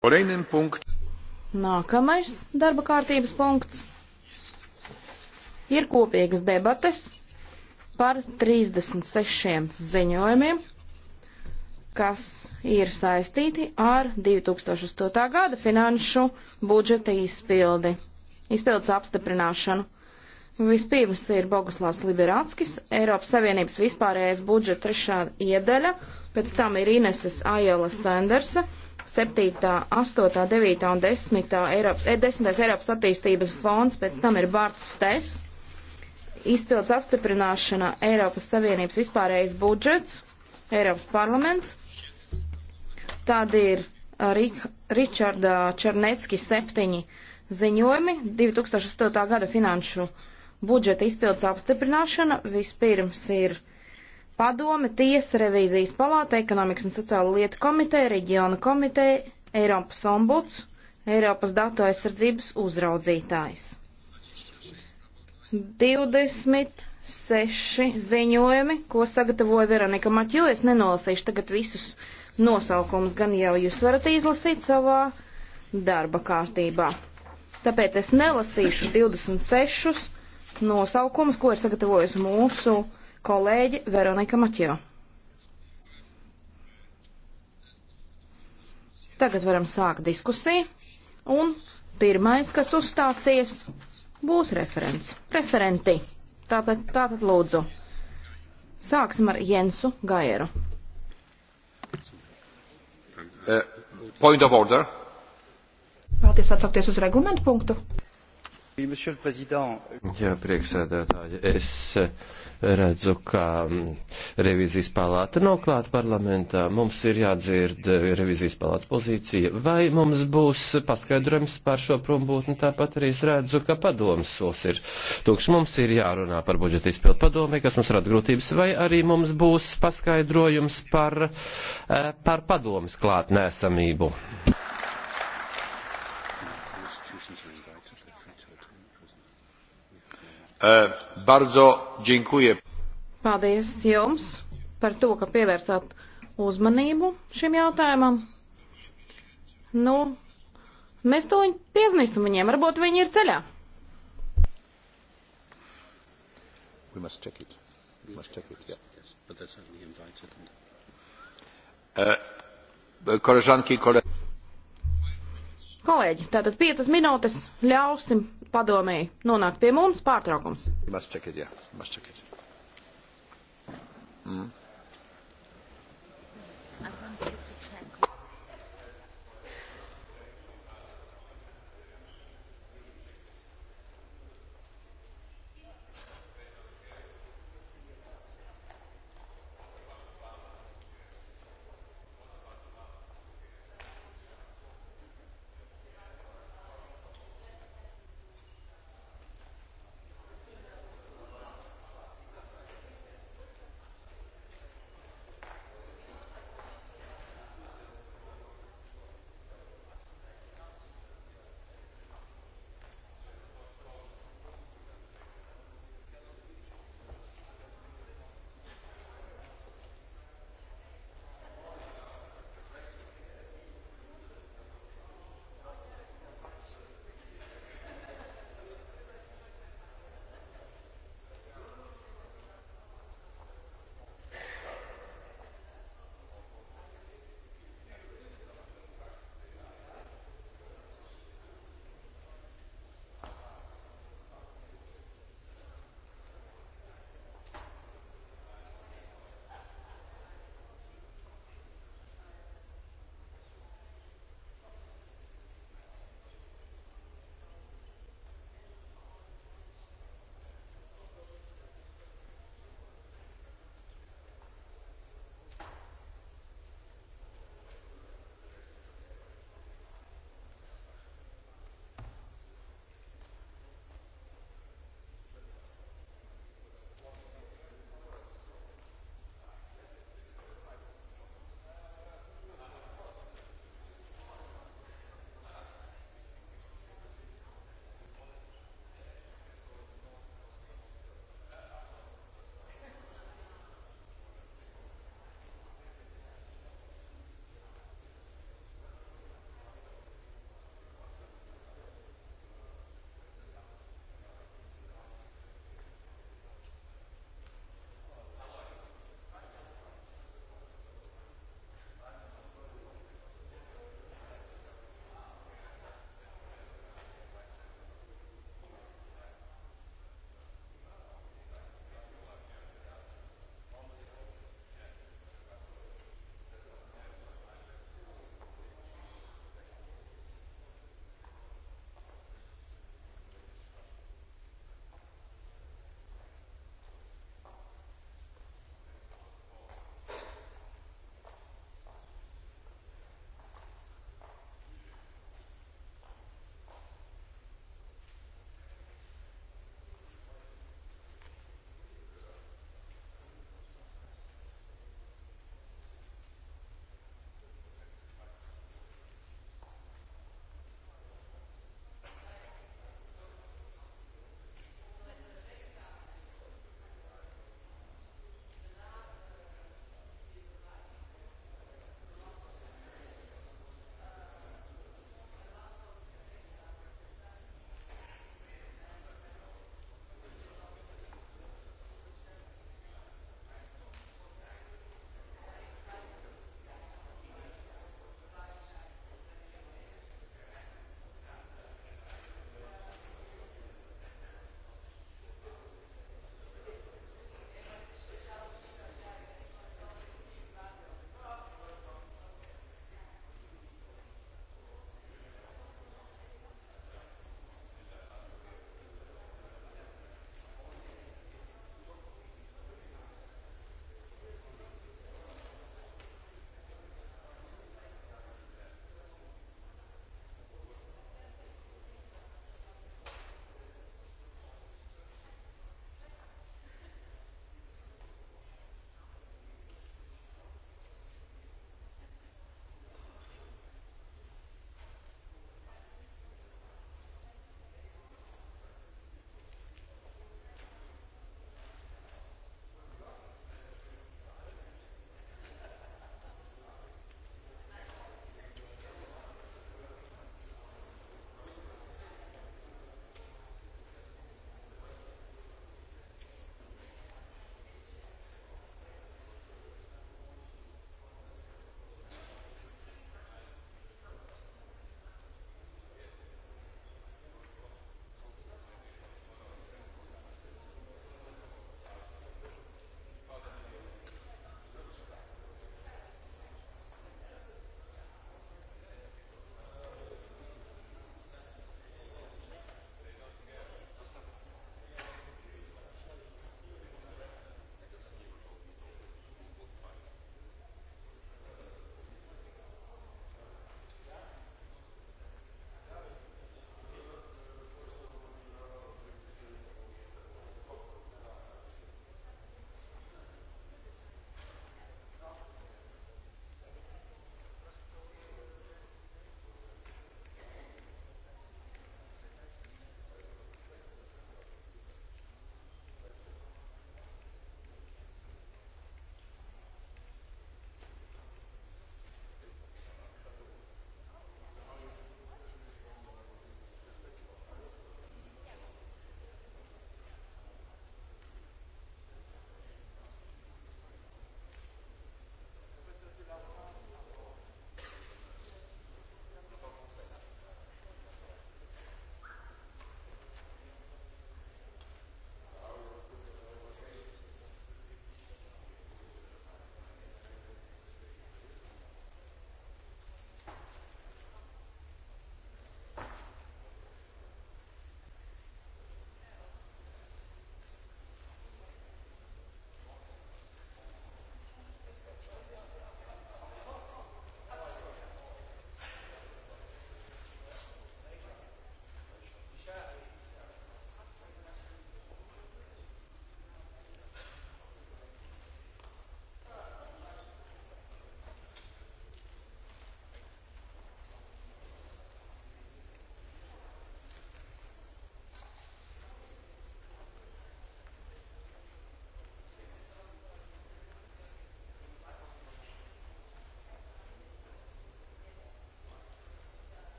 Kolejnym punkt. Nākamais darba kārtības punkts ir kopīgas debates par 36 ziņojumiem, kas ir saistīti ar 2008. gada finanšu budžeta izpildi, izpildes apstiprināšanu. Vispirms ir Boguslavs Liberāckis, Eiropas Savienības vispārējais budžeta trešā iedaļa, pēc tam ir Ineses Ajola Sandersa 7., 8., 9. un 10. Eiropas, 10. Eh, Eiropas attīstības fonds, pēc tam ir Bārts Stes, izpildus apstiprināšana Eiropas Savienības vispārējais budžets, Eiropas parlaments, tad ir eh, Rik, Ričarda Černecki septiņi ziņojumi, 2008. gada finanšu budžeta izpildus apstiprināšana, vispirms ir padome, tiesa, revīzijas palāta, ekonomikas un sociāla lieta komiteja, reģiona komiteja, Eiropas ombuds, Eiropas datu aizsardzības uzraudzītājs. 26 ziņojumi, ko sagatavoja Veronika Maķu. Es nenolasīšu tagad visus nosaukumus, gan jau jūs varat izlasīt savā darba kārtībā. Tāpēc es nelasīšu 26 nosaukumus, ko ir sagatavojis mūsu kolēģe Veronika Matjo. Tagad varam sākt diskusiju, un pirmais, kas uzstāsies, būs referents. Referenti. Tātad, tātad lūdzu. Sāksim ar Jensu Gajeru. Uh, eh, point of order. Vēlties atsaukties uz reglamentu punktu? Jā, priekšsēdētāji, es uh, redzu, ka revizijas palāta nav klāta parlamentā. Mums ir jādzird revizijas palātas pozīcija. Vai mums būs paskaidrojums par šo prombūtni? Tāpat arī es redzu, ka padomas solis ir tukšs. Mums ir jārunā par budžeta izpildu padomē, kas mums rada grūtības, vai arī mums būs paskaidrojums par, eh, par padomas klātnēsamību. E, bardzo dziękuję. Paldies jums par to, ka pievērsāt uzmanību šim jautājumam. Nu, mēs to piezīstam viņiem, varbūt viņi ir ceļā. We must check it. We must check it, yeah. Yes, but they're certainly invited. And... Uh, e, e, koležanki, kole... Kolēģi, tātad piecas minūtes ļausim padomēji nonāk pie mums pārtraukums. It, yeah. mm.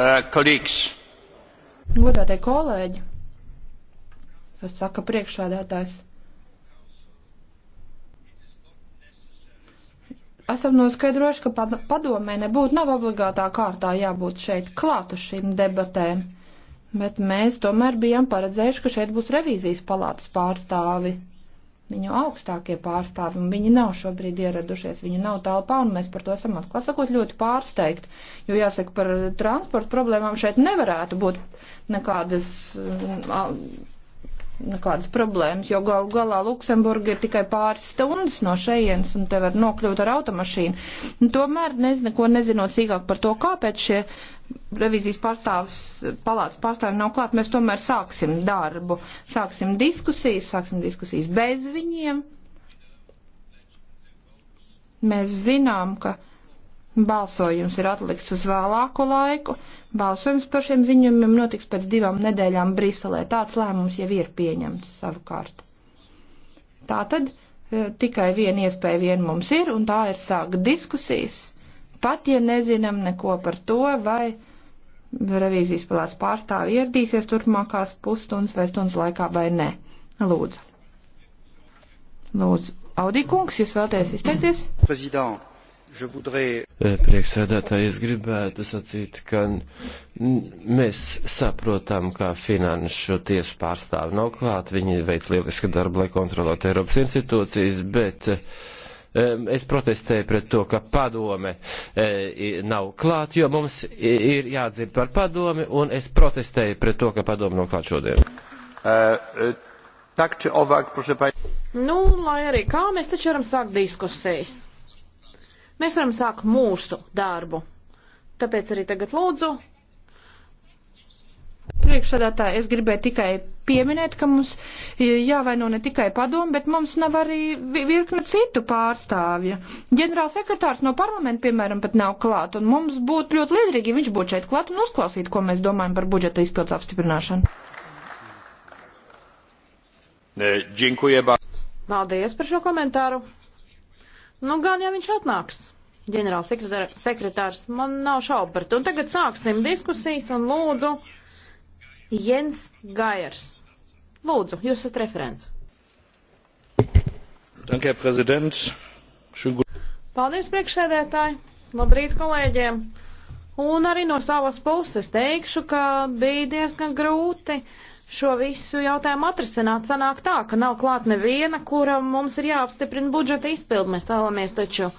Uh, kolīgs. Godātie kolēģi, tas saka priekšādātājs. Esam noskaidrojuši, ka padomē nebūtu nav obligātā kārtā jābūt šeit klātu šīm debatēm, bet mēs tomēr bijām paredzējuši, ka šeit būs revīzijas palātas pārstāvi, viņu augstākie pārstāvi, un viņi nav šobrīd ieradušies, viņi nav telpā, un mēs par to esam atklāt sakot ļoti pārsteigti, Jo jāsaka, par transporta problēmām šeit nevarētu būt nekādas, mm, nekādas problēmas, jo gal galā Luksemburga ir tikai pāris stundas no šejienes un te var nokļūt ar automašīnu. Un tomēr, nez, neko nezinot sīkāk par to, kāpēc šie revizijas pārstāvs, palātas pārstāvi nav klāt, mēs tomēr sāksim darbu, sāksim diskusijas, sāksim diskusijas bez viņiem. Mēs zinām, ka Balsojums ir atlikts uz vēlāku laiku. Balsojums par šiem ziņojumiem notiks pēc divām nedēļām Briselē. Tāds lēmums jau ir pieņemts savukārt. Tātad eh, tikai viena iespēja vien mums ir, un tā ir sākt diskusijas, pat ja nezinām neko par to, vai revīzijas palāts pārstāvi ieradīsies turpmākās pusstundas vai stundas laikā vai nē. Lūdzu. Lūdzu. Audī kungs, jūs vēlaties izteikties? Prezident. Eh, Priekšsēdētāji, es gribētu sacīt, ka mēs saprotam, ka finanšu tiesu pārstāvi nav klāt, viņi veic lielisku darbu, lai kontrolētu Eiropas institūcijas, bet eh, es protestēju pret to, ka padome eh, nav klāt, jo mums ir jādzird par padomi, un es protestēju pret to, ka padome nav klāt šodien. Uh, uh, tak, ovāk, prošepai... Nu, lai arī kā mēs taču varam sākt diskusijas. Mēs varam sākt mūsu darbu. Tāpēc arī tagad lūdzu. Priekšsēdētāji, es gribēju tikai pieminēt, ka mums jāvaino ne tikai padomu, bet mums nav arī virkne citu pārstāvja. Ģenerālsekretārs no parlamenta, piemēram, pat nav klāt, un mums būtu ļoti liederīgi, ja viņš būtu šeit klāt un uzklausītu, ko mēs domājam par budžeta izpildes apstiprināšanu. Paldies par šo komentāru. Nu, gan jau viņš atnāks, ģenerālsekretārs, man nav šaubu par to. Un tagad sāksim diskusijas un lūdzu Jens Gaiers. Lūdzu, jūs esat referents. Danke, Herr Präsident. Šugu... Paldies, priekšsēdētāji. Labrīt, kolēģiem. Un arī no savas puses teikšu, ka bija diezgan grūti uh, šo visu jautājumu atrisināt, sanāk tā, ka nav klāt neviena, kuram mums ir jāapstiprina budžeta izpildu. Mēs vēlamies taču uh,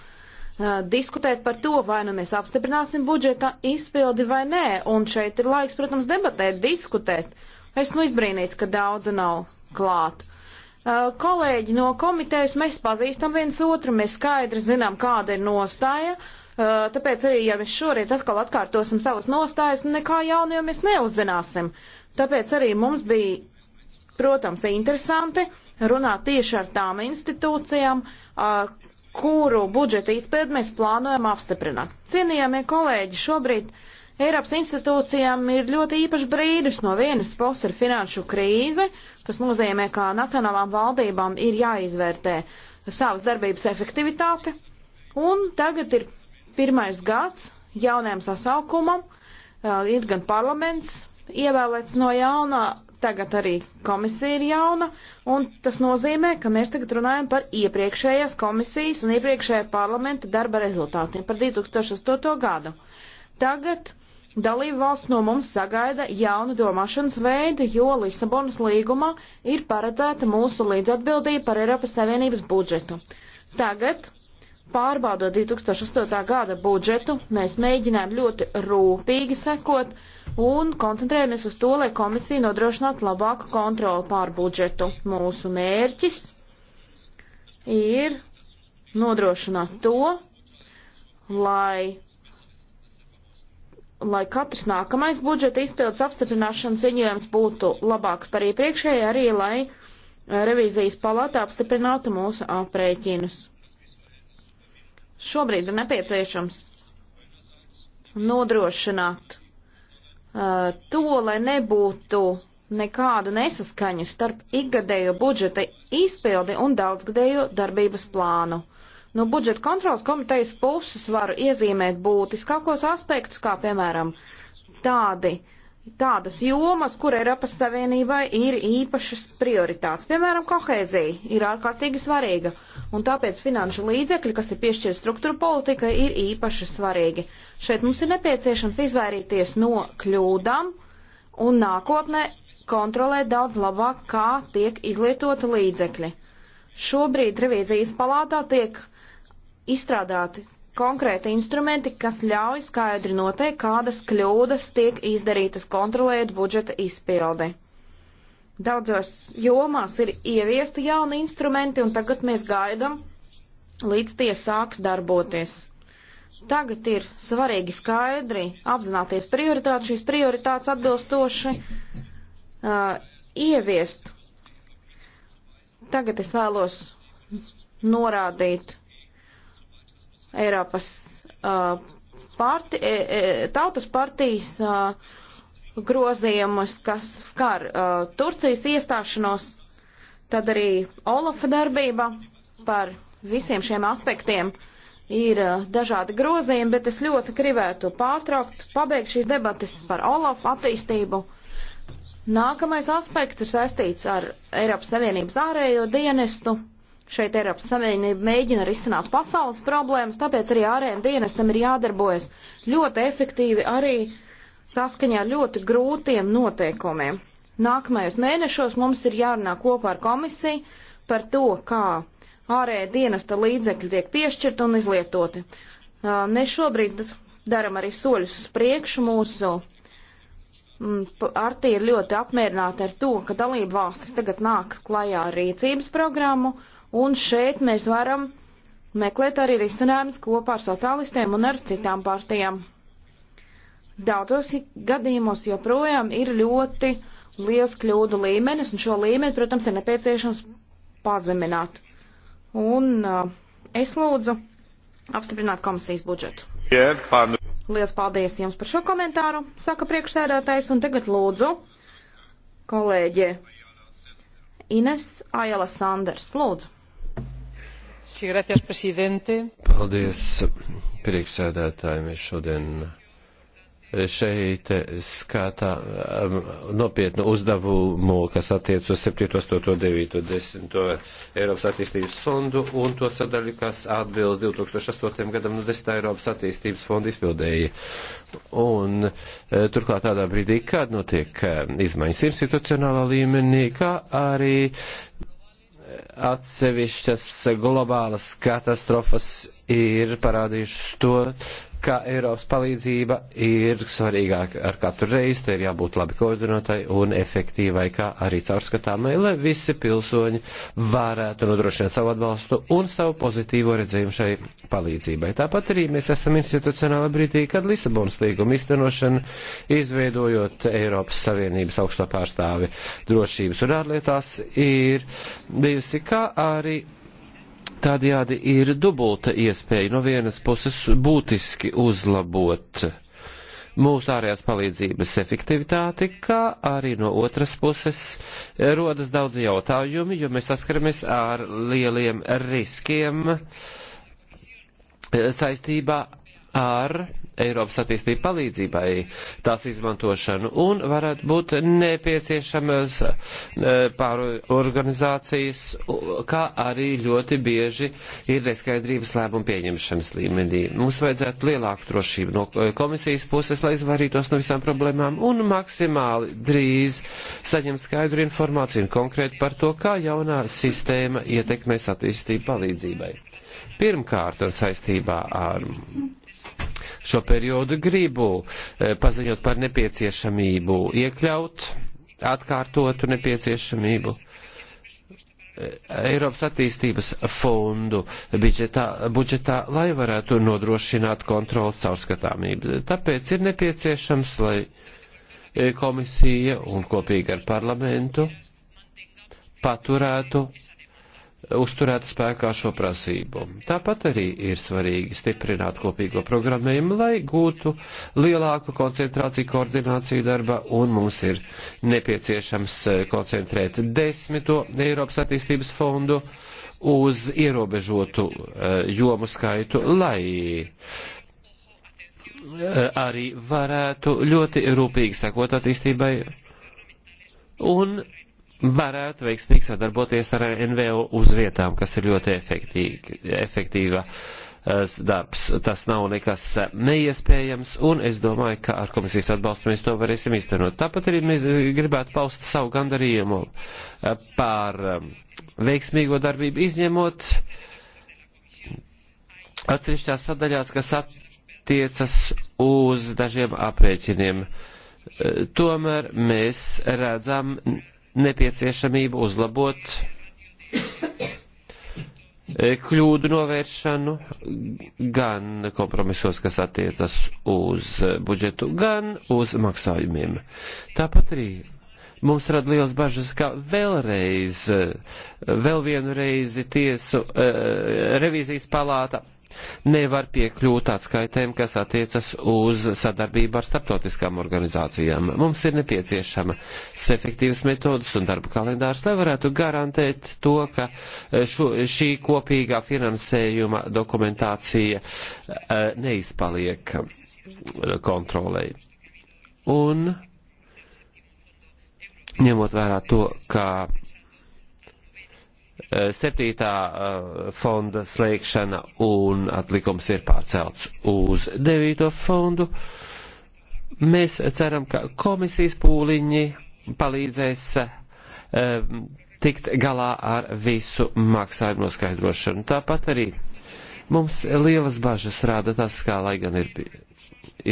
diskutēt par to, vai nu mēs apstiprināsim budžeta izpildi vai nē. Un šeit ir laiks, protams, debatēt, diskutēt. Es nu izbrīnīts, ka daudzi nav klāt. Uh, kolēģi no komitejas, mēs pazīstam viens otru, mēs skaidri zinām, kāda ir nostāja. Uh, tāpēc arī, ja mēs šorīt atkal atkārtosim savas nostājas, nekā jaunu jau mēs neuzzināsim. Uh, Tāpēc arī mums bija, protams, interesanti runāt tieši ar tām institūcijām, kuru budžeta izpildu mēs plānojam apstiprināt. Cienījamie kolēģi, šobrīd Eiropas institūcijām ir ļoti īpašs brīdis. No vienas puses ir finanšu krīze, kas nozīmē, ka nacionālām valdībām ir jāizvērtē savas darbības efektivitāte. Un tagad ir pirmais gads jaunajam sasaukumam, ir gan parlaments, ievēlēts no jaunā, tagad arī komisija ir jauna, un tas nozīmē, ka mēs tagad runājam par iepriekšējās komisijas un iepriekšējā parlamenta darba rezultātiem par 2008. gadu. Tagad dalību valsts no mums sagaida jaunu domāšanas veidu, jo Lisabonas līgumā ir paredzēta mūsu līdzatbildība par Eiropas Savienības budžetu. Tagad pārbaudot 2008. gada budžetu, mēs mēģinājām ļoti rūpīgi sekot uh, un koncentrējamies uz to, lai komisija nodrošinātu labāku kontroli pār budžetu. Mūsu mērķis ir nodrošināt to, lai, lai katrs nākamais budžeta izpildes apstiprināšanas ziņojums būtu labāks par iepriekšēju, arī lai eh, revīzijas palāta apstiprinātu mūsu aprēķinus. Šobrīd ir nepieciešams nodrošināt Eh, to, lai nebūtu nekādu nesaskaņu starp ikgadējo budžeta izpildi un daudzgadējo darbības plānu. No budžeta kontrolas komitejas puses varu iezīmēt būtiskākos aspektus, kā piemēram tādi, tādas jomas, kur Eiropas Savienībai ir īpašas prioritātes. Piemēram, kohēzija ir ārkārtīgi svarīga, un tāpēc finanšu līdzekļi, kas ir piešķirti struktūra politikai, ir īpaši svarīgi. Šeit mums ir nepieciešams izvairīties no kļūdām un nākotnē kontrolēt daudz labāk, kā tiek izlietota līdzekļi. Šobrīd revīzijas palātā tiek izstrādāti konkrēti instrumenti, kas ļauj skaidri noteikt, kādas kļūdas tiek izdarītas kontrolējot budžeta izpildi. Daudzos jomās ir ieviesti jauni instrumenti, un tagad mēs gaidām, līdz tie sāks darboties. Tagad ir svarīgi skaidri apzināties prioritāti, šīs prioritātes atbilstoši uh, ieviest. Tagad es vēlos norādīt Eiropas uh, parti, e, e, tautas partijas uh, grozījumus, kas skar uh, Turcijas iestāšanos, tad arī Olafa darbība par visiem šiem aspektiem uh, ir eh, dažādi grozījumi, bet es ļoti gribētu pārtraukt, pabeigt šīs debates par Olafu attīstību. Nākamais aspekts ir saistīts ar Eiropas Savienības ārējo dienestu. Šeit Eiropas Savienība mēģina risināt pasaules problēmas, tāpēc arī ārējiem dienestam ir jādarbojas ļoti efektīvi arī saskaņā ar ļoti grūtiem noteikumiem. Nākamajos mēnešos mums ir jārunā kopā ar komisiju par to, kā ārējā dienesta līdzekļi tiek piešķirti un izlietoti. Mēs šobrīd daram arī soļus uz priekšu mūsu. Mm, Arti ir ļoti apmierināti ar to, ka dalību valstis tagad nāk klajā ar rīcības programmu, un šeit mēs varam meklēt arī risinājumus kopā ar sociālistiem un ar citām partijām. Daudzos gadījumos joprojām ir ļoti liels kļūdu līmenis, un šo līmeni, protams, ir nepieciešams pazemināt. Un uh, es lūdzu apstiprināt komisijas budžetu. Lielas paldies jums par šo komentāru, saka priekšsēdētājs, un tagad lūdzu kolēģi Ines Ajala Sanders. Lūdzu. Paldies, priekšsēdētāji. Mēs šodien šeit skatā um, nopietnu uzdevumu, kas attiec uz 7, 8, 9, 10 Eiropas attīstības fondu un to sadaļu, kas atbilst 2008. gadam no 10 Eiropas attīstības fonda izpildēji. Un e, turklāt tādā brīdī, kad notiek e, izmaiņas institucionālā līmenī, kā arī atsevišķas globālas katastrofas ir parādījušas to, ka Eiropas palīdzība ir svarīgāka ar katru reizi, tai ir jābūt labi koordinotai un efektīvai, kā arī caurskatāmai, lai visi pilsoņi varētu nodrošināt savu atbalstu un savu pozitīvo redzējumu šai palīdzībai. Tāpat arī mēs esam institucionāli brīdī, kad Lisabonas līguma iztenošana, izveidojot Eiropas Savienības augsto pārstāvi drošības un ārlietās, ir bijusi kā arī Tādējādi ir dubulta iespēja no vienas puses būtiski uzlabot mūsu ārējās palīdzības efektivitāti, kā arī no otras puses rodas daudz jautājumi, jo mēs saskaramies ar lieliem riskiem saistībā ar Eiropas attīstību palīdzībai tās izmantošanu un varētu būt nepieciešamas eh, pārorganizācijas, kā arī ļoti bieži ir neskaidrības lēmumu pieņemšanas līmenī. Mums vajadzētu lielāku drošību no komisijas puses, lai izvairītos no visām problēmām un maksimāli drīz saņemt skaidru informāciju un konkrēti par to, kā jaunā sistēma ietekmēs attīstību palīdzībai. Pirmkārt, un saistībā ar šo periodu gribu eh, paziņot par nepieciešamību iekļaut, atkārtotu nepieciešamību eh, Eiropas attīstības fondu budžetā, budžetā lai varētu nodrošināt kontrolas caurskatāmību. Tāpēc ir nepieciešams, lai eh, komisija un kopīgi ar parlamentu paturētu uzturēt spēkā šo prasību. Tāpat arī ir svarīgi stiprināt kopīgo programmējumu, lai gūtu lielāku koncentrāciju, koordināciju darba, un mums ir nepieciešams eh, koncentrēt desmito Eiropas attīstības fondu uz ierobežotu eh, jomu skaitu, lai eh, arī varētu ļoti rūpīgi sekot attīstībai un varētu veiksmīgi sadarboties ar NVO uz vietām, kas ir ļoti efektīva eh, darbs. Tas nav nekas eh, neiespējams, un es domāju, ka ar komisijas atbalstu mēs to varēsim iztenot. Tāpat arī mēs gribētu paust savu gandarījumu eh, par um, veiksmīgo darbību, izņemot atsevišķās sadaļās, kas attiecas uz dažiem aprēķiniem. Tomēr mēs redzam nepieciešamību uzlabot kļūdu novēršanu gan kompromisos, kas attiecas uz budžetu, gan uz maksājumiem. Tāpat arī mums rada liels bažas, ka vēlreiz, vēl vienu reizi tiesu eh, revīzijas palāta nevar piekļūt atskaitēm, kas attiecas uz sadarbību ar starptautiskām organizācijām. Mums ir nepieciešama efektīvas metodas un darba kalendārs, lai varētu garantēt to, ka šo, šī kopīgā finansējuma dokumentācija eh, neizpaliek kontrolēji. Un ņemot vērā to, ka Septītā eh, fonda slēgšana un atlikums ir pārcelts uz devīto fondu. Mēs ceram, ka komisijas pūliņi palīdzēs eh, tikt galā ar visu maksājumu noskaidrošanu. Tāpat arī mums lielas bažas rāda tas, kā lai gan ir,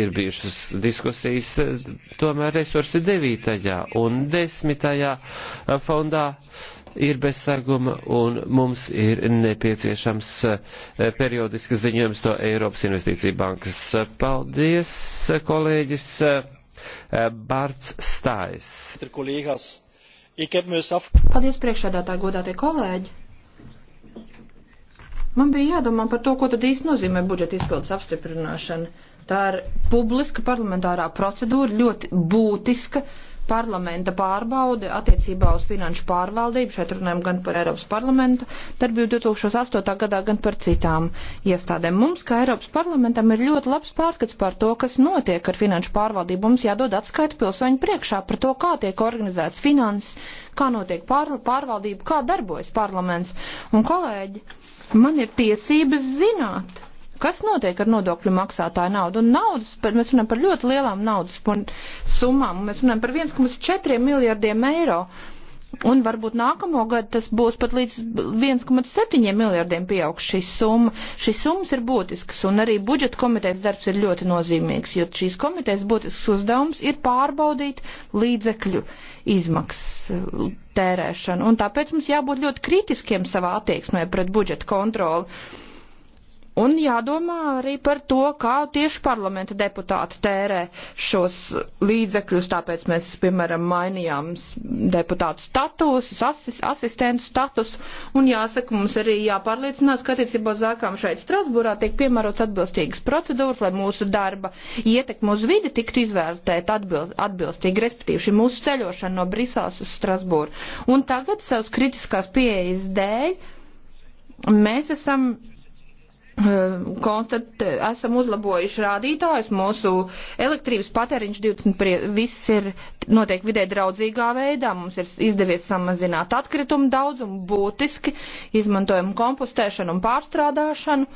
ir bijušas diskusijas, eh, tomēr resursi devītajā un desmitajā fondā ir bezseguma un mums ir nepieciešams eh, periodisks ziņojums to Eiropas Investīcija bankas. Paldies, kolēģis eh, Bārts Stājs. Paldies, priekšādātāji, godātie kolēģi. Man bija jādomā par to, ko tad īsti nozīmē budžeta izpildes apstiprināšana. Tā ir publiska parlamentārā procedūra, ļoti būtiska. Uh, parlamenta pārbaude attiecībā uz finanšu pārvaldību, šeit runājam gan par Eiropas parlamentu darbību 2008. gadā, gan par citām iestādēm. Mums, kā Eiropas parlamentam, ir ļoti labs pārskats par to, kas notiek ar finanšu pārvaldību. Mums jādod atskaita pilsoņu priekšā par to, kā tiek organizēts finanses, kā notiek pār, pārvaldība, kā darbojas parlaments. Un, kolēģi, man ir tiesības zināt Kas notiek ar nodokļu maksātāju naudu? Un naudas, mēs runājam par ļoti lielām naudas summām, mēs runājam par 1,4 miljardiem eiro. Un varbūt nākamo gadu tas būs pat līdz 1,7 miljardiem pieaugs šī summa. Šīs summas ir būtiskas, un arī budžeta komitejas darbs ir ļoti nozīmīgs, jo šīs komitejas būtisks uzdevums ir pārbaudīt līdzekļu izmaksas tērēšanu. Un tāpēc mums jābūt ļoti kritiskiem savā attieksmē pret budžeta kontroli Un jādomā arī par to, kā tieši parlamenta deputāti tērē šos līdzekļus, tāpēc mēs, piemēram, mainījām deputātu status, asis, asistentu status, un jāsaka, mums arī jāpārliecinās, ka attiecībā uz ēkām šeit Strasbūrā tiek piemērots atbilstīgas procedūras, lai mūsu darba ietekme uz vidi tiktu izvērtēt atbilst, atbilstīgi, respektīvi šī mūsu ceļošana no Brisels uz Strasbūru. Un tagad savus kritiskās pieejas dēļ mēs esam Ehm, konstat, esam uzlabojuši rādītājus, mūsu elektrības patēriņš 20, prie, viss ir noteikti vidē draudzīgā veidā, mums ir izdevies samazināt atkritumu daudzumu būtiski, izmantojam kompostēšanu un pārstrādāšanu.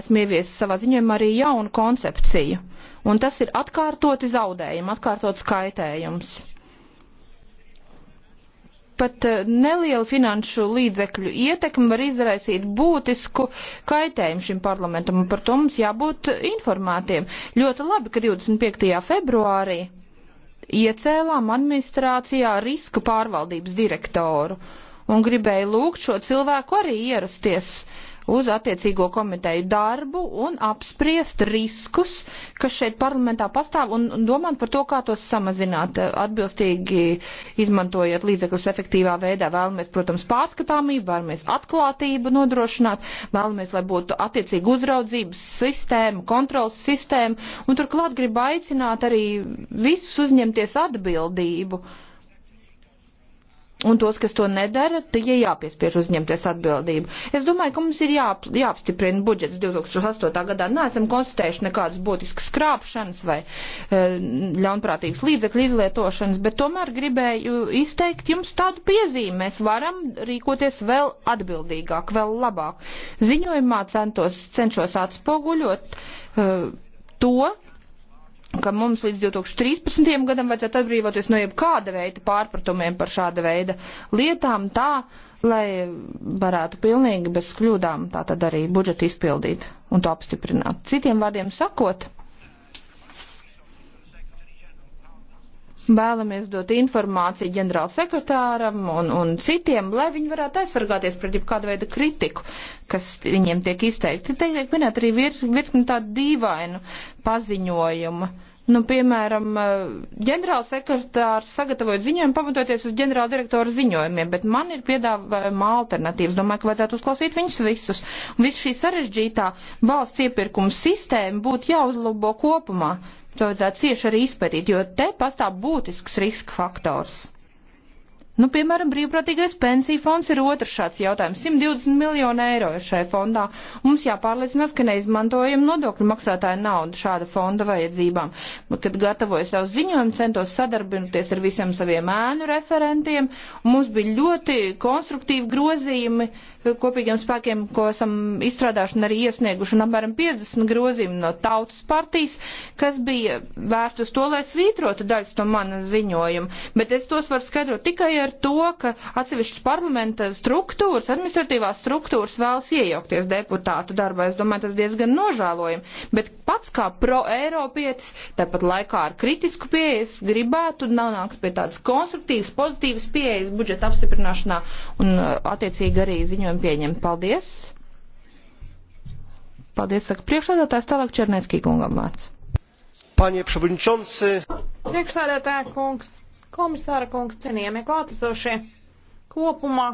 Esmu ieviesis savā ziņojumā arī jaunu koncepciju, un tas ir atkārtoti zaudējumi, atkārtot skaitējums pat eh, neliela finanšu līdzekļu ietekme var izraisīt būtisku kaitējumu šim parlamentam, un par to mums jābūt informētiem. Ļoti labi, ka 25. februārī iecēlām administrācijā risku pārvaldības direktoru un gribēju lūgt šo cilvēku arī ierasties uz attiecīgo komiteju darbu un apspriest riskus, kas šeit parlamentā pastāv un, un domāt par to, kā tos samazināt eh, atbilstīgi izmantojot līdzekļus efektīvā veidā. Vēlamies, protams, pārskatāmību, vēlamies atklātību nodrošināt, vēlamies, lai būtu attiecīgi uzraudzības sistēma, kontrols sistēma un turklāt gribu aicināt arī visus uzņemties atbildību un tos, kas to nedara, tie jāpiespiež uzņemties atbildību. Es domāju, ka mums ir jā, jāapstiprina budžets 2008. gadā. Nesam konstatējuši nekādas būtiskas krāpšanas vai e, ļaunprātīgas līdzekļu izlietošanas, bet tomēr gribēju izteikt jums tādu piezīmi. Mēs varam rīkoties vēl atbildīgāk, vēl labāk. Ziņojumā centos, cenšos atspoguļot e, to, ka mums līdz 2013. gadam vajadzētu atbrīvoties no jebkāda veida pārpratumiem par šāda veida lietām tā, lai varētu pilnīgi bez kļūdām tā tad arī budžetu izpildīt un to apstiprināt. Citiem vārdiem sakot, vēlamies dot informāciju ģenerālsekretāram un, un citiem, lai viņi varētu aizsargāties pret jebkādu veidu kritiku, kas viņiem tiek izteikti. Te tiek minēt arī vir, virkni tādu dīvainu paziņojumu. Nu, piemēram, ģenerālsekretārs sagatavojot ziņojumu pamatoties uz ģenerāldirektora ziņojumiem, bet man ir piedāvājuma alternatīvas. Domāju, ka vajadzētu uzklausīt viņus visus. Un viss šī sarežģītā valsts iepirkuma sistēma būtu jāuzlabo kopumā to vajadzētu cieši arī izpētīt, jo te pastāv būtisks riska faktors. Nu, piemēram, brīvprātīgais pensiju fonds ir otrs šāds jautājums. 120 miljonu eiro ir šai fondā. Mums jāpārliecinās, ka neizmantojam nodokļu maksātāju naudu šāda fonda vajadzībām. Bet, kad gatavoju savu ziņojumu, centos sadarbinoties ar visiem saviem ēnu referentiem, un mums bija ļoti konstruktīvi grozījumi kopīgiem spēkiem, ko esam izstrādājuši un arī iesnieguši, un apmēram 50 grozījumu no tautas partijas, kas bija vērst uz to, lai svītrotu daļas no mana ziņojuma. Bet es tos varu skaidrot tikai ar to, ka atsevišķas parlamenta struktūras, administratīvās struktūras vēlas iejaukties deputātu darbā. Es domāju, tas diezgan nožēlojami. Bet pats kā pro-eiropietis, tāpat laikā ar kritisku pieejas, gribētu nonākt pie tādas konstruktīvas, pozitīvas pieejas budžeta apstiprināšanā un uh, attiecīgi arī ziņojuma ziņojumu pieņemt. Paldies! Paldies, saka priekšsēdētājs, tālāk Černēckī kungam vārds. Panie Prevodničonsi! Priekšsēdētāja kungs, komisāra kungs, cienījamie klātesošie, kopumā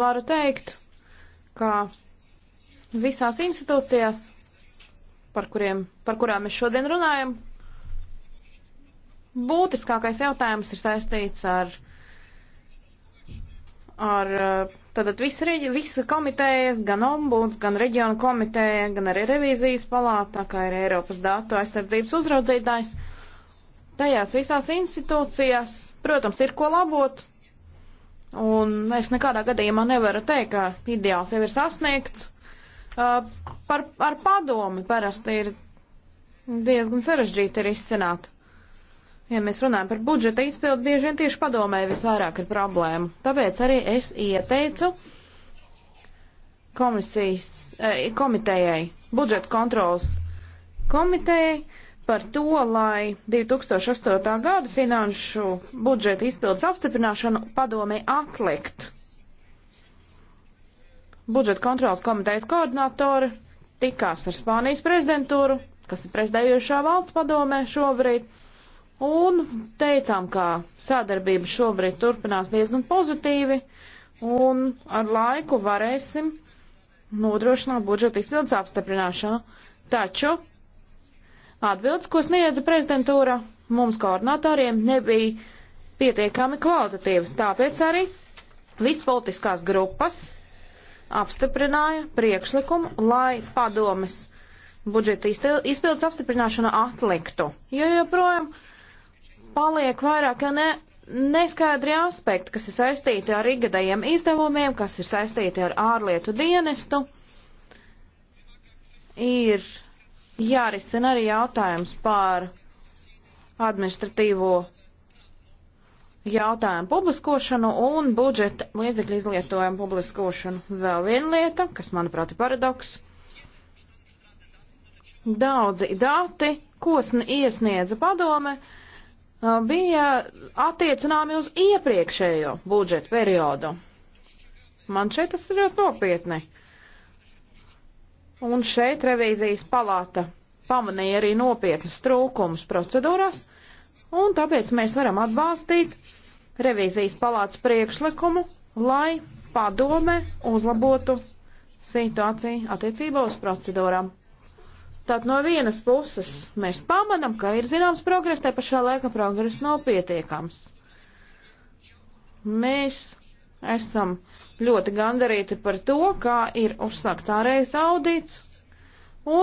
varu teikt, ka visās institūcijās, par, kuriem, par kurām mēs šodien runājam, būtiskākais jautājums ir saistīts ar ar eh, tātad visa, visa komitejas, gan ombuds, gan reģiona komiteja, gan arī revīzijas palāta, kā ir Eiropas datu aizsardzības uzraudzītājs. Tajās visās institūcijās, protams, ir ko labot, un es nekādā gadījumā nevaru teikt, ka ideāls jau ir sasniegts. Uh, par, ar padomi parasti ir diezgan sarežģīti ir izsināt. Ja mēs runājam par budžeta izpildu, bieži vien tieši padomē visvairāk ir problēma. Tāpēc arī es ieteicu komisijas, eh, komitejai, budžeta kontrolas komitejai par to, lai 2008. gada finanšu budžeta izpildes apstiprināšanu padomē atlikt. Budžeta kontrolas komitejas koordinātori tikās ar Spānijas prezidentūru, kas ir prezidējošā valsts padomē šobrīd un teicām, ka sadarbība šobrīd turpinās diezgan pozitīvi, un ar laiku varēsim nodrošināt budžeta izpildes apstiprināšanu. Taču atbildes, ko sniedza prezidentūra, mums koordinatoriem nebija pietiekami kvalitatīvas, tāpēc arī viss politiskās grupas apstiprināja priekšlikumu, lai padomes budžeta izpildes apstiprināšana atliktu, jo joprojām paliek vairāk ne, neskaidri aspekti, kas ir saistīti ar ikgadējiem izdevumiem, kas ir saistīti ar ārlietu dienestu. Ir jārisina arī jautājums par administratīvo jautājumu publiskošanu un budžeta līdzekļu izlietojumu publiskošanu. Vēl viena lieta, kas manuprāt ir paradoks. Daudzi dati, ko iesniedza padome, Uh, bija attiecināmi uz iepriekšējo budžetu periodu. Man šeit tas ir ļoti nopietni. Un šeit revīzijas palāta pamanīja arī nopietnas trūkumus procedūras, un tāpēc mēs varam atbalstīt revīzijas palātas priekšlikumu, lai padome uzlabotu situāciju attiecībā uz procedūrām. Tad no vienas puses mēs pamanam, ka ir zināms progress, te pašā laikā progress nav pietiekams. Mēs esam ļoti gandarīti par to, kā ir uzsākt ārējais audīts,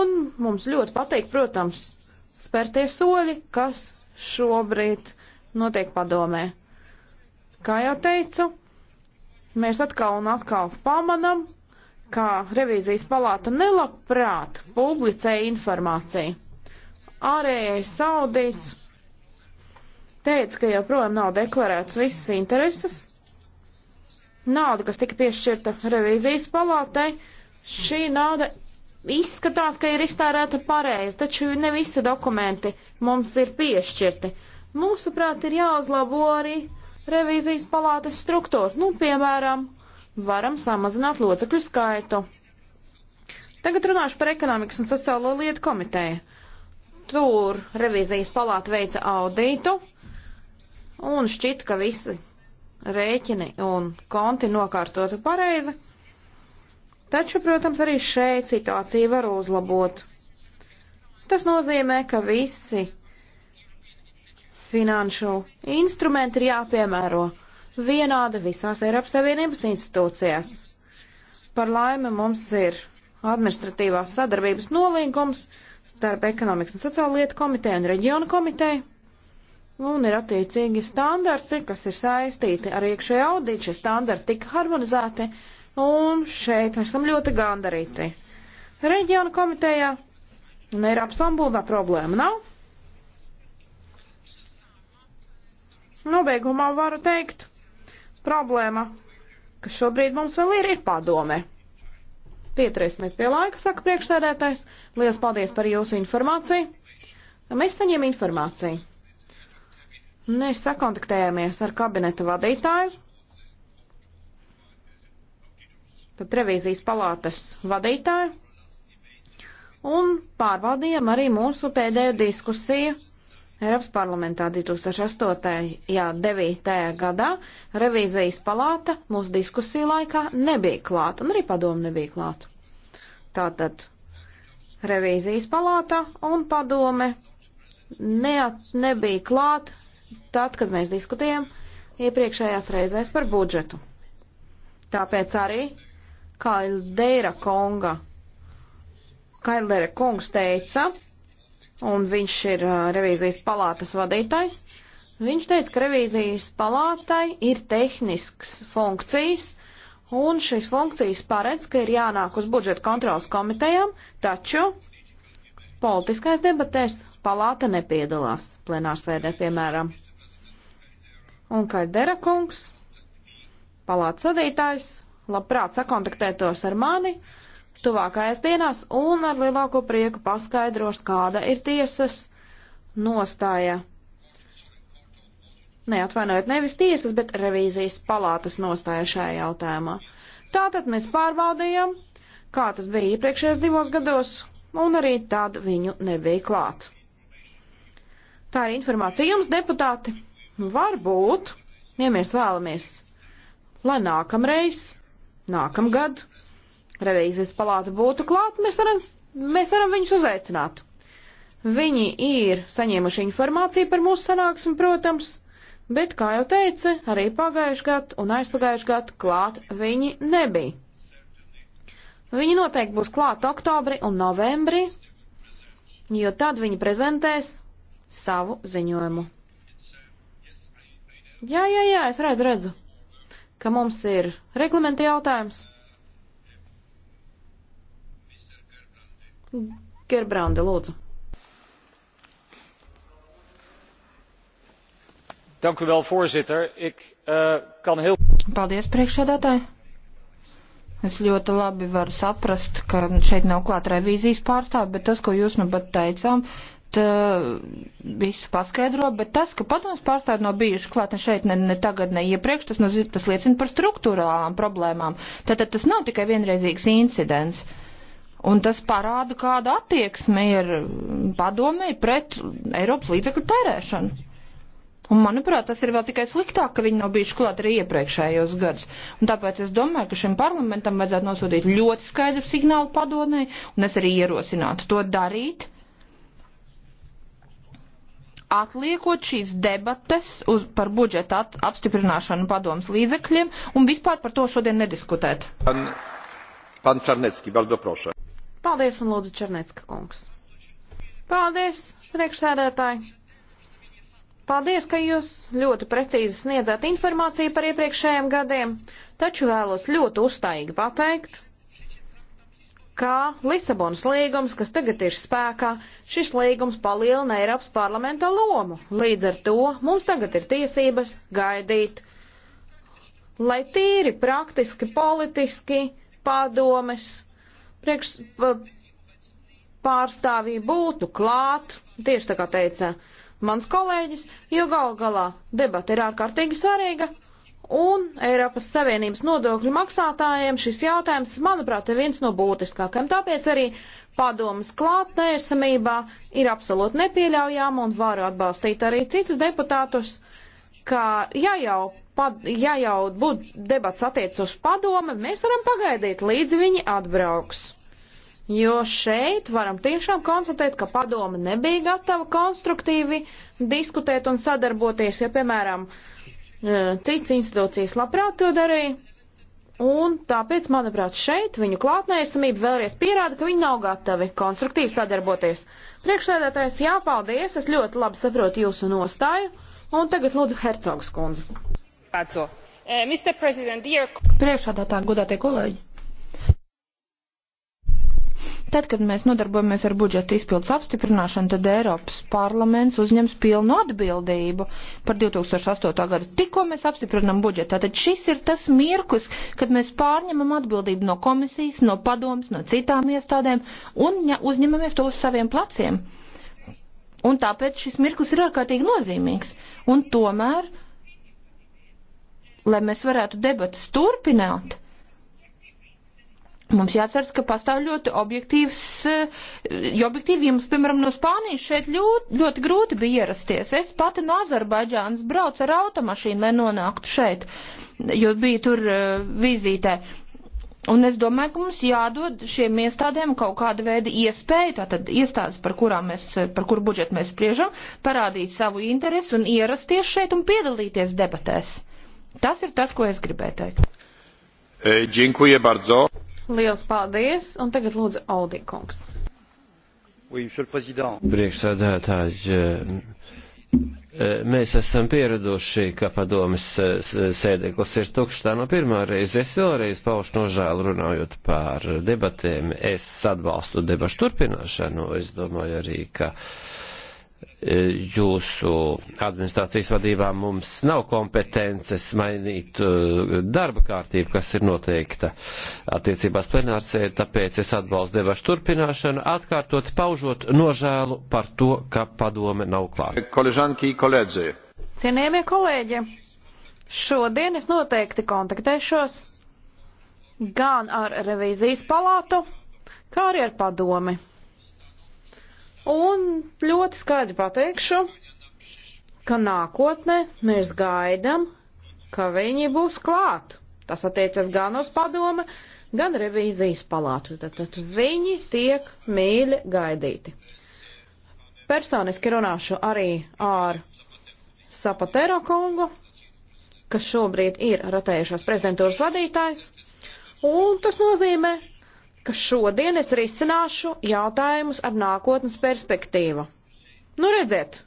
un mums ļoti patīk, protams, spērtie soļi, kas šobrīd notiek padomē. Kā jau teicu, mēs atkal un atkal pamanam, ka revīzijas palāta nelabprāt publicē informāciju. Ārējais audīts teica, ka joprojām nav deklarēts visas intereses. Nauda, kas tika piešķirta revīzijas palātai, šī nauda izskatās, ka ir iztērēta pareizi, taču ne visi dokumenti mums ir piešķirti. Mūsuprāt, ir jāuzlabo arī revīzijas palātas struktūra. Nu, piemēram, uh, varam samazināt locekļu skaitu. Tagad runāšu par ekonomikas un sociālo lietu komiteju. Tur revīzijas palāta veica auditu un šķiet, ka visi rēķini un konti nokārtoti pareizi. Taču, protams, arī šeit situācija var uzlabot. Tas nozīmē, ka visi finanšu instrumenti ir jāpiemēro vienāda visās Eiropas Savienības institūcijās. Par laimi mums ir administratīvās sadarbības nolīgums starp ekonomikas un sociālo lietu komiteju un reģionu komiteju. Un ir attiecīgi standarti, kas ir saistīti ar iekšēju audītu. Šie standarti tika harmonizēti, un šeit esam ļoti gandarīti. Reģionu komitejā un Eiropas ombuldā problēma nav. Nobeigumā varu teikt, problēma, kas šobrīd mums vēl ir, ir padome. Pieturēsimies pie laika, saka priekšsēdētājs. Lielas paldies par jūsu informāciju. Mēs saņēmām informāciju. Mēs sakontaktējāmies ar kabineta vadītāju. Tad revīzijas palātes vadītāju. Un pārbaudījām arī mūsu pēdējo diskusiju Eiropas parlamentā 2008. un 2009. gadā revīzijas palāta mūsu diskusiju laikā nebija klāta, un arī padomu nebija klāta. Tātad revīzijas palāta un padome ne, nebija klāta tad, kad mēs diskutējām iepriekšējās reizēs par budžetu. Tāpēc arī Kaildeira konga, Kaildeira kungs teica, un viņš ir uh, revīzijas palātas vadītājs. Viņš teica, ka revīzijas palātai ir tehnisks funkcijas, un šīs funkcijas paredz, ka ir jānāk uz budžeta kontrolas komitejām, taču politiskais debatēs palāta nepiedalās plenārsēdē, piemēram. Un Kaidera kungs, palāts vadītājs, labprāt sakontaktētos ar mani, uh, tuvākajās dienās un ar lielāko prieku paskaidrošu, kāda ir tiesas nostāja. Neatvainojiet nevis tiesas, bet revīzijas palātas nostāja šajā jautājumā. Tātad mēs pārbaudījām, kā tas bija iepriekšējos divos gados, un arī tad viņu nebija klāt. Tā ir informācija jums, deputāti. Varbūt, ja mēs vēlamies, lai nākamreiz, nākamgad revīzijas palāta būtu klāt, mēs varam, mēs varam viņus uzaicināt. Viņi ir saņēmuši informāciju par mūsu sanāksmi, protams, bet, kā jau teicu, arī pagājuši gadu un aizpagājuši gadu klāt viņi nebija. Viņi noteikti būs klāt oktobri un novembri, jo tad viņi prezentēs savu ziņojumu. Jā, jā, jā, es redzu, redzu, ka mums ir reglamenta jautājums. Gerbrande, lūdzu. Dank u wel, voorzitter. Ik uh, kan heel. Paldies, priekšsēdētāji. Es ļoti labi varu saprast, ka šeit nav klāt revīzijas pārstāvi, bet tas, ko jūs nu pat teicām, tā, visu paskaidro, bet tas, ka padoms pārstāvi nav bijuši klāt ne šeit, ne, ne tagad, ne iepriekš, tas, nu, tas liecina par struktūrālām problēmām. Tātad tas nav tikai vienreizīgs incidents. Uh, Un tas parāda, kāda attieksme ir padomē pret Eiropas līdzekļu tērēšanu. Un, manuprāt, tas ir vēl tikai sliktāk, ka viņi nav bijuši klāt arī iepriekšējos gadus. Un tāpēc es domāju, ka šim parlamentam vajadzētu nosūtīt ļoti skaidru signālu padonai, un es arī ierosinātu to darīt, atliekot šīs debates uz, par budžeta at, apstiprināšanu padomas līdzekļiem un vispār par to šodien nediskutēt. Pan, pan Čarnecki, bardzo prošu. Paldies un lūdzu Černecka kungs. Paldies, priekšsēdētāji. Paldies, ka jūs ļoti precīzi sniedzāt informāciju par iepriekšējiem gadiem, taču vēlos ļoti uzstājīgi pateikt, kā Lisabonas līgums, kas tagad ir spēkā, šis līgums palielina Eiropas parlamenta lomu. Līdz ar to mums tagad ir tiesības gaidīt, lai tīri praktiski, politiski padomes priekš pārstāvī būtu klāt, tieši tā kā teica mans kolēģis, jo gal galā debata ir ārkārtīgi svarīga. Un Eiropas Savienības nodokļu maksātājiem šis jautājums, manuprāt, ir viens no būtiskākajiem. Tāpēc arī padomas klātnēsamībā ir absolūti nepieļaujama un varu atbalstīt arī citus deputātus, ka, ja jau, pad, ja jau būtu debats attiec uz padomi, mēs varam pagaidīt, līdz viņi atbrauks. Jo šeit varam tiešām konstatēt, ka padoma nebija gatava konstruktīvi diskutēt un sadarboties, jo, piemēram, e, cits institūcijas labprāt to darīja. Un tāpēc, manuprāt, šeit viņu klātnēsamība vēlreiz pierāda, ka viņi nav gatavi konstruktīvi sadarboties. Priekšsēdētājs jāpaldies, es ļoti labi saprotu jūsu nostāju. Un tagad lūdzu Hercogs kundzi. Eh, Priekšādātā godātie kolēģi. Tad, kad mēs nodarbojamies ar budžeta izpildes apstiprināšanu, tad Eiropas parlaments uzņems pilnu atbildību par 2008. gadu. Tikko mēs apstiprinam budžetu, tad šis ir tas mirklis, kad mēs pārņemam atbildību no komisijas, no padomas, no citām iestādēm un ja, uzņemamies to uz saviem pleciem. Un tāpēc šis mirklis ir ārkārtīgi nozīmīgs. Un tomēr, lai mēs varētu debatas turpināt, Mums jāatceras, ka pastāv ļoti objektīvs, eh, jo objektīvi jums, piemēram, no Spānijas šeit ļoti, ļoti grūti bija ierasties. Es pati no Azerbaidžānas braucu ar automašīnu, lai nonāktu šeit, jo biju tur uh, vizītē. Un es domāju, ka mums jādod šiem iestādēm kaut kāda veida iespēja, tātad iestādes, par kurām mēs, par kuru budžetu mēs spriežam, parādīt savu interesi un ierasties šeit un piedalīties debatēs. Tas ir tas, ko es gribēju teikt. E, Džinkuje bardzo. Liels paldies, un tagad lūdzu Audikungs. Oui, Priekšsēdētāji, e, Eh, mēs esam pieraduši, ka padomas eh, sēdeklis ir tukšs. Tā no pirmā reize es vēlreiz paušu nožēlu runājot par debatēm. Es atbalstu debašu turpināšanu. Es domāju arī, ka. Uh, jūsu administrācijas vadībā mums nav kompetences mainīt eh, darba kārtību, kas ir noteikta attiecībās plenārsē, tāpēc es atbalstu debašu turpināšanu, atkārtot paužot nožēlu par to, ka padome nav klāta. Kolēģi, kolēģi. Cienījamie kolēģi, šodien es noteikti kontaktēšos gan ar revīzijas palātu, kā arī ar padomi. Un ļoti skaidri pateikšu, ka nākotnē mēs gaidām, ka viņi būs klāt. Tas attiecas gan uz padome, gan revīzijas palātu. Tad, tad viņi tiek mīļi gaidīti. Personiski runāšu arī ar Sapatero kungu, kas šobrīd ir ratējušās prezidentūras vadītājs. Un tas nozīmē, ka šodien es risināšu jautājumus ar nākotnes perspektīvu. Nu, redziet,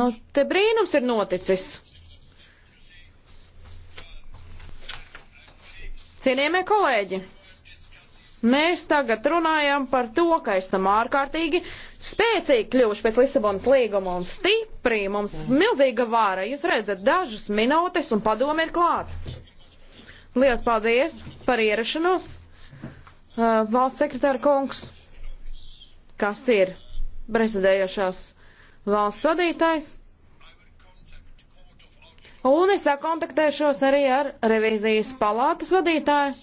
nu, te brīnums ir noticis. Cienījamie kolēģi, mēs tagad runājam par to, ka esam ārkārtīgi spēcīgi kļuvuši pēc Lisabonas līguma un stipri, mums milzīga vāra. Jūs redzat, dažas minūtes un padomi ir klāt. Lielas paldies par ierašanos, uh, valsts sekretāra kungs, kas ir prezidējošās valsts vadītājs. Un es sakontaktēšos arī ar revīzijas palātas vadītāju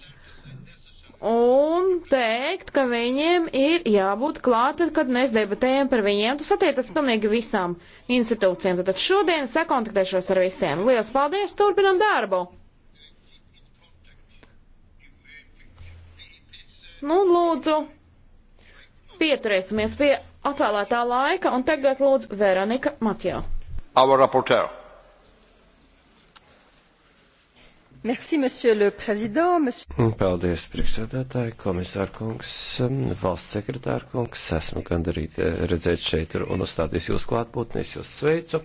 un teikt, ka viņiem ir jābūt klāt, kad mēs debatējam par viņiem. Tas attiecas pilnīgi visām institūcijām. Tad šodien sakontaktēšos ar visiem. Lielas paldies, turpinam darbu! Nu, lūdzu, pieturēsimies pie atvēlētā laika, un tagad lūdzu Veronika Matjā. Our rapporteur. Merci, monsieur le président. Monsieur... Mm, paldies, priekšsēdētāji, komisāra kungs, mm, valsts sekretāra kungs. Esmu gandarīt eh, redzēt šeit un uzstāties jūs klātbūtnē. Es jūs sveicu.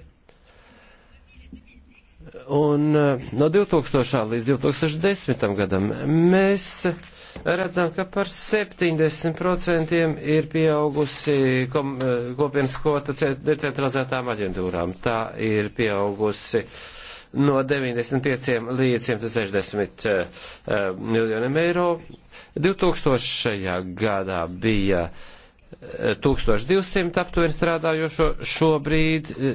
Un eh, no 2000 līdz 2010 gadam mēs redzam, ka par 70% ir pieaugusi kom, eh, kopienas kvota decentralizētām aģentūrām. Tā ir pieaugusi no 95 līdz 160 uh, eh, miljoniem eiro. 2000. gadā bija 1200 eh, aptuveni strādājošo šobrīd. Uh,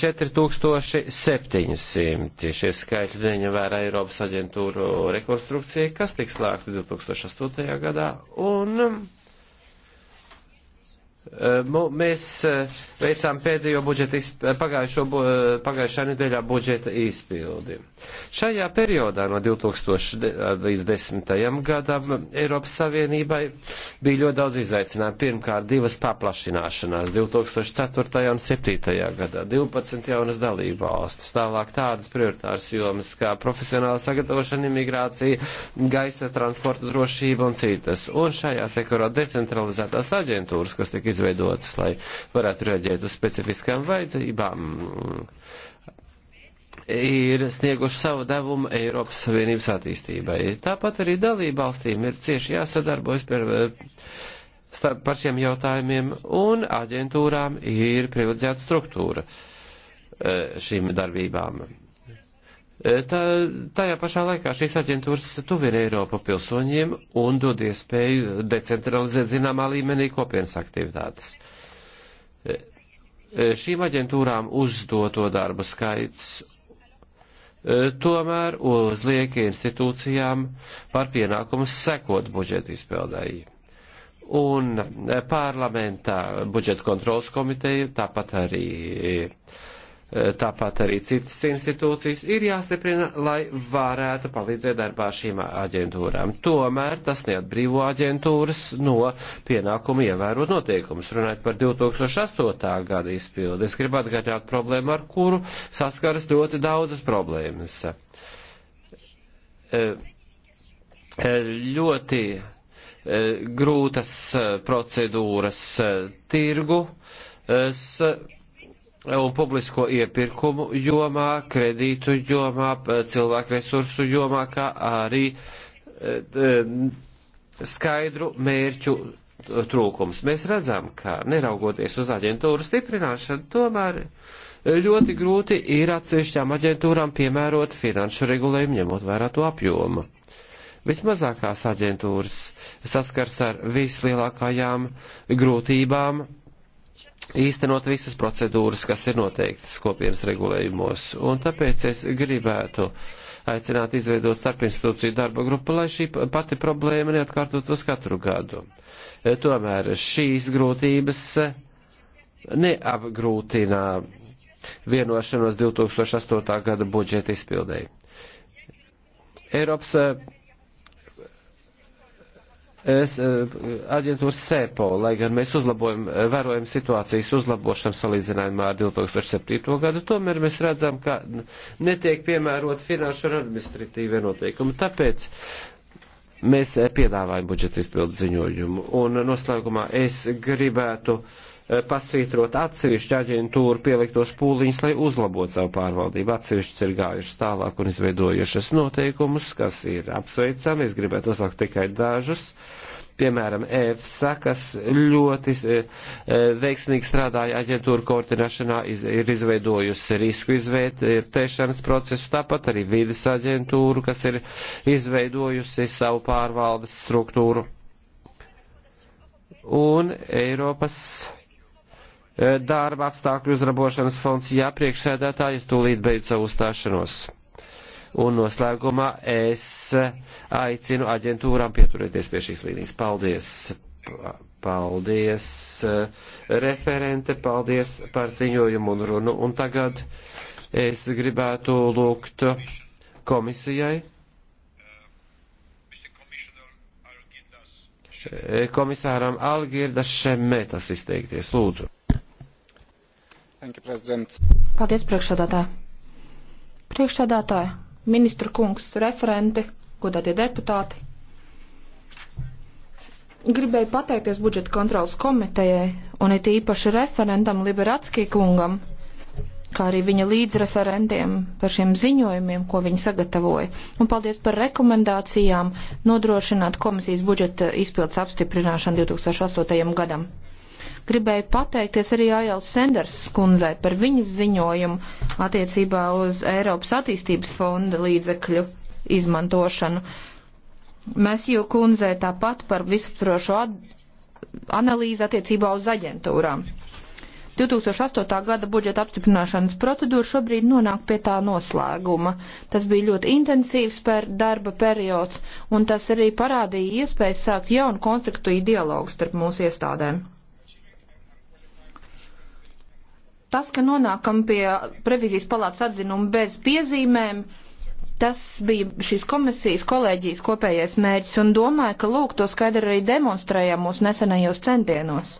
4700. Šie skaitļi neņem vērā Eiropas aģentūru rekonstrukcija, kas tiks slēgta 2008. gadā. Un Eh, mēs eh, veicām pēdējo budžeta, eh, pagājušo, pagājušā nedēļā budžeta izpildi. Šajā periodā no 2000 līdz 2010. gadam Eiropas Savienībai bija ļoti daudz izaicinājumu. Pirmkārt, divas paplašināšanās 2004. un 2007. gadā, 12 jaunas dalība valstis, tālāk tādas prioritāras jomas kā profesionāla sagatavošana, imigrācija, gaisa transporta drošība un citas. Un šajā sekurā decentralizētās aģentūras, kas tika izveidotas, izveidotas, lai varētu reaģēt uz specifiskām vajadzībām, ir snieguši savu devumu Eiropas Savienības attīstībai. Tāpat arī dalību valstīm ir cieši jāsadarbojas par starp par šiem jautājumiem, un aģentūrām ir privileģēta struktūra eh, šīm darbībām. E, tā, tajā pašā laikā šīs aģentūras tuvina Eiropu pilsoņiem un dod iespēju decentralizēt zināmā līmenī kopienas aktivitātes. E, e, šīm aģentūrām uzdoto darbu skaits tomēr uzliek institūcijām par pienākumu sekot budžeta izpildēji. Un parlamentā budžeta kontrolas komiteja, tāpat arī uh, tāpat arī citas institūcijas ir jāstiprina, lai varētu palīdzēt darbā šīm aģentūrām. Tomēr tas neatbrīvo aģentūras no pienākumu ievērot noteikumus. Runājot par 2008. gada izpildi, es gribu atgādināt problēmu, ar kuru saskaras ļoti daudzas problēmas. E, e, ļoti e, grūtas procedūras tirgu un publisko iepirkumu jomā, kredītu jomā, cilvēku resursu jomā, kā arī eh, eh, skaidru mērķu trūkums. Mēs redzam, ka neraugoties uz aģentūru stiprināšanu, tomēr eh, ļoti grūti ir atsevišķām aģentūrām piemērot finanšu regulējumu, ņemot vērā to apjomu. Vismazākās aģentūras saskars ar vislielākajām grūtībām īstenot visas procedūras, kas ir noteiktas kopienas regulējumos. Un tāpēc es gribētu aicināt izveidot starpinstitūciju darba grupu, lai šī pati problēma neatkārtotos katru gadu. E, tomēr šīs grūtības e, neapgrūtina vienošanos 2008. gada budžeta izpildēji. Eiropas e, Eh, aģentūras SEPO, lai gan mēs uzlabojam, eh, vērojam situācijas uzlabošanu salīdzinājumā ar 2007. gadu, tomēr mēs redzam, ka netiek piemērot finanšu un administratīvie noteikumi. Tāpēc mēs eh, piedāvājam budžeta izpildu ziņojumu. Un noslēgumā es gribētu uh, Eh, pasvītrot atsevišķu aģentūru pieliktos pūliņus, lai uzlabotu savu pārvaldību. Atsevišķas ir gājušas tālāk un izveidojušas noteikumus, kas ir apsveicami. Es gribētu uzsākt tikai dažus. Piemēram, EFSA, kas ļoti e, veiksmīgi strādāja aģentūra koordinēšanā, iz, ir izveidojusi risku izvērtēšanas procesu, tāpat arī vides aģentūru, kas ir izveidojusi savu pārvaldes struktūru. Un Eiropas Eh, darba apstākļu uzrabošanas fonds. Jā, priekšsēdētājs tūlīt beidz savu uzstāšanos. Un noslēgumā es aicinu aģentūrām pieturēties pie šīs līnijas. Paldies! Paldies, eh, referente, paldies par ziņojumu un runu. Un tagad es gribētu lūgt komisijai. Eh, komisāram Algirda Šemetas izteikties, lūdzu. Paldies, priekšsādātāji. Priekšsādātāji, ministra kungs, referenti, godātie deputāti. Gribēju pateikties budžeta kontrolas komitejai un it īpaši referentam Liberatskī kungam, kā arī viņa līdzreferentiem par šiem ziņojumiem, ko viņi sagatavoja. Un paldies par rekomendācijām nodrošināt komisijas budžeta izpildes apstiprināšanu 2008. gadam. Gribēju pateikties arī Ajels Senders skundzei par viņas ziņojumu attiecībā uz Eiropas attīstības fonda līdzekļu izmantošanu. Mēs jau kundzei tāpat par visaptvarošo analīzi attiecībā uz aģentūrām. 2008. gada budžeta apstiprināšanas procedūra šobrīd nonāk pie tā noslēguma. Tas bija ļoti intensīvs per darba periods, un tas arī parādīja iespējas sākt jaunu konstruktīvu dialogu starp mūsu iestādēm. tas, ka nonākam pie revizijas palātas atzinuma bez piezīmēm, tas bija šīs komisijas kolēģijas kopējais mērķis un domāju, ka lūk, to skaidri arī demonstrējām mūsu nesenajos centienos.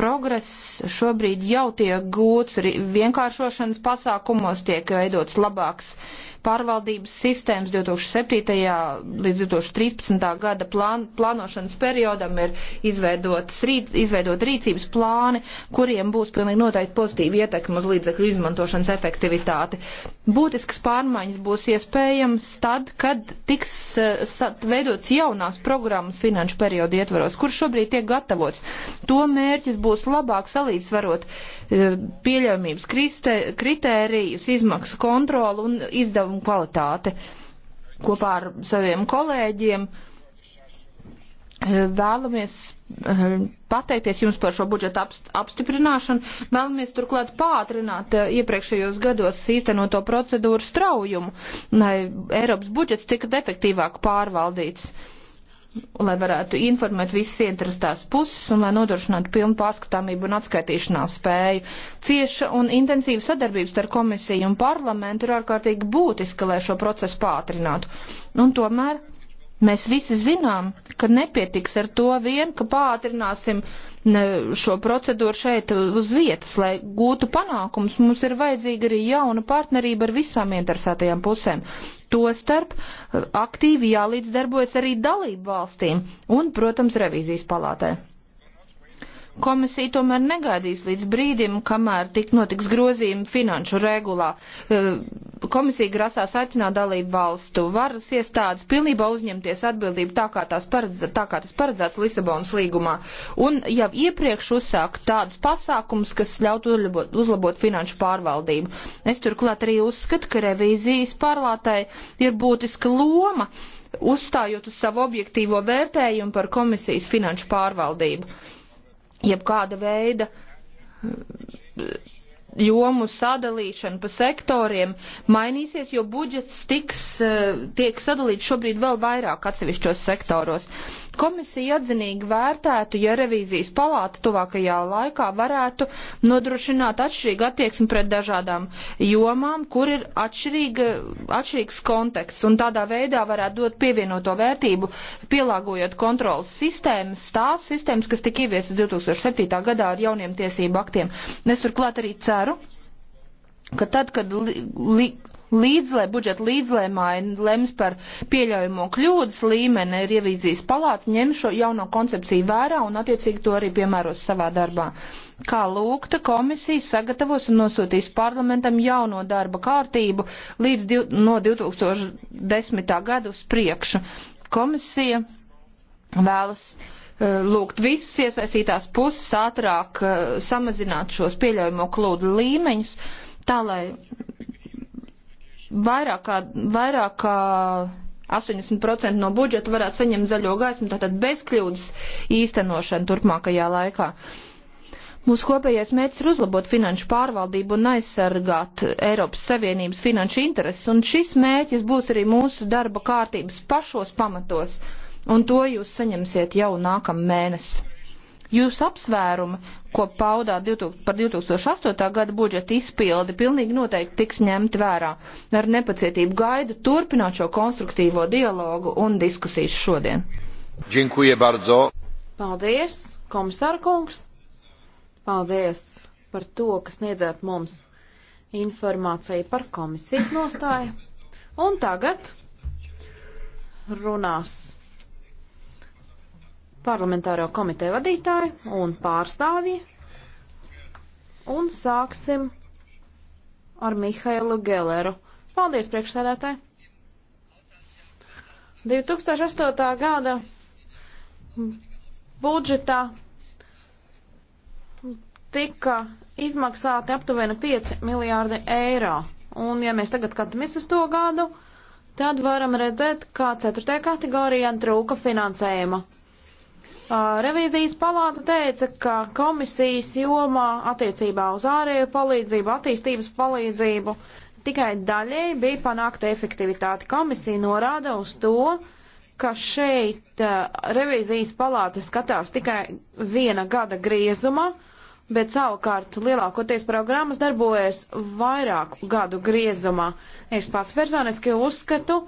Progress šobrīd jau tiek gūts vienkāršošanas pasākumos, tiek veidots labāks uh, pārvaldības sistēmas 2007. līdz 2013. gada plān, plānošanas periodam ir rīc, izveidot rīcības plāni, kuriem būs pilnīgi noteikti pozitīva ietekma uz līdzekļu izmantošanas efektivitāti. Būtiskas pārmaiņas būs iespējams tad, kad tiks eh, sat, veidots jaunās programmas finanšu periodu ietvaros, kur šobrīd tiek gatavots. To mērķis būs labāk salīdzvarot eh, pieļaujamības kristē, kritērijus, izmaksu kontroli un izdevumu un kvalitāti. Kopā ar saviem kolēģiem eh, vēlamies eh, pateikties jums par šo budžeta apstiprināšanu. Vēlamies turklāt pātrināt eh, iepriekšējos gados īstenoto procedūru straujumu, lai Eiropas budžets tika efektīvāk pārvaldīts lai varētu informēt visas interesētās puses un lai nodrošinātu pilnu pārskatāmību un atskaitīšanās spēju. Cieša un intensīva sadarbības ar komisiju un parlamentu ir ārkārtīgi būtiska, lai šo procesu pātrinātu. Un tomēr mēs visi zinām, ka nepietiks ar to vien, ka pātrināsim šo procedūru šeit uz vietas, lai gūtu panākums, mums ir vajadzīga arī jauna partnerība ar visām interesētajām pusēm. Tostarp eh, aktīvi jālīdzdarbojas arī dalību valstīm un, protams, revīzijas palātē. Komisija tomēr negaidīs līdz brīdim, kamēr tik notiks grozījumi finanšu regulā. E, komisija grasās aicināt dalību valstu varas iestādes pilnībā uzņemties atbildību tā, kā, paredz, tā kā tas paredzēts Lisabonas līgumā. Un jau iepriekš uzsākt tādus pasākumus, kas ļautu uzlabot, uzlabot finanšu pārvaldību. Es turklāt arī uzskatu, ka revīzijas pārlātai ir būtiska loma uzstājot uz savu objektīvo vērtējumu par komisijas finanšu pārvaldību jebkāda veida eh, jomu sadalīšana pa sektoriem mainīsies, jo budžets tiks, eh, tiek sadalīts šobrīd vēl vairāk atsevišķos sektoros. Komisija atzinīgi vērtētu, ja revīzijas palāta tuvākajā laikā varētu nodrošināt atšķirīgu attieksmi pret dažādām jomām, kur ir atšķirīga, atšķirīgs konteksts, un tādā veidā varētu dot pievienoto vērtību, pielāgojot kontrolas sistēmas, tās sistēmas, kas tika ieviesas 2007. gadā ar jauniem tiesību aktiem. Es turklāt arī ceru, ka tad, kad li, li, līdzlē, budžeta līdzlēmāji lems par pieļaujamo kļūdas līmeni, revīzijas palāta ņem šo jauno koncepciju vērā un attiecīgi to arī piemēros savā darbā. Kā lūgta, komisija sagatavos un nosūtīs parlamentam jauno darba kārtību līdz div, no 2010. gada uz priekšu. Komisija vēlas eh, lūgt visus iesaistītās puses ātrāk eh, samazināt šos pieļaujamo kļūdu līmeņus, tā lai vairāk kā, vairāk kā 80% no budžeta varētu saņemt zaļo gaismu, tātad bezkļūdas īstenošana turpmākajā laikā. Mūsu kopējais mērķis ir uzlabot finanšu pārvaldību un aizsargāt Eiropas Savienības finanšu intereses, un šis mērķis būs arī mūsu darba kārtības pašos pamatos, un to jūs saņemsiet jau nākam mēnesi. Jūs apsvērumi, ko paudā 2000, par 2008. gada budžeta izpildi, pilnīgi noteikti tiks ņemti vērā. Ar nepacietību gaidu turpināt šo konstruktīvo dialogu un diskusijas šodien. Dziękuję bardzo. Paldies, komisāra kungs. Paldies par to, kas niedzēt mums informāciju par komisijas nostāju. Un tagad runās parlamentāro komiteju vadītāji un pārstāvji. Un sāksim ar Mihailu Geleru. Paldies, priekšsēdētāji! 2008. gada budžetā tika izmaksāti aptuveni 5 miljārdi eiro. Un ja mēs tagad skatāmies uz to gadu, tad varam redzēt, kā 4. kategorijā trūka finansējuma. Revīzijas palāta teica, ka komisijas jomā attiecībā uz ārēju palīdzību, attīstības palīdzību tikai daļēji bija panākta efektivitāte. Komisija norāda uz to, ka šeit revīzijas palāta skatās tikai viena gada griezuma, bet savukārt lielākoties programmas darbojas vairāku gadu griezumā. Es pats personiski uzskatu,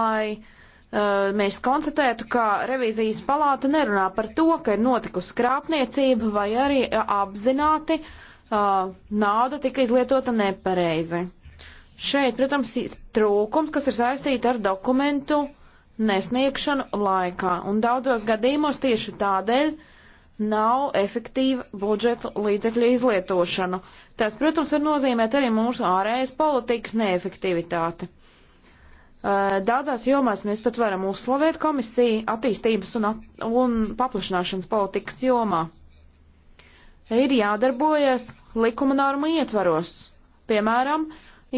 lai uh, Uh, mēs konstatētu, ka revīzijas palāta nerunā par to, ka ir notikusi krāpniecība vai arī uh, apzināti uh, nauda tika izlietota nepareizi. Šeit, protams, ir trūkums, kas ir saistīta ar dokumentu nesniegšanu laikā, un daudzos gadījumos tieši tādēļ nav efektīva budžeta līdzekļu izlietošana. Tas, protams, var nozīmēt arī mūsu ārējas politikas neefektivitāti. Eh, daudzās jomās mēs pat varam uzslavēt komisiju attīstības un, at un paplašināšanas politikas jomā. Ir jādarbojas likuma normu ietvaros. Piemēram,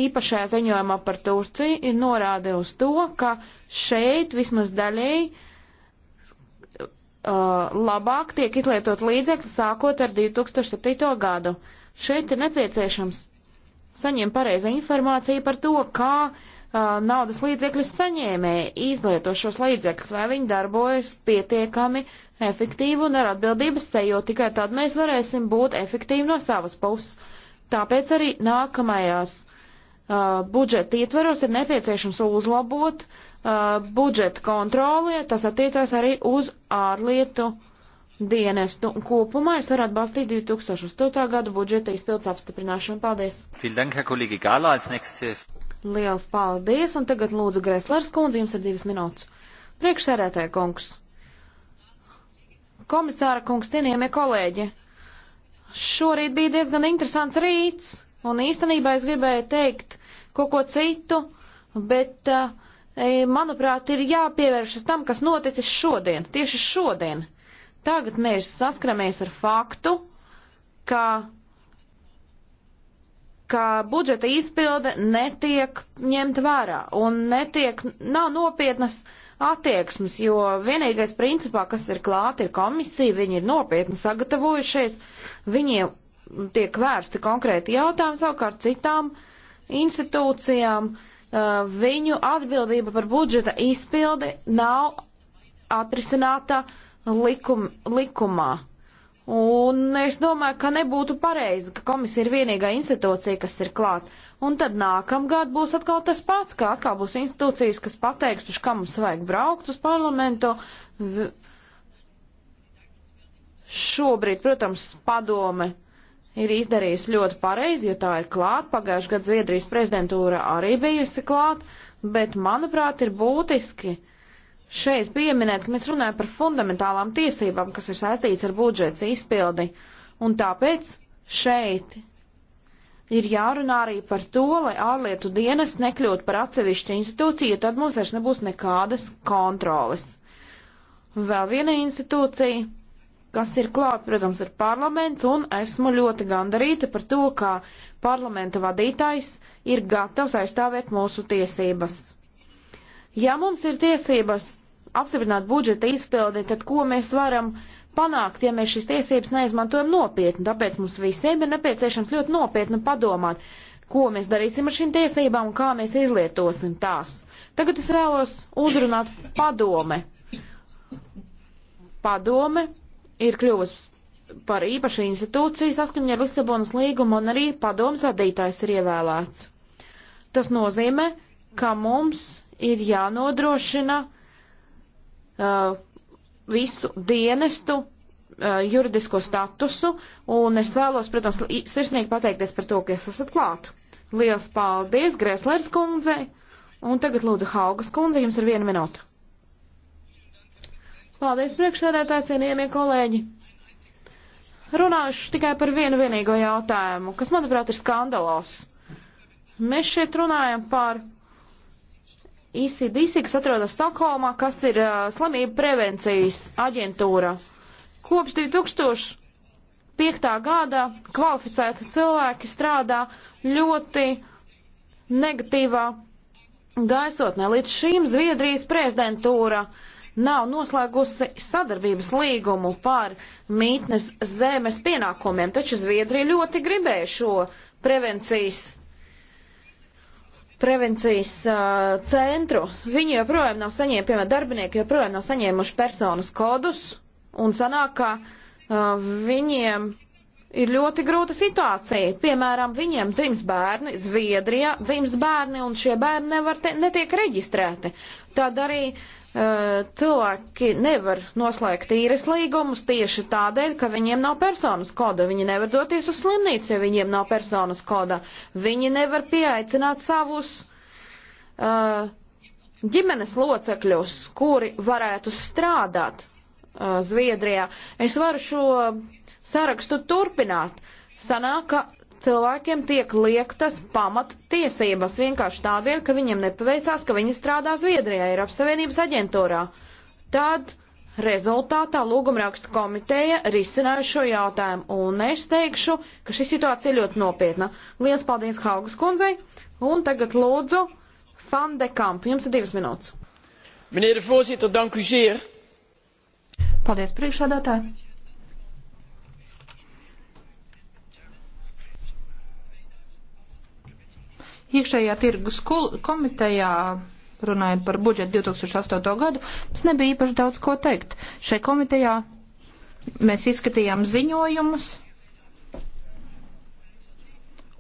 īpašajā ziņojumā par Turciju ir norāde uz to, ka šeit vismaz daļēji uh, labāk tiek izlietot līdzekļi sākot ar 2007. gadu. Šeit ir nepieciešams saņemt pareizi informāciju par to, kā uh, naudas līdzekļus saņēmēji izlieto šos līdzekļus, vai viņi darbojas pietiekami efektīvi un ar atbildības sejo, tikai tad mēs varēsim būt efektīvi no savas puses. Tāpēc arī nākamajās uh, budžeta ietveros ir nepieciešams uzlabot uh, budžeta kontroli, tas attiecās arī uz ārlietu dienestu. Kopumā es varu atbalstīt 2008. gadu budžeta izpildes apstiprināšanu. Paldies! Vielen Dank, Herr Kollege Gala, als nächstes. Liels paldies, un tagad lūdzu Greslers kundze, jums ir divas minūtes. Priekšsērētāja kungs. Komisāra kungs, cienījamie kolēģi. Šorīt bija diezgan interesants rīts, un īstenībā es gribēju teikt kaut ko citu, bet, eh, eh, manuprāt, ir jāpievēršas tam, kas noticis šodien, tieši šodien. Tagad mēs saskaramies ar faktu, ka ka budžeta izpilde netiek ņemt vērā un netiek, nav nopietnas attieksmes, jo vienīgais principā, kas ir klāt, ir komisija, viņi ir nopietni sagatavojušies, viņiem tiek vērsti konkrēti jautājumi, savukārt citām institūcijām viņu atbildība par budžeta izpildi nav atrisināta likum, likumā. Un es domāju, ka nebūtu pareizi, ka komisija ir vienīgā institūcija, kas ir klāt. Un tad nākamgad būs atkal tas pats, ka atkal būs institūcijas, kas pateiks, uz kam mums vajag braukt uz parlamentu. Šobrīd, protams, padome ir izdarījusi ļoti pareizi, jo tā ir klāt. Pagājušajā gadā Zviedrijas prezidentūra arī bijusi klāt, bet, manuprāt, ir būtiski šeit pieminēt, ka mēs runājam par fundamentālām tiesībām, kas ir saistīts ar budžets izpildi, un tāpēc šeit ir jārunā arī par to, lai ārlietu dienas nekļūtu par atsevišķu institūciju, jo tad mums vairs nebūs nekādas kontroles. Vēl viena institūcija, kas ir klāt, protams, ir parlaments, un esmu ļoti gandarīta par to, ka parlamenta vadītājs ir gatavs aizstāvēt mūsu tiesības. Ja mums ir tiesības apstiprināt budžeta izpildi, tad ko mēs varam panākt, ja mēs šīs tiesības neizmantojam nopietni. Tāpēc mums visiem ir nepieciešams ļoti nopietni padomāt, ko mēs darīsim ar šīm tiesībām un kā mēs izlietosim tās. Tagad es vēlos uzrunāt padome. Padome ir kļuvusi par īpašu institūciju saskaņā ar Lisabonas līgumu un arī padomas vadītājs ir ievēlēts. Tas nozīmē, ka mums ir jānodrošina uh, uh, visu dienestu uh, juridisko statusu, un es vēlos, protams, sirsnīgi pateikties par to, ka jūs esat klāt. Lielas paldies Grēslers kundzei, un tagad lūdzu Haugas kundze, jums ir viena minūte. Paldies priekšsēdētāji, cienījamie kolēģi! Runājuši tikai par vienu vienīgo jautājumu, kas, manuprāt, ir skandalos. Mēs šeit runājam par ICDC, e kas atrodas Stokholmā, kas ir uh, slimību prevencijas aģentūra. Kopš 2005. gada kvalificēti cilvēki strādā ļoti negatīvā gaisotnē. Līdz šīm Zviedrijas prezidentūra nav noslēgusi sadarbības līgumu par mītnes zemes pienākumiem, taču Zviedrija ļoti gribēja šo prevencijas prevencijas uh, centru. Viņi joprojām nav saņēmuši, piemēram, darbinieki joprojām nav saņēmuši personas kodus, un sanāk, ka uh, viņiem ir ļoti grūta situācija. Piemēram, viņiem dzimst bērni, Zviedrijā dzimst bērni, un šie bērni nevar te, netiek reģistrēti. Tad arī uh, Eh, cilvēki nevar noslēgt īres līgumus tieši tādēļ, ka viņiem nav personas koda. Viņi nevar doties uz slimnīcu, ja viņiem nav personas koda. Viņi nevar pieaicināt savus uh, ģimenes locekļus, kuri varētu strādāt uh, Zviedrijā. Es varu šo sarakstu turpināt. Sanāk, ka cilvēkiem tiek liektas pamattiesības vienkārši tādēļ, ka viņiem nepaveicās, ka viņi strādā Zviedrijā, Eiropas Savienības aģentūrā. Tad rezultātā lūgumrakstu komiteja risināja šo jautājumu, un es teikšu, ka šī situācija ir ļoti nopietna. Lielas paldies Haugas kundzei, un tagad lūdzu Fan de Kamp, jums ir divas minūtes. Meneer de voorzitter, dank u zeer. Paldies, priekšādātāji. iekšējā tirgus komitejā runājot par budžetu 2008. gadu, mums nebija īpaši daudz ko teikt. Šai komitejā mēs izskatījām ziņojumus.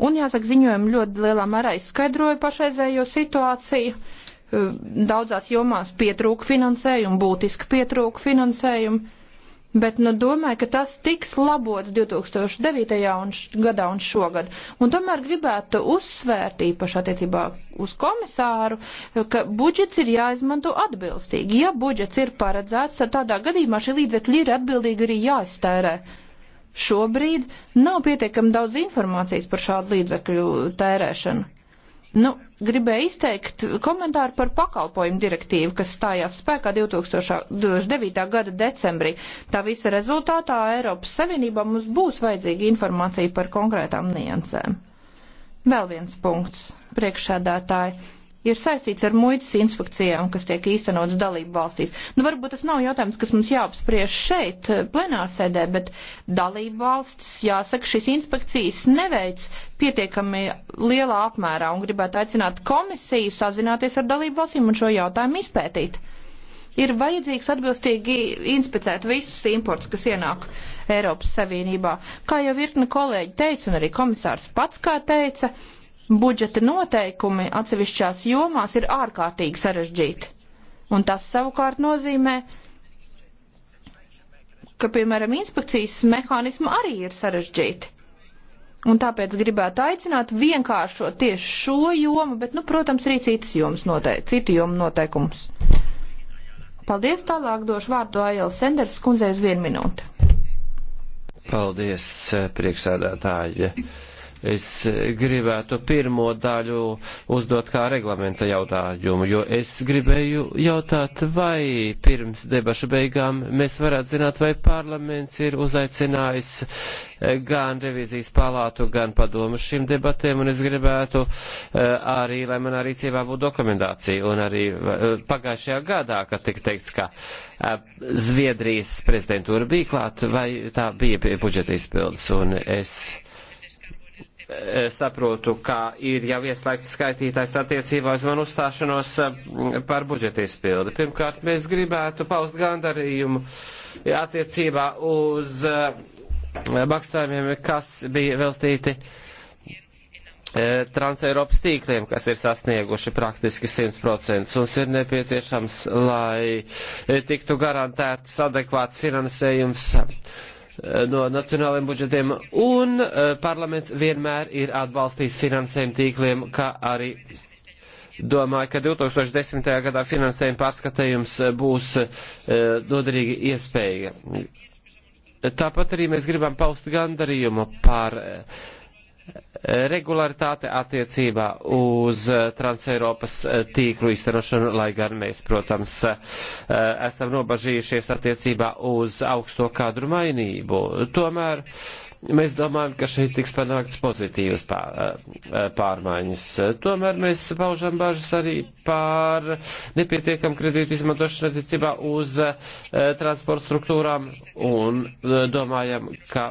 Un, jāsaka, ziņojumi ļoti lielā mērā izskaidroja pašreizējo situāciju. Hm, daudzās jomās pietrūka finansējumu, būtiski pietrūka finansējumu. Bet, nu, domāju, ka tas tiks labots 2009. Un gadā un šogad. Un tomēr gribētu uzsvērt īpaši attiecībā uz komisāru, ka budžets ir jāizmanto atbilstīgi. Ja budžets ir paredzēts, tad tādā gadījumā šī līdzekļa ir atbildīgi arī jāiztērē. Šobrīd nav pietiekami daudz informācijas par šādu līdzekļu tērēšanu. Nu, gribēju izteikt komentāru par pakalpojumu direktīvu, kas stājās spēkā 2009. gada decembrī. Tā visa rezultātā Eiropas Savienībā mums būs vajadzīga informācija par konkrētām niansēm. Vēl viens punkts, priekšsēdētāji ir saistīts ar muitas inspekcijām, kas tiek īstenotas dalību valstīs. Nu, varbūt tas nav jautājums, kas mums jāapspriež šeit, eh, plenārsēdē, bet dalību valstis, jāsaka, šīs inspekcijas neveic pietiekami lielā apmērā un gribētu aicināt komisiju sazināties ar dalību valstīm un šo jautājumu izpētīt. Ir vajadzīgs atbilstīgi inspicēt visus imports, kas ienāk Eiropas Savienībā. Kā jau virkni kolēģi teica un arī komisārs pats kā teica, uh, budžeta noteikumi atsevišķās jomās ir ārkārtīgi sarežģīti. Un tas savukārt nozīmē, ka, piemēram, inspekcijas mehānismi arī ir sarežģīti. Un tāpēc gribētu aicināt vienkāršot tieši šo jomu, bet, nu, protams, arī citas jomas noteikti, citu jomu noteikumus. Paldies, tālāk došu vārdu Aijala Senders kundzei uz vienu minūti. Paldies, priekšsēdētāji. Es gribētu pirmo daļu uzdot kā reglamenta jautājumu, jo es gribēju jautāt, vai pirms debašu beigām mēs varētu zināt, vai parlaments ir uzaicinājis gan revizijas palātu, gan padomu šīm debatēm, un es gribētu eh, arī, lai manā rīcībā būtu dokumentācija, un arī eh, pagājušajā gadā, kad tik teikts, ka eh, Zviedrijas prezidentūra bija klāt, vai tā bija pie budžeta izpildes, un es saprotu, ka ir jau ieslēgts skaitītājs attiecībā uz manu uzstāšanos eh, par budžeta izpildi. Pirmkārt, mēs gribētu paust gandarījumu attiecībā uz eh, maksājumiem, kas bija velstīti eh, Transeiropas tīkliem, kas ir sasnieguši praktiski 100%, un ir nepieciešams, lai tiktu garantēts adekvāts finansējums no nacionālajiem budžetiem, un eh, parlaments vienmēr ir atbalstījis finansējumu tīkliem, kā arī domāju, ka 2010. gadā finansējuma pārskatējums eh, būs eh, noderīga iespēja. Tāpat arī mēs gribam paust gandarījumu par uh, regularitāte attiecībā uz eh, Transeiropas eh, tīklu izstarošanu, lai gan mēs, protams, eh, esam nobažījušies attiecībā uz augsto kadru mainību. Tomēr mēs domājam, ka šeit tiks panākts pozitīvas pārmaiņas. Tomēr mēs paužam bažas arī pār nepietiekam kredītu izmantošanu attiecībā uz transporta struktūrām un domājam, ka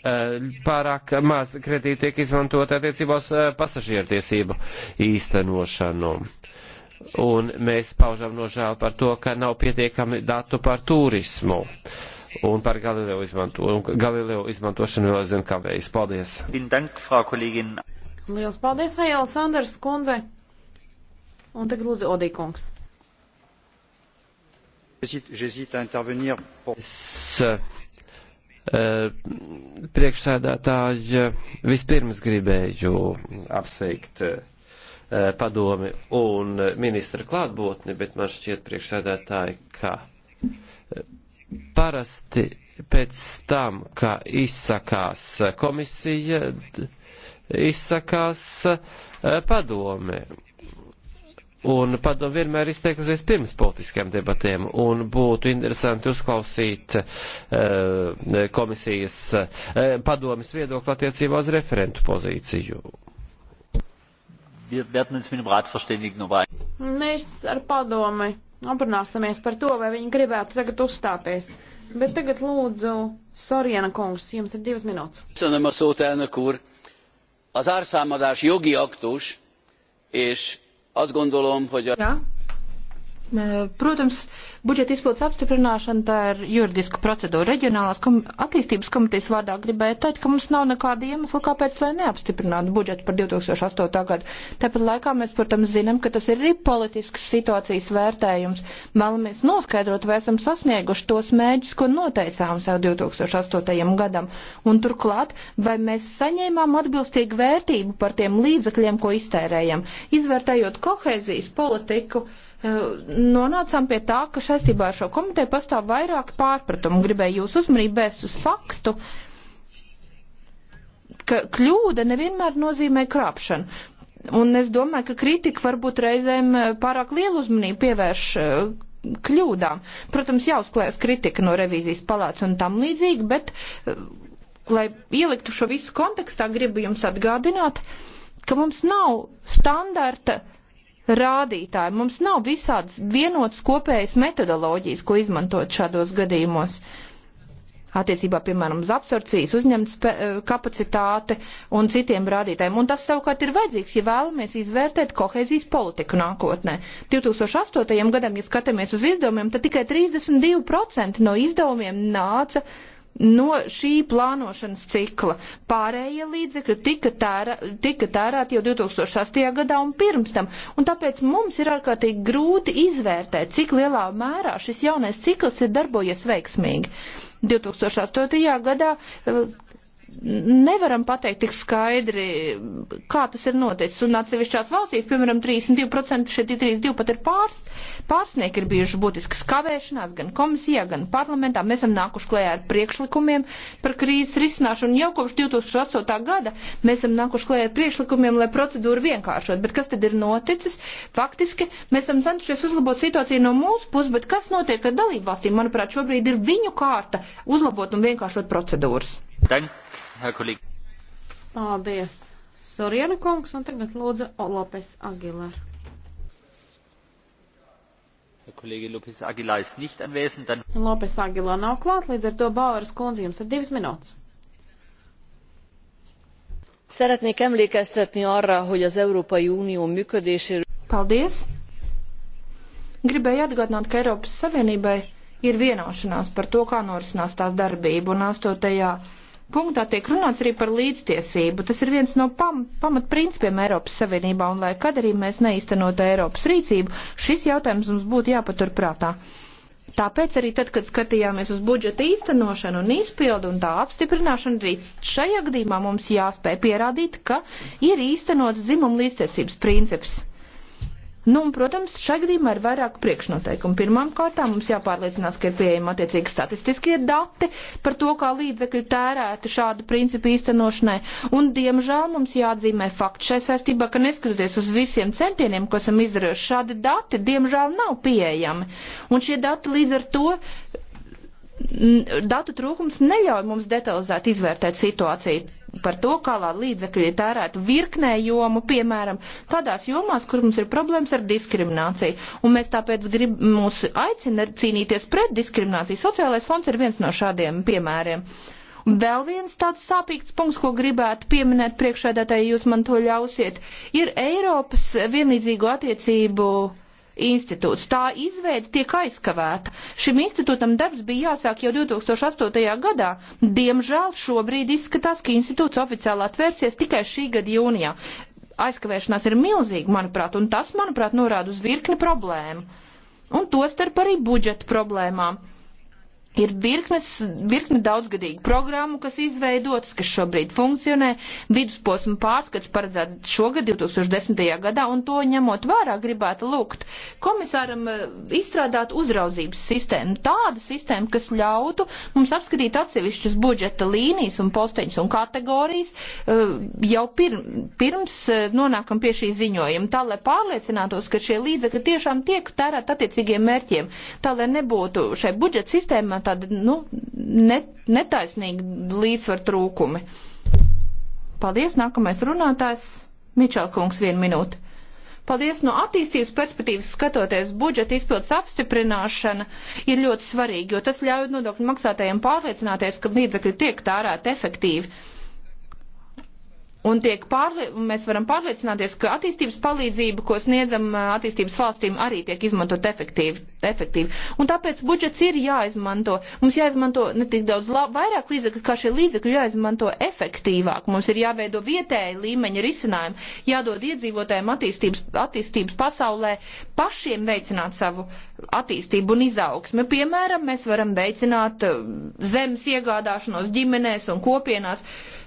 Eh, pārāk maz kredīti tiek izmantot attiecībā uz eh, pasažieru tiesību īstenošanu. Un mēs paužam nožēlu par to, ka nav pietiekami datu par turismu un par Galileo, izmanto, un Galileo izmantošanu vēl aizvien kavējas. Paldies! Liels paldies, Aijala Sanders kundze! Un tagad lūdzu Odīkungs. Es eh, Eh, priekšsēdētāji, vispirms gribēju apsveikt eh, padomi un ministra klātbūtni, bet man šķiet priekšsēdētāji, ka eh, parasti pēc tam, kā izsakās komisija, izsakās padome. Un padomu vienmēr izteikusies pirms politiskiem debatēm, un būtu interesanti uzklausīt uh, komisijas uh, eh, padomas viedokli attiecībā uz referentu pozīciju. Um Mēs ar padomi aprunāsimies par to, vai viņi gribētu tagad uzstāties. Bet tagad lūdzu, Sorjana kungs, jums ir divas minūtes. Köszönöm a szót, elnök úr. Az árszámadás jogi aktus, és Azt gondolom, hogy a... Ja. Protams, budžeta izpildes apstiprināšana tā ir juridiska procedūra. Reģionālās kom attīstības komitejas vārdā gribēju teikt, ka mums nav nekāda iemesla, kāpēc, lai neapstiprinātu budžetu par 2008. gadu. Tāpat laikā mēs, protams, zinām, ka tas ir arī politisks situācijas vērtējums. Vēlamies noskaidrot, vai esam sasnieguši tos mēģus, ko noteicām sev 2008. gadam. Un turklāt, vai mēs saņēmām atbilstīgu vērtību par tiem līdzakļiem, ko iztērējam. Izvērtējot kohēzijas politiku, Eh, nonācām pie tā, ka saistībā ar šo komiteju pastāv vairāk pārpratumu. Gribēju jūs uzmanību vērst uz faktu, ka kļūda nevienmēr nozīmē krāpšanu. Un es domāju, ka kritika varbūt reizēm eh, pārāk lielu uzmanību pievērš eh, kļūdām. Protams, jāuzklājas kritika no revīzijas palāca un tam līdzīgi, bet, lai ieliktu šo visu kontekstā, gribu jums atgādināt, ka mums nav standarta rādītāji. Mums nav visādas vienotas kopējas metodoloģijas, ko izmantot šādos gadījumos. Attiecībā, piemēram, uz absorpcijas uzņemts eh, kapacitāte un citiem rādītājiem. Un tas savukārt ir vajadzīgs, ja vēlamies izvērtēt kohēzijas politiku nākotnē. 2008. gadam, ja skatāmies uz izdevumiem, tad tikai 32% no izdevumiem nāca uh, no šī plānošanas cikla. Pārējie līdzekļi tika, tērā, tika tērēti jau 2008. gadā un pirms tam, un tāpēc mums ir ārkārtīgi grūti izvērtēt, cik lielā mērā šis jaunais cikls ir darbojies veiksmīgi. 2008. gadā eh, nevaram pateikt tik skaidri, kā tas ir noticis. Un atsevišķās valstīs, piemēram, 32% šie 32 pat ir pārs, pārsnieki ir bijuši būtiskas kavēšanās gan komisijā, gan parlamentā. Mēs esam nākuši klējā ar priekšlikumiem par krīzes risināšanu. Jau kopš 2008. gada mēs esam nākuši klējā ar priekšlikumiem, lai procedūru vienkāršot. Bet kas tad ir noticis? Faktiski mēs esam centušies uzlabot situāciju no mūsu puses, bet kas notiek ar dalību valstīm? Manuprāt, šobrīd ir viņu kārta uzlabot un vienkāršot procedūras. Daņa. Herr Kollege. Paldies, Soriena kungs, un tagad lūdzu Lopes Agilar. Kolēģi Lopes Agilā ir nicht anwesend. Dann... Lopes Agilā nav klāt, līdz ar to Baueras kundze jums ir divas minūtes. Szeretnék emlékeztetni arra, hogy az Európai Unió működéséről. Paldies! Gribēju atgādināt, ka Eiropas Savienībai ir vienošanās par to, kā norisinās tās darbība, un 8 punktā tiek runāts arī par līdztiesību. Tas ir viens no pam, pamatprincipiem Eiropas Savienībā, un lai kad arī mēs neiztenot Eiropas rīcību, šis jautājums mums būtu jāpaturprātā. Tāpēc arī tad, kad skatījāmies uz budžeta īstenošanu un izpildu un tā apstiprināšanu, arī šajā gadījumā mums jāspēj pierādīt, ka ir īstenots dzimuma līdztiesības princips. Nu, un, protams, šai gadījumā ir vairāk priekšnoteikumu. Pirmām kārtām mums jāpārliecinās, ka ir pieejama attiecīgi statistiskie dati par to, kā līdzekļi tērēti šādu principu īstenošanai. Un, diemžēl, mums jāatzīmē fakts šai saistībā, ka neskatoties uz visiem centieniem, ko esam izdarījuši, šādi dati, diemžēl, nav pieejami. Un šie dati līdz ar to datu trūkums neļauj mums detalizēt izvērtēt situāciju par to, kā līdzekļi ir tērēti virknē jomu, piemēram, tādās jomās, kur mums ir problēmas ar diskrimināciju. Un mēs tāpēc grib, mūs aicina cīnīties pret diskrimināciju. Sociālais fonds ir viens no šādiem piemēriem. Un vēl viens tāds sāpīgs punkts, ko gribētu pieminēt priekšēdētāji, jūs man to ļausiet, ir Eiropas vienlīdzīgo attiecību uh, institūts. Tā izveida tiek aizkavēta. Šim institūtam darbs bija jāsāk jau 2008. gadā. Diemžēl šobrīd izskatās, ka institūts oficiāli atvērsies tikai šī gada jūnijā. Aizkavēšanās ir milzīga, manuprāt, un tas, manuprāt, norāda uz virkni problēmu. Un to starp arī budžeta problēmām Ir virknes, virkne daudzgadīgu programmu, kas izveidotas, kas šobrīd funkcionē. Vidusposma pārskats paredzēts šogad, 2010. gadā, un to ņemot vērā gribētu lūgt komisāram eh, izstrādāt uzraudzības sistēmu. Tādu sistēmu, kas ļautu mums apskatīt atsevišķas budžeta līnijas un posteņas un kategorijas eh, jau pirm, pirms eh, nonākam pie šī ziņojuma, tā lai pārliecinātos, ka šie līdzekļi tiešām tiek tērēt attiecīgiem mērķiem, tā lai nebūtu šai budžeta sistēmā tādi, nu, net, netaisnīgi līdzsvar trūkumi. Paldies, nākamais runātājs Mičelkungs, vienu minūti. Paldies, no attīstības perspektīvas skatoties, budžeta izpildes apstiprināšana ir ļoti svarīga, jo tas ļauj nodokļu maksātājiem pārliecināties, ka līdzekļi tiek tārēti efektīvi Un tiek pārlie, mēs varam pārliecināties, ka attīstības palīdzība, ko sniedzam attīstības valstīm, arī tiek izmantot efektīvi. efektīvi. Un tāpēc budžets ir jāizmanto. Mums jāizmanto ne tik daudz lab, vairāk līdzekļu, kā šie līdzekļi jāizmanto efektīvāk. Mums ir jāveido vietēji līmeņa risinājumi, jādod iedzīvotājiem attīstības, attīstības pasaulē pašiem veicināt savu attīstību un izaugsmi. Piemēram, mēs varam veicināt zemes iegādāšanos ģimenēs un kopienās. Uh,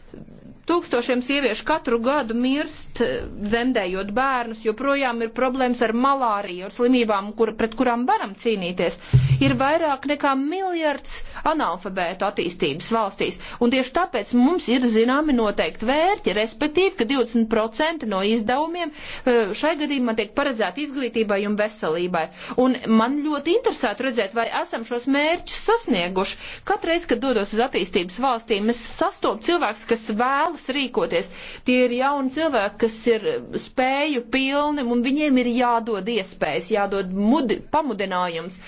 Tūkstošiem sieviešu katru gadu mirst, eh, dzemdējot bērnus, joprojām ir problēmas ar malāriju, ar slimībām, kur, pret kurām varam cīnīties. Ir vairāk nekā miljards analfabētu attīstības valstīs, un tieši tāpēc mums ir zināmi noteikti vērķi, respektīvi, ka 20% no izdevumiem eh, šai gadījumā tiek paredzēti izglītībai un veselībai. Un man ļoti interesētu redzēt, vai esam šos mērķus sasnieguši. Katreiz, kad dodos uz attīstības valstīm, es sastopu cilvēkus, kas vēl vēlas rīkoties. Tie ir jauni cilvēki, kas ir spēju pilni un viņiem ir jādod iespējas, jādod mudi, pamudinājums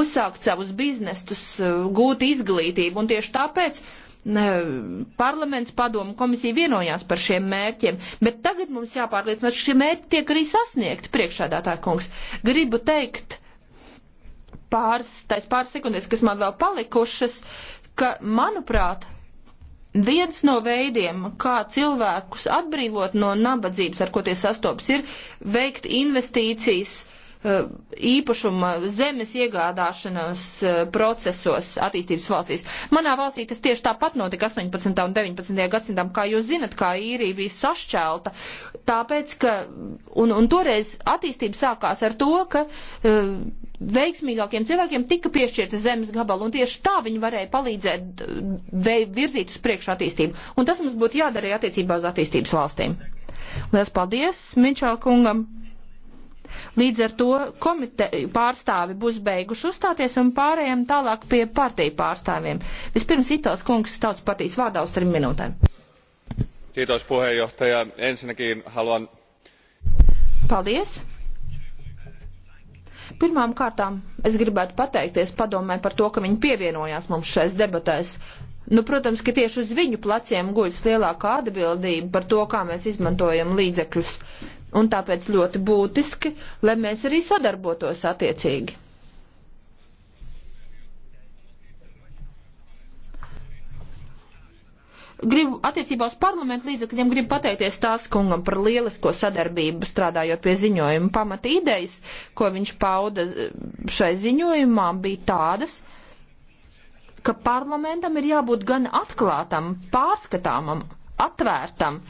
uzsākt savus biznestus, gūt izglītību un tieši tāpēc parlaments padomu komisija vienojās par šiem mērķiem, bet tagad mums jāpārliecinās, ka šie mērķi tiek arī sasniegti priekšādātāja kungs. Gribu teikt pāris, tais pāris sekundēs, kas man vēl palikušas, ka, manuprāt, Viens no veidiem, kā cilvēkus atbrīvot no nabadzības, ar ko tie sastopas, ir veikt investīcijas Eh, īpašuma zemes iegādāšanas eh, procesos attīstības valstīs. Manā valstī tas tieši tāpat notika 18. un 19. gadsimtam, kā jūs zinat, kā īrija bija sašķelta, tāpēc, ka, un, un toreiz attīstība sākās ar to, ka uh, veiksmīgākiem cilvēkiem tika piešķirta zemes gabala, un tieši tā viņi varēja palīdzēt virzīt uz priekšu attīstību. Un tas mums būtu jādara arī attiecībā uz attīstības valstīm. Lielas paldies Mičā kungam! Līdz ar to komite pārstāvi būs beiguši uzstāties un pārējiem tālāk pie partiju pārstāvjiem. Vispirms Itāls kungs tautas partijas vārdā uz trim minūtēm. Kiitos puheenjohtaja. Ensinnäkin haluan... Paldies. Pirmām kārtām es gribētu pateikties padomē par to, ka viņi pievienojās mums šais debatēs. Nu, protams, ka tieši uz viņu pleciem guļas lielākā atbildība par to, kā mēs izmantojam līdzekļus. Un tāpēc ļoti būtiski, lai mēs arī sadarbotos attiecīgi. gribu attiecībā uz parlamentu līdzekļiem gribu pateikties tās kungam par lielisko sadarbību strādājot pie ziņojuma. Pamata idejas, ko viņš pauda šai ziņojumā, bija tādas, ka parlamentam ir jābūt gan atklātam, pārskatāmam, atvērtam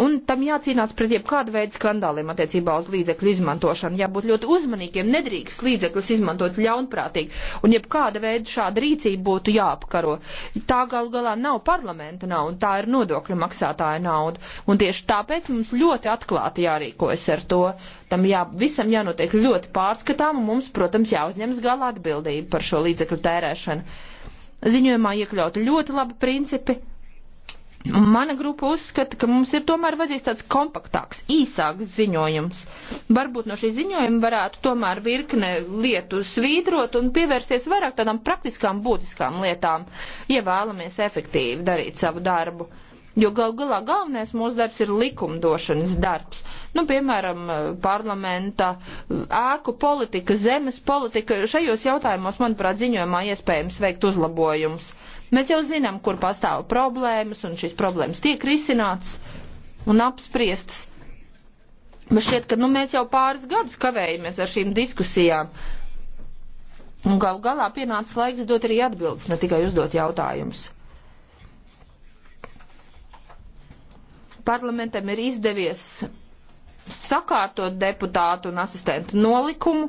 Un tam jācīnās pret jebkādu veidu skandāliem attiecībā uz līdzekļu izmantošanu. Jābūt ļoti uzmanīgiem, nedrīkst līdzekļus izmantot ļaunprātīgi, un jebkāda veida šāda rīcība būtu jāapkaro. Tā gal galā nav parlamenta nauda, tā ir nodokļu maksātāja nauda, un tieši tāpēc mums ļoti atklāti jārīkojas ar to. Tam jā, visam jānotiek ļoti pārskatām, un mums, protams, jāuzņems galā atbildība par šo līdzekļu tērēšanu. Ziņojumā iekļauti ļoti labi principi Mana grupa uzskata, ka mums ir tomēr vajadzīgs tāds kompaktāks, īsāks ziņojums. Varbūt no šī ziņojuma varētu tomēr virkne lietu svītrot un pievērsties vairāk tādām praktiskām, būtiskām lietām, ja vēlamies efektīvi darīt savu darbu. Jo gal galā galvenais mūsu darbs ir likumdošanas darbs. Nu, piemēram, parlamenta ēku politika, zemes politika. Šajos jautājumos, manuprāt, ziņojumā iespējams veikt uzlabojumus Mēs jau zinām, kur pastāv problēmas, un šīs problēmas tiek risināts un apspriestas. Bet šķiet, ka nu, mēs jau pāris gadus kavējamies ar šīm diskusijām. Un gal galā pienācis laiks dot arī atbildes, ne tikai uzdot jautājumus. Parlamentam ir izdevies sakārtot deputātu un asistentu nolikumu,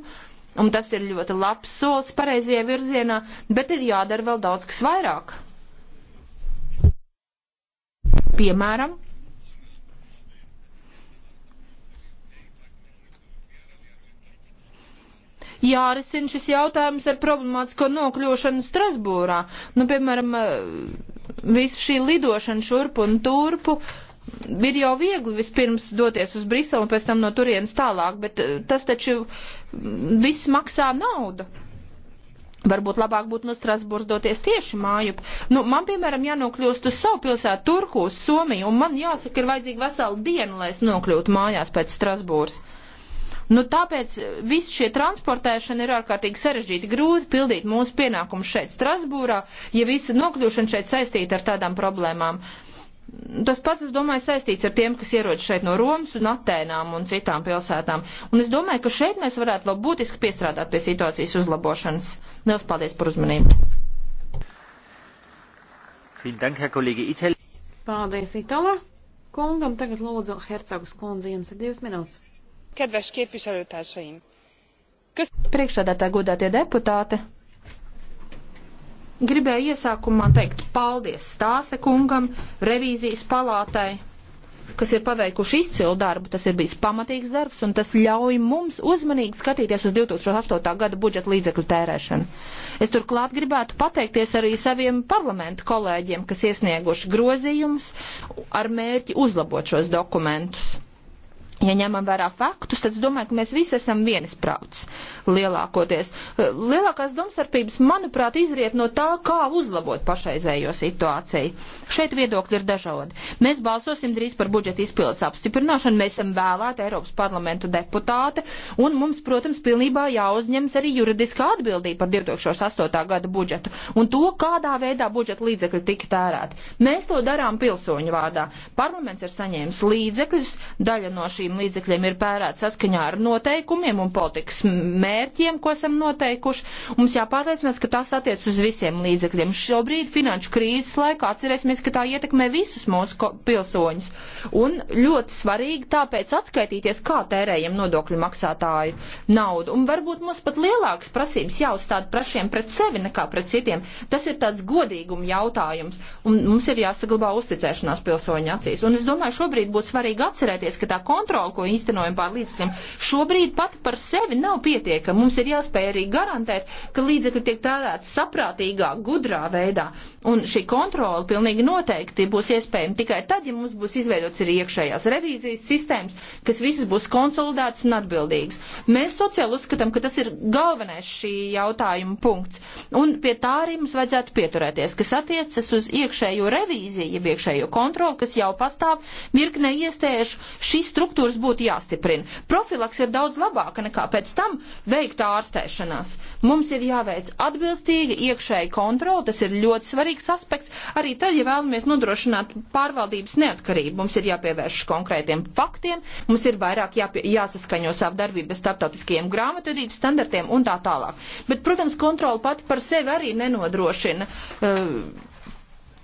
un tas ir ļoti labs solis pareizajā virzienā, bet ir jādara vēl daudz kas vairāk. Piemēram, jārisina šis jautājums ar problemātisko nokļūšanu Strasbūrā. Nu, piemēram, eh, visa šī lidošana šurp un turpu. Uh, ir jau viegli vispirms doties uz Briselu un pēc tam no turienes tālāk, bet eh, tas taču mm, viss maksā naudu. Varbūt labāk būtu no Strasbūras doties tieši mājup. Nu, man, piemēram, jānokļūst uz savu pilsētu Turkūs, Somiju, un man jāsaka, ir vajadzīga vesela diena, lai es nokļūtu mājās pēc Strasbūras. Nu, tāpēc eh, viss šie transportēšana ir ārkārtīgi sarežģīti, grūti pildīt mūsu pienākumus šeit Strasbūrā, ja visa nokļūšana šeit saistīta ar tādām problēmām. Uh, tas pats, es domāju, saistīts ar tiem, kas ierodas šeit no Romas un Atēnām un citām pilsētām. Un es domāju, ka šeit mēs varētu vēl būtiski piestrādāt pie situācijas uzlabošanas. Liels paldies par uzmanību. Paldies, Itala. Kungam tagad lūdzu Hercogas kundzi, jums ir divas minūtes. Kedves képviselőtársaim! Kas... Priekšādātā godātie deputāti! Gribēju iesākumā teikt paldies Stāse kungam, revīzijas palātai, kas ir paveikuši izcilu darbu. Tas ir bijis pamatīgs darbs, un tas ļauj mums uzmanīgi skatīties uz 2008. gada budžeta līdzekļu tērēšanu. Es turklāt gribētu pateikties arī saviem parlamentu kolēģiem, kas iesnieguši grozījumus ar mērķi uzlabot šos dokumentus ja ņemam vērā faktus, tad es domāju, ka mēs visi esam vienisprāts lielākoties. Lielākās domstarpības, manuprāt, izriet no tā, kā uzlabot pašreizējo situāciju. Šeit viedokļi ir dažādi. Mēs balsosim drīz par budžeta izpildes apstiprināšanu, mēs esam vēlēti Eiropas parlamentu deputāte, un mums, protams, pilnībā jāuzņems arī juridiskā atbildība par 2008. gada budžetu un to, kādā veidā budžeta līdzekļi tika tērēti. Mēs to darām pilsoņu vārdā. Parlaments ir saņēmis līdzekļus, daļa no šīm šiem līdzekļiem ir pērēts saskaņā ar noteikumiem un politikas mērķiem, ko esam noteikuši. Mums jāpārliecinās, ka tas attiec uz visiem līdzekļiem. Šobrīd finanšu krīzes laikā atcerēsimies, ka tā ietekmē visus mūsu pilsoņus. Un ļoti svarīgi tāpēc atskaitīties, kā tērējam nodokļu maksātāju naudu. Un varbūt mums pat lielākas prasības jāuzstāda prašiem pret sevi nekā pret citiem. Tas ir tāds godīguma jautājums. Un mums ir jāsaglabā uzticēšanās pilsoņu acīs. Un es domāju, šobrīd būtu svarīgi atcerēties, ka tā kontrola kontroli, ko īstenojam pār līdzekļiem, šobrīd pati par sevi nav pietiekama. Mums ir jāspēj arī garantēt, ka līdzekļi tiek tērēti saprātīgā, gudrā veidā. Un šī kontrola pilnīgi noteikti būs iespējama tikai tad, ja mums būs izveidots arī iekšējās revīzijas sistēmas, kas visas būs konsolidētas un atbildīgas. Mēs sociāli uzskatām, ka tas ir galvenais šī jautājuma punkts. Un pie tā arī mums vajadzētu pieturēties, kas attiecas uz iekšējo revīziju, jeb iekšējo kontroli, kas jau pastāv virknē iestēšu. Šī struktūra struktūras būtu jāstiprina. Profilaks ir daudz labāka nekā pēc tam veikt ārstēšanās. Mums ir jāveic atbilstīga iekšēja kontrola, tas ir ļoti svarīgs aspekts. Arī tad, ja vēlamies nodrošināt pārvaldības neatkarību, mums ir jāpievērš konkrētiem faktiem, mums ir vairāk jāpie, jāsaskaņo savu darbību starptautiskajiem grāmatvedības standartiem un tā tālāk. Bet, protams, kontrola pati par sevi arī nenodrošina uh,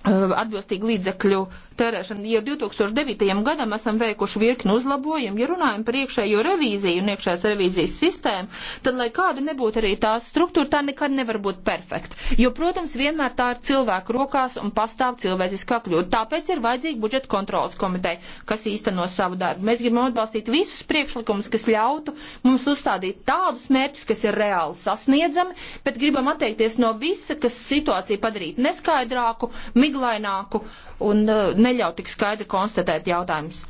uh, atbilstīgu līdzekļu uh, tērēšanu. Jau 2009. gadam esam veikuši virkni uzlabojumu. Ja runājam par iekšējo revīziju un iekšējās revīzijas sistēmu, tad, lai kāda nebūtu arī tās struktūra, tā nekad nevar būt perfekta. Jo, protams, vienmēr tā ir cilvēku rokās un pastāv cilvēciskā kļūda. Tāpēc ir vajadzīga budžeta kontrolas komiteja, kas īsteno savu darbu. Mēs gribam atbalstīt visus priekšlikumus, kas ļautu mums uzstādīt tādus mērķus, kas ir reāli sasniedzami, bet gribam atteikties no visa, kas situāciju padarītu neskaidrāku, miglaināku un uh, neļauj tik skaidri konstatēt jautājumus.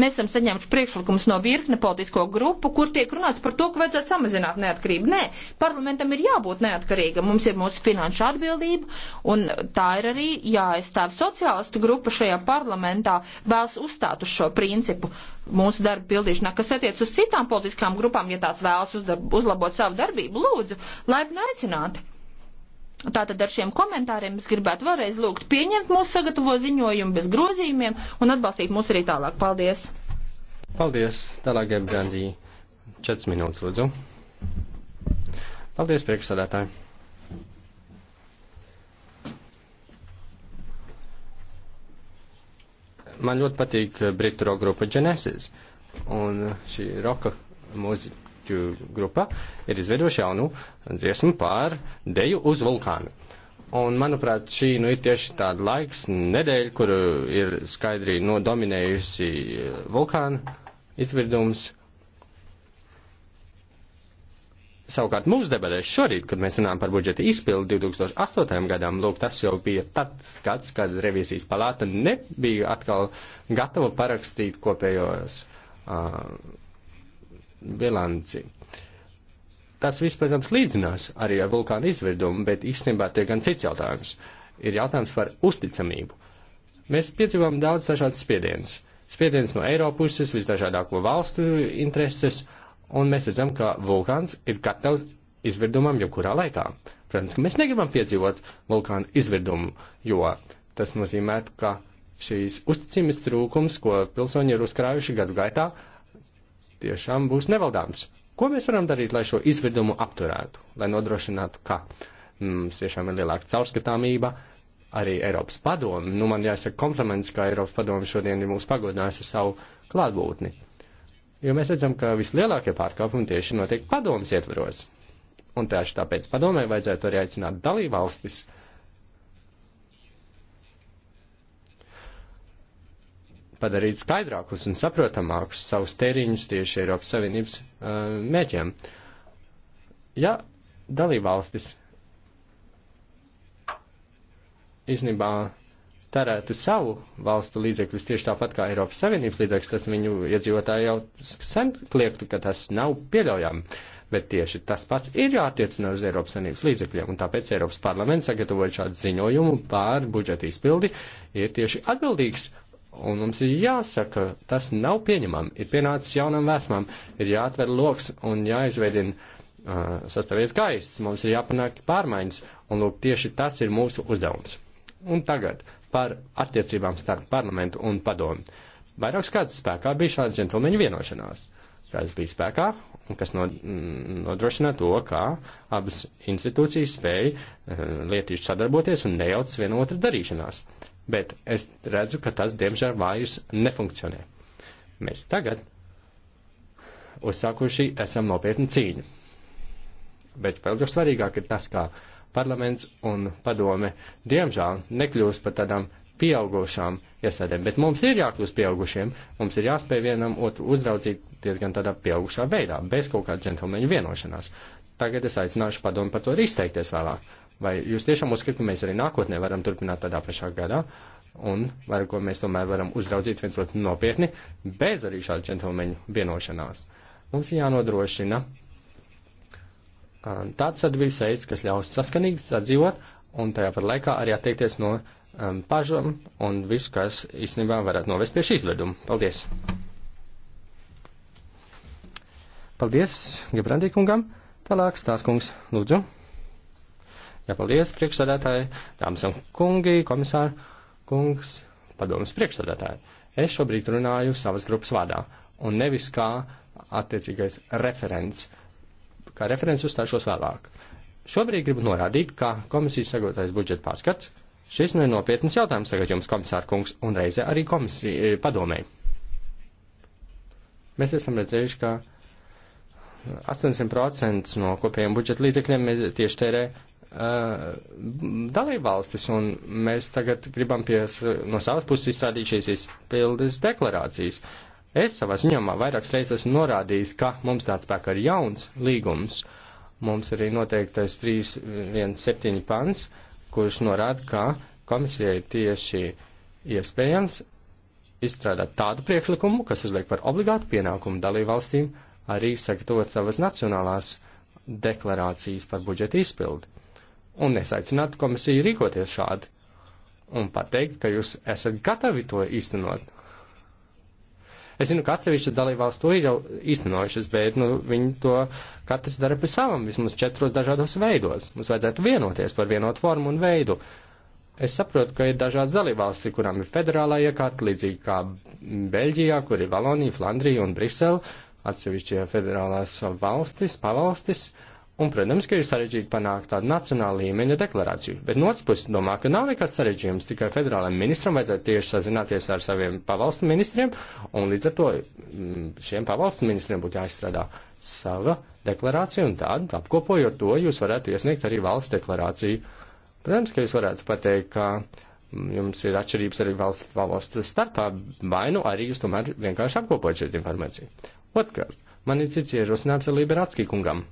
Mēs esam saņēmuši priekšlikumus no virkne politisko grupu, kur tiek runāts par to, ka vajadzētu samazināt neatkarību. Nē, parlamentam ir jābūt neatkarīgam, mums ir mūsu finanšu atbildība, un tā ir arī jāaizstāv sociālistu grupa šajā parlamentā vēlas uzstāt uz šo principu mūsu darba pildīšanā, kas attiec uz citām politiskām grupām, ja tās vēlas uzlabot savu darbību, lūdzu, laipni aicināti. Tātad ar šiem komentāriem es gribētu vēlreiz lūgt pieņemt mūsu sagatavo ziņojumu bez grozījumiem un atbalstīt mūs arī tālāk. Paldies! Paldies! Tālāk, Evgandī, 4 minūtes, lūdzu. Paldies, priekšsādātāji! Man ļoti patīk britu roka grupa Genesis un šī roka mūzika grupa ir izveidojuši jaunu dziesmu par deju uz vulkānu. Un, manuprāt, šī nu, ir tieši tāda laiks nedēļa, kur ir skaidri nodominējusi nu, eh, vulkāna izvirdums. Savukārt mūsu debatēs šorīt, kad mēs runājam par budžeta izpildu 2008. gadam, lūk, tas jau bija tad skats, kad revīzijas palāta nebija atkal gatava parakstīt kopējos uh, bilanci. Tas viss, protams, līdzinās arī ar vulkānu izvirdumu, bet īstenībā tie gan cits jautājums. Ir jautājums par uzticamību. Mēs piedzīvām daudz dažādas spiedienas. Spiediens no Eiropas puses, visdažādāko valstu intereses, un mēs redzam, ka vulkāns ir gatavs izvirdumam jebkurā laikā. Protams, ka mēs negribam piedzīvot vulkānu izvirdumu, jo tas nozīmē, ka šīs uzticības trūkums, ko pilsoņi ir uzkrājuši gadu gaitā, uh, tiešām būs nevaldāms. Ko mēs varam darīt, lai šo izvirdumu apturētu, lai nodrošinātu, ka mm, mums tiešām ir lielāka caurskatāmība, arī Eiropas padomu. Nu, man jāsaka kompliments, ka Eiropas padomu šodien ir mūs pagodinājusi ar savu klātbūtni. Jo mēs redzam, ka vislielākie pārkāpumi tieši notiek padomas ietvaros. Un tieši tāpēc padomē vajadzētu arī aicināt dalībvalstis valstis padarīt skaidrākus un saprotamākus savus tēriņus tieši Eiropas Savienības uh, eh, mēķiem. Ja dalībvalstis īstenībā tarētu savu valstu līdzekļus tieši tāpat kā Eiropas Savienības līdzekļus, tas viņu iedzīvotāji jau sen kliektu, ka tas nav pieļaujami. Bet tieši tas pats ir jāattiecina uz Eiropas Savienības līdzekļiem, un tāpēc Eiropas parlaments, sagatavojot šādu ziņojumu pār budžeta izpildi, ir tieši atbildīgs Un mums ir jāsaka, tas nav pieņemami. Ir pienācis jaunam vēsmam, ir jāatver loks un jāizveidina uh, sastāvies gaiss. Mums ir jāpanāk pārmaiņas, un lūk, tieši tas ir mūsu uzdevums. Un tagad par attiecībām starp parlamentu un padomu. Vairākus gadus spēkā bija šāda džentlmeņa vienošanās, kas bija spēkā un kas mm, nodrošina to, ka abas institūcijas spēja uh, lietišķi sadarboties un nejaucas viena otra darīšanās. Uh, bet es redzu, ka tas, diemžēl, vairs nefunkcionē. Mēs tagad uzsākuši esam nopietnu cīņu. Bet vēl jau svarīgāk ir tas, kā parlaments un padome, diemžēl, nekļūst par tādām pieaugušām iestādēm, bet mums ir jākļūst pieaugušiem, mums ir jāspēj vienam otru uzraudzīt diezgan tādā pieaugušā veidā, bez kaut kāda džentlmeņa vienošanās. Tagad es aicināšu padomu par to arī izteikties vēlāk. Vai jūs tiešām uzskatāt, ka mēs arī nākotnē varam turpināt tādā pašā gadā? Un var, ko mēs tomēr varam uzraudzīt viens otru nopietni, bez arī šādu džentlmeņu vienošanās. Mums jānodrošina tāds sadarbības veids, kas ļaus saskanīgi sadzīvot un tajā pat laikā arī attiekties no um, pažam un visu, kas īstenībā varētu novest pie šī izveduma. Paldies! Paldies Gebrandī kungam! Tālāk stāsts kungs, lūdzu! Jā, paldies, priekšsādātāji, dāmas un kungi, komisāri, kungs, padomas priekšsādātāji. Es šobrīd runāju savas grupas vārdā un nevis kā attiecīgais referents. Kā referents uzstāšos vēlāk. Šobrīd gribu norādīt, ka komisijas sagatavotais budžeta pārskats Šis nu ir nopietnas jautājums tagad jums, komisāra kungs, un reizē arī komisija e, padomē. Mēs esam redzējuši, ka 80% no kopējiem budžeta līdzekļiem mēs tieši tērē Uh, dalībvalstis, un mēs tagad gribam pies, no savas puses izstrādīt šīs izpildes deklarācijas. Es savā ziņomā vairākas reizes esmu norādījis, ka mums tāds spēkā ir jauns līgums. Mums arī noteiktais 317 pants, kurš norāda, ka komisijai tieši iespējams izstrādāt tādu priekšlikumu, kas uzliek par obligātu pienākumu dalībvalstīm arī sagatavot savas nacionālās deklarācijas par budžeta izpildi un es aicinātu komisiju rīkoties šādi un pateikt, ka jūs esat gatavi to īstenot. Es zinu, ka atsevišķas dalībvalsts to ir jau īstenojušas, bet nu, viņi to katrs dara pie savam, vismaz četros dažādos veidos. Mums vajadzētu vienoties par vienotu formu un veidu. Es saprotu, ka ir dažādas dalībvalstis, kurām ir federālā iekārta, līdzīgi kā Beļģijā, kur ir Valonija, Flandrija un Brisele, atsevišķie federālās valstis, pavalstis. Uh, Un, protams, ka ir sarežģīti panākt tādu nacionālu līmeņa deklarāciju, bet no otras puses domā, ka nav nekāds sarežģījums, tikai federālajiem ministram vajadzētu tieši sazināties ar saviem pavalstu ministriem, un līdz ar to mm, šiem pavalstu ministriem būtu jāizstrādā sava deklarācija, un tad, apkopojot to, jūs varētu iesniegt arī valsts deklarāciju. Protams, ka jūs varētu pateikt, ka mm, jums ir atšķirības arī valsts valstu starpā, vai nu arī jūs tomēr vienkārši apkopojat šo informāciju. Otkārt, man ir cits ierosinājums ar Liberatskī kungam.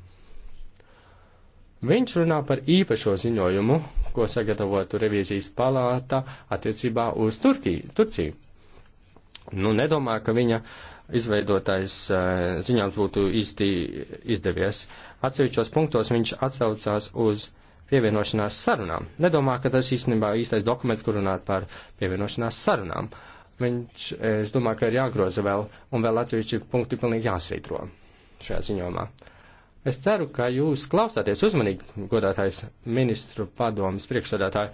Viņš runā par īpašo ziņojumu, ko sagatavotu revīzijas palāta attiecībā uz Turkiju, Turciju. Nu, nedomāju, ka viņa izveidotais eh, ziņojums būtu īsti izdevies. Atsevišķos punktos viņš atsaucās uz pievienošanās sarunām. Nedomāju, ka tas īstenībā īstais dokuments, kur runāt par pievienošanās sarunām. Viņš, eh, es domāju, ka ir jāgroza vēl, un vēl atsevišķi punkti pilnīgi jāsvītro šajā ziņojumā. Uh, Es ceru, ka jūs klausāties uzmanīgi, godātais ministru padomas priekšsādātāji,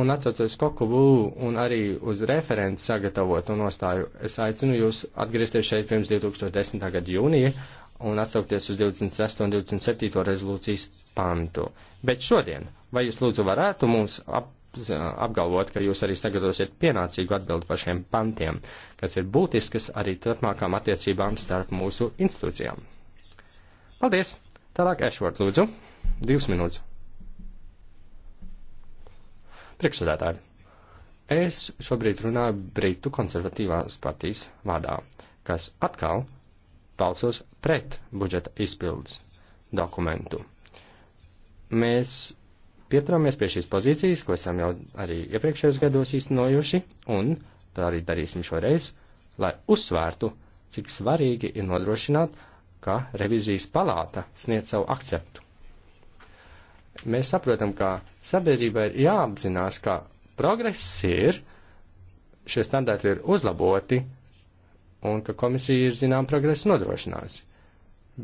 un atcaucoties Kokovu un arī uz referents sagatavotu nostāju, es aicinu jūs atgriezties šeit pirms 2010. gada jūnija un atsaukties uz 26. un 27. rezolūcijas pantu. Bet šodien, vai jūs lūdzu varētu mums ap apgalvot, ka jūs arī sagatavosiet pienācīgu atbildi par šiem pantiem, kas ir būtiskas arī turpmākām attiecībām starp mūsu institūcijām. Paldies! Tālāk Ešvort lūdzu. Divas minūtes. Priekšsēdētāji, es šobrīd runāju Britu konservatīvās partijas vārdā, kas atkal balsos pret budžeta izpildus dokumentu. Mēs Pieturamies pie šīs pozīcijas, ko esam jau arī iepriekšējos gados īstenojuši, un to arī darīsim šoreiz, lai uzsvērtu, cik svarīgi ir nodrošināt, ka revizijas palāta sniedz savu akceptu. Mēs saprotam, ka sabiedrībai ir jāapzinās, ka progress ir, šie standarti ir uzlaboti, un ka komisija ir zinām progresu nodrošinājusi.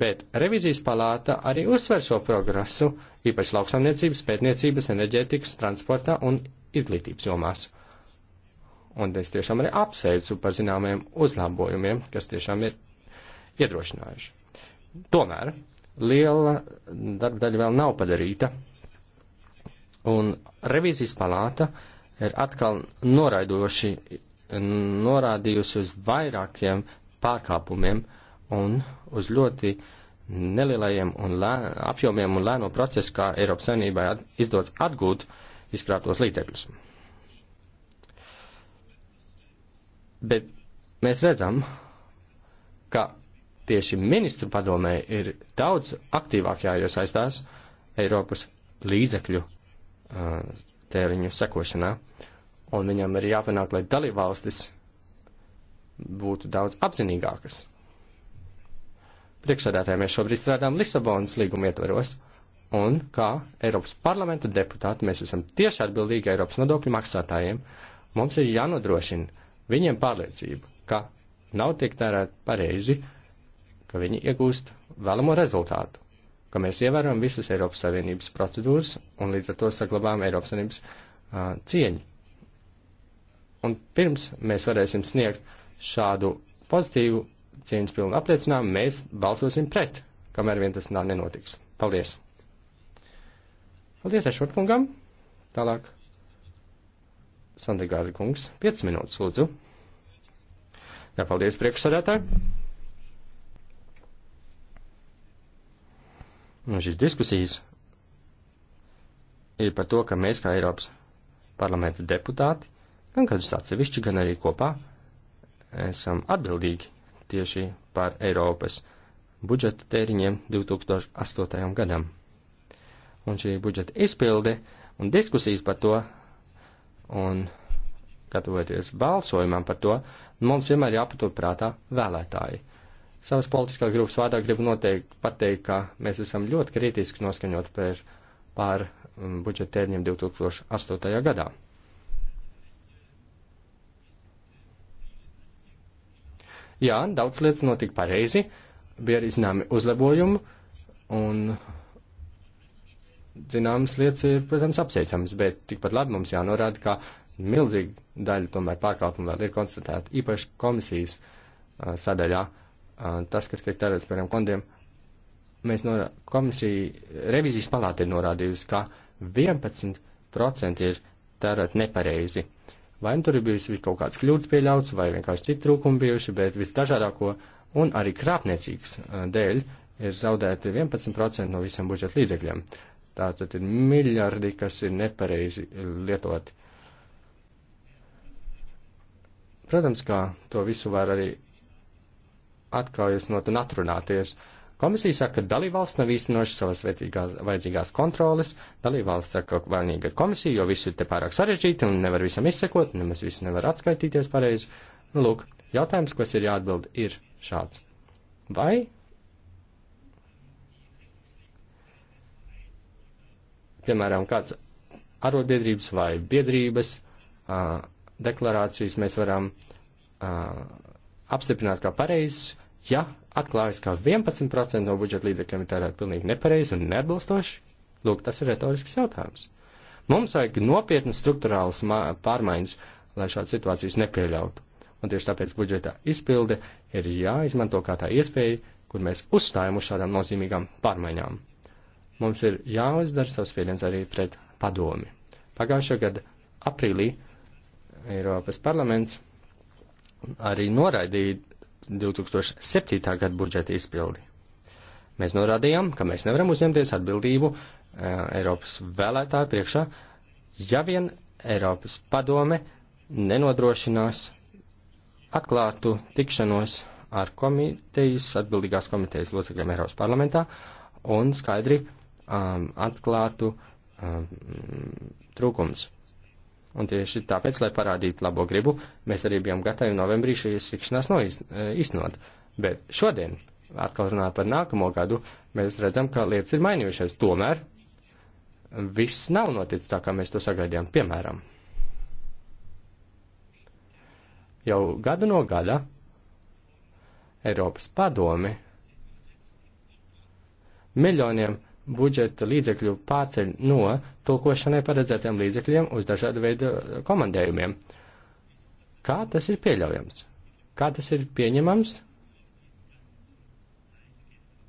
Bet revizijas palāta arī uzsver šo progresu, īpaši lauksaimniecības, pētniecības, enerģētikas, transportā un izglītības jomās. Un es tiešām arī apsveicu par zināmiem uzlabojumiem, kas tiešām ir iedrošinājuši. Tomēr liela darba daļa vēl nav padarīta, un revizijas palāta ir atkal noraidoši norādījusi uz vairākiem pārkāpumiem, uh, un uz ļoti nelielajiem un lē, apjomiem un lēno procesu, kā Eiropas Savienībai at, izdodas atgūt izkrāptos līdzekļus. Bet mēs redzam, ka tieši ministru padomē ir daudz aktīvāk jāiesaistās Eiropas līdzekļu uh, tēriņu sekošanā, un viņam ir jāpanāk, lai dalībvalstis būtu daudz apzinīgākas Priekšsēdētāji, mēs šobrīd strādājam Lisabonas līguma ietvaros, un kā Eiropas parlamenta deputāti mēs esam tieši atbildīgi Eiropas nodokļu maksātājiem. Mums ir jānodrošina viņiem pārliecība, ka nav tiek tērēt pareizi, ka viņi iegūst vēlamo rezultātu, ka mēs ievērojam visas Eiropas Savienības procedūras un līdz ar to saglabājam Eiropas Savienības uh, cieņu. Un pirms mēs varēsim sniegt šādu pozitīvu cieņas pilnu apliecinājumu, mēs balsosim pret, kamēr vien tas nā, nenotiks. Paldies! Paldies Ešvarkungam! Tālāk. Sandegārda kungs, 5 minūtes lūdzu. Jā, paldies priekšsādātāji. Un nu, šīs diskusijas ir par to, ka mēs kā Eiropas parlamenta deputāti, gan kādus atsevišķi, gan arī kopā, esam atbildīgi tieši par Eiropas budžeta tēriņiem 2008. gadam. Un šī budžeta izpilde un diskusijas par to un gatavoties balsojumam par to, mums vienmēr jāpatur prātā vēlētāji. Savas politiskās grupas vārdā gribu noteikti pateikt, ka mēs esam ļoti kritiski noskaņot par, par um, budžeta tēriņiem 2008. gadā. Jā, daudz lietas notika pareizi, bija arī zināmi uzlabojumi, un zināmas lietas ir, protams, apsveicamas, bet tikpat labi mums jānorāda, ka milzīga daļa tomēr pārkāpuma vēl ir konstatēta, īpaši komisijas uh, sadaļā. Uh, tas, kas tiek tērēts par fondiem, mēs norā, komisija revizijas palāta ir norādījusi, ka 11% ir tērēt nepareizi. Uh, Vai nu tur ir bijusi kaut kāds kļūdas pieļauts, vai vienkārši citi trūkumi bijuši, bet visdažādāko un arī krāpniecīgs dēļ ir zaudēti 11% no visiem budžeta līdzekļiem. Tātad ir miljardi, kas ir nepareizi lietoti. Protams, kā to visu var arī atkaujas no un atrunāties. Uh, Komisija saka, ka dalībvalsts nav īstenojuši savas vajadzīgās kontroles, dalībvalsts saka, ka vainīga ir komisija, jo viss ir te pārāk sarežģīti un nevar visam izsekot, nemaz visu nevar atskaitīties pareizi. Nu, lūk, jautājums, kas ir jāatbild, ir šāds. Vai piemēram, kāds arotbiedrības vai biedrības uh, deklarācijas mēs varam uh, apstiprināt kā pareizes, ja atklājas, ka 11% no budžeta līdzekļiem ir tērēt pilnīgi nepareizi un neatbilstoši, lūk, tas ir retorisks jautājums. Mums vajag nopietnas struktūrālas pārmaiņas, lai šādas situācijas nepieļautu. Un tieši tāpēc budžeta izpilde ir jāizmanto kā tā iespēja, kur mēs uzstājam uz šādām nozīmīgām pārmaiņām. Mums ir jāuzdara savs spiediens arī pret padomi. Pagājušā gada aprīlī Eiropas parlaments arī noraidīja 2007. gada budžeta izpildi. Mēs norādījām, ka mēs nevaram uzņemties atbildību uh, Eiropas vēlētāju priekšā, ja vien Eiropas padome nenodrošinās atklātu tikšanos ar komitejas, atbildīgās komitejas locekļiem Eiropas parlamentā un skaidri um, atklātu um, trūkums. Un tieši tāpēc, lai parādītu labo gribu, mēs arī bijām gatavi novembrī šīs tikšanās no e, iznot. Bet šodien, atkal runājot par nākamo gadu, mēs redzam, ka lietas ir mainījušās. Tomēr viss nav noticis tā, kā mēs to sagaidījām. Piemēram, jau gadu no gada Eiropas padomi miljoniem budžeta līdzekļu pārceļ no tulkošanai paredzētiem līdzekļiem uz dažādu veidu komandējumiem. Kā tas ir pieļaujams? Kā tas ir pieņemams?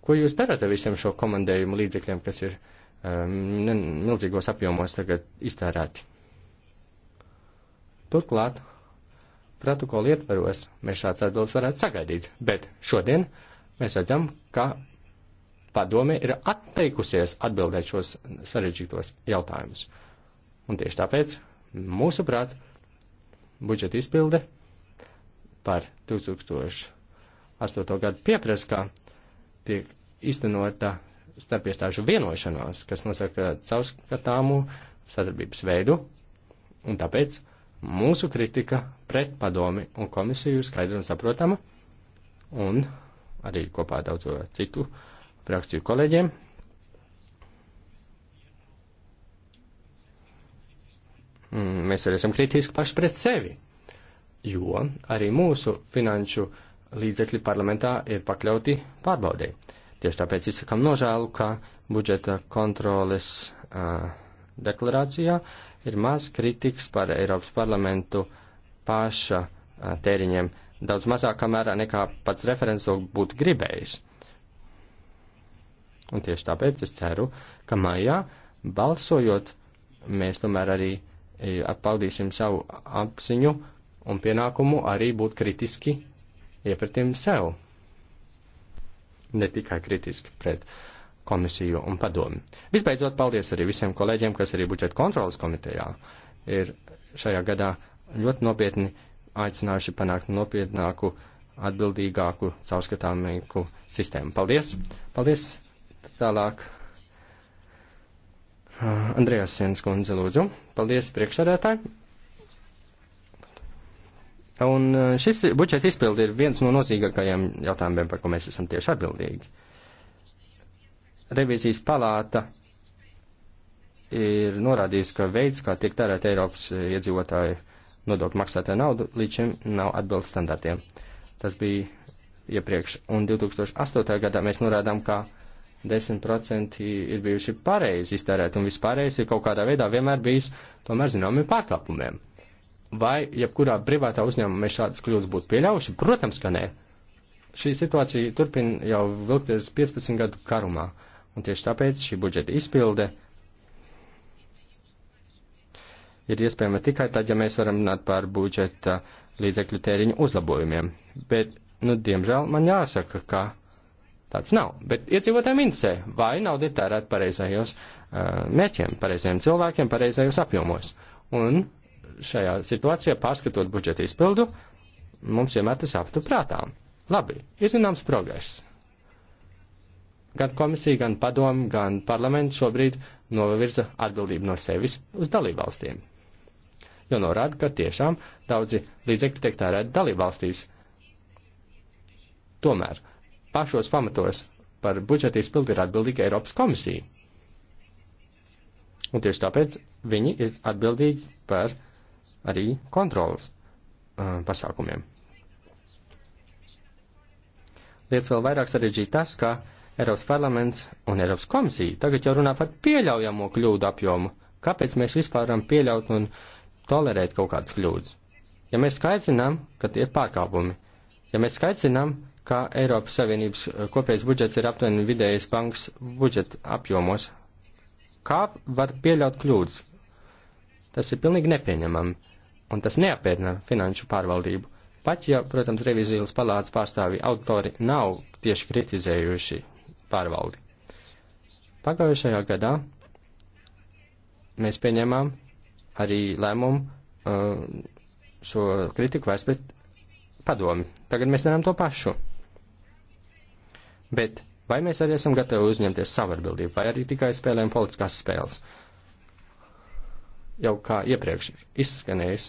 Ko jūs darat ar visiem šo komandējumu līdzekļiem, kas ir um, milzīgos apjomos tagad iztērēti? Turklāt, protokolu ietvaros mēs šāds atbildes varētu sagaidīt, bet šodien mēs redzam, ka padome ir atteikusies atbildēt šos sarežģītos jautājumus. Un tieši tāpēc, mūsuprāt, budžeta izpilde par 2008. gadu pieprasa, ka tiek iztenota starpiestāžu vienošanās, kas nosaka caurskatāmu sadarbības veidu, un tāpēc mūsu kritika pret padomi un komisiju skaidra un saprotama, un arī kopā daudzo citu uh, frakciju kolēģiem. Mm, mēs arī esam kritiski paši pret sevi, jo arī mūsu finanšu līdzekļi parlamentā ir pakļauti pārbaudē. Tieši tāpēc izsakam nožēlu, ka budžeta kontroles uh, deklarācijā ir maz kritikas par Eiropas parlamentu paša uh, tēriņiem, daudz mazākā mērā nekā pats referents to būtu gribējis. Uh, Un tieši tāpēc es ceru, ka maijā balsojot, mēs tomēr arī e, paudīsim savu apziņu un pienākumu arī būt kritiski iepratiem sev. Ne tikai kritiski pret komisiju un padomi. Visbeidzot, paldies arī visiem kolēģiem, kas arī budžeta kontrolas komitejā ir šajā gadā ļoti nopietni aicinājuši panākt nopietnāku, atbildīgāku, caurskatāmāku sistēmu. Paldies! Paldies! Tālāk. Andrijas Sienas kundze, lūdzu. Paldies priekšsēdētāji. Un e, šis budžeta izpildi ir viens no nozīgākajiem jautājumiem, par ko mēs esam tieši atbildīgi. Revizijas palāta ir norādījusi, ka veids, kā tiek tērēt Eiropas iedzīvotāju nodokļu maksātāju naudu, līdz šim nav atbilst standartiem. Tas bija iepriekš. Un 2008. gadā mēs norādām, ka 10% ir bijuši pareizi iztērēt, un vispārējais ir kaut kādā veidā vienmēr bijis tomēr zināmi pārkāpumiem. Vai jebkurā privātā uzņēmumā mēs šādas kļūdas būtu pieļaujuši? Protams, ka nē. Šī situācija turpina jau vilkties 15 gadu karumā, un tieši tāpēc šī budžeta izpilde ir iespējama tikai tad, ja mēs varam runāt par budžeta līdzekļu tēriņu uzlabojumiem. Bet, nu, diemžēl man jāsaka, ka Tāds nav. Bet iedzīvotājiem interesē, vai nauda ir tērēta pareizajos uh, mērķiem, pareizajiem cilvēkiem, pareizajos apjomos. Un šajā situācijā, pārskatot budžeta izpildu, mums vienmēr tas aptu prātā. Labi, ir zināms progress. Gan komisija, gan padomu, gan parlaments šobrīd novirza atbildību no sevis uz dalībvalstīm. Jo norāda, ka tiešām daudzi līdzekļi tiek tērēti dalībvalstīs. Tomēr pašos pamatos par budžeta izpildi ir atbildīga Eiropas komisija. Un tieši tāpēc viņi ir atbildīgi par arī kontrolas uh, pasākumiem. Lietas vēl vairāk sarežģīja tas, ka Eiropas parlaments un Eiropas komisija tagad jau runā par pieļaujamo kļūdu apjomu. Kāpēc mēs vispār varam pieļaut un tolerēt kaut kādas kļūdas? Ja mēs skaicinām, ka tie ir pārkāpumi, ja mēs skaicinām, ka Eiropas Savienības eh, kopējais budžets ir aptuveni vidējais bankas budžeta apjomos. Kā var pieļaut kļūdas? Tas ir pilnīgi nepieņemami, un tas neapmierina finanšu pārvaldību. Pat ja, protams, revizijas palātas pārstāvji autori nav tieši kritizējuši pārvaldi. Pagājušajā gadā mēs pieņemām arī lēmumu eh, šo kritiku vairs pret padomi. Tagad mēs darām to pašu. Bet vai mēs arī esam gatavi uzņemties savu atbildību, vai arī tikai spēlējam politiskās spēles? Jau kā iepriekš ir izskanējis,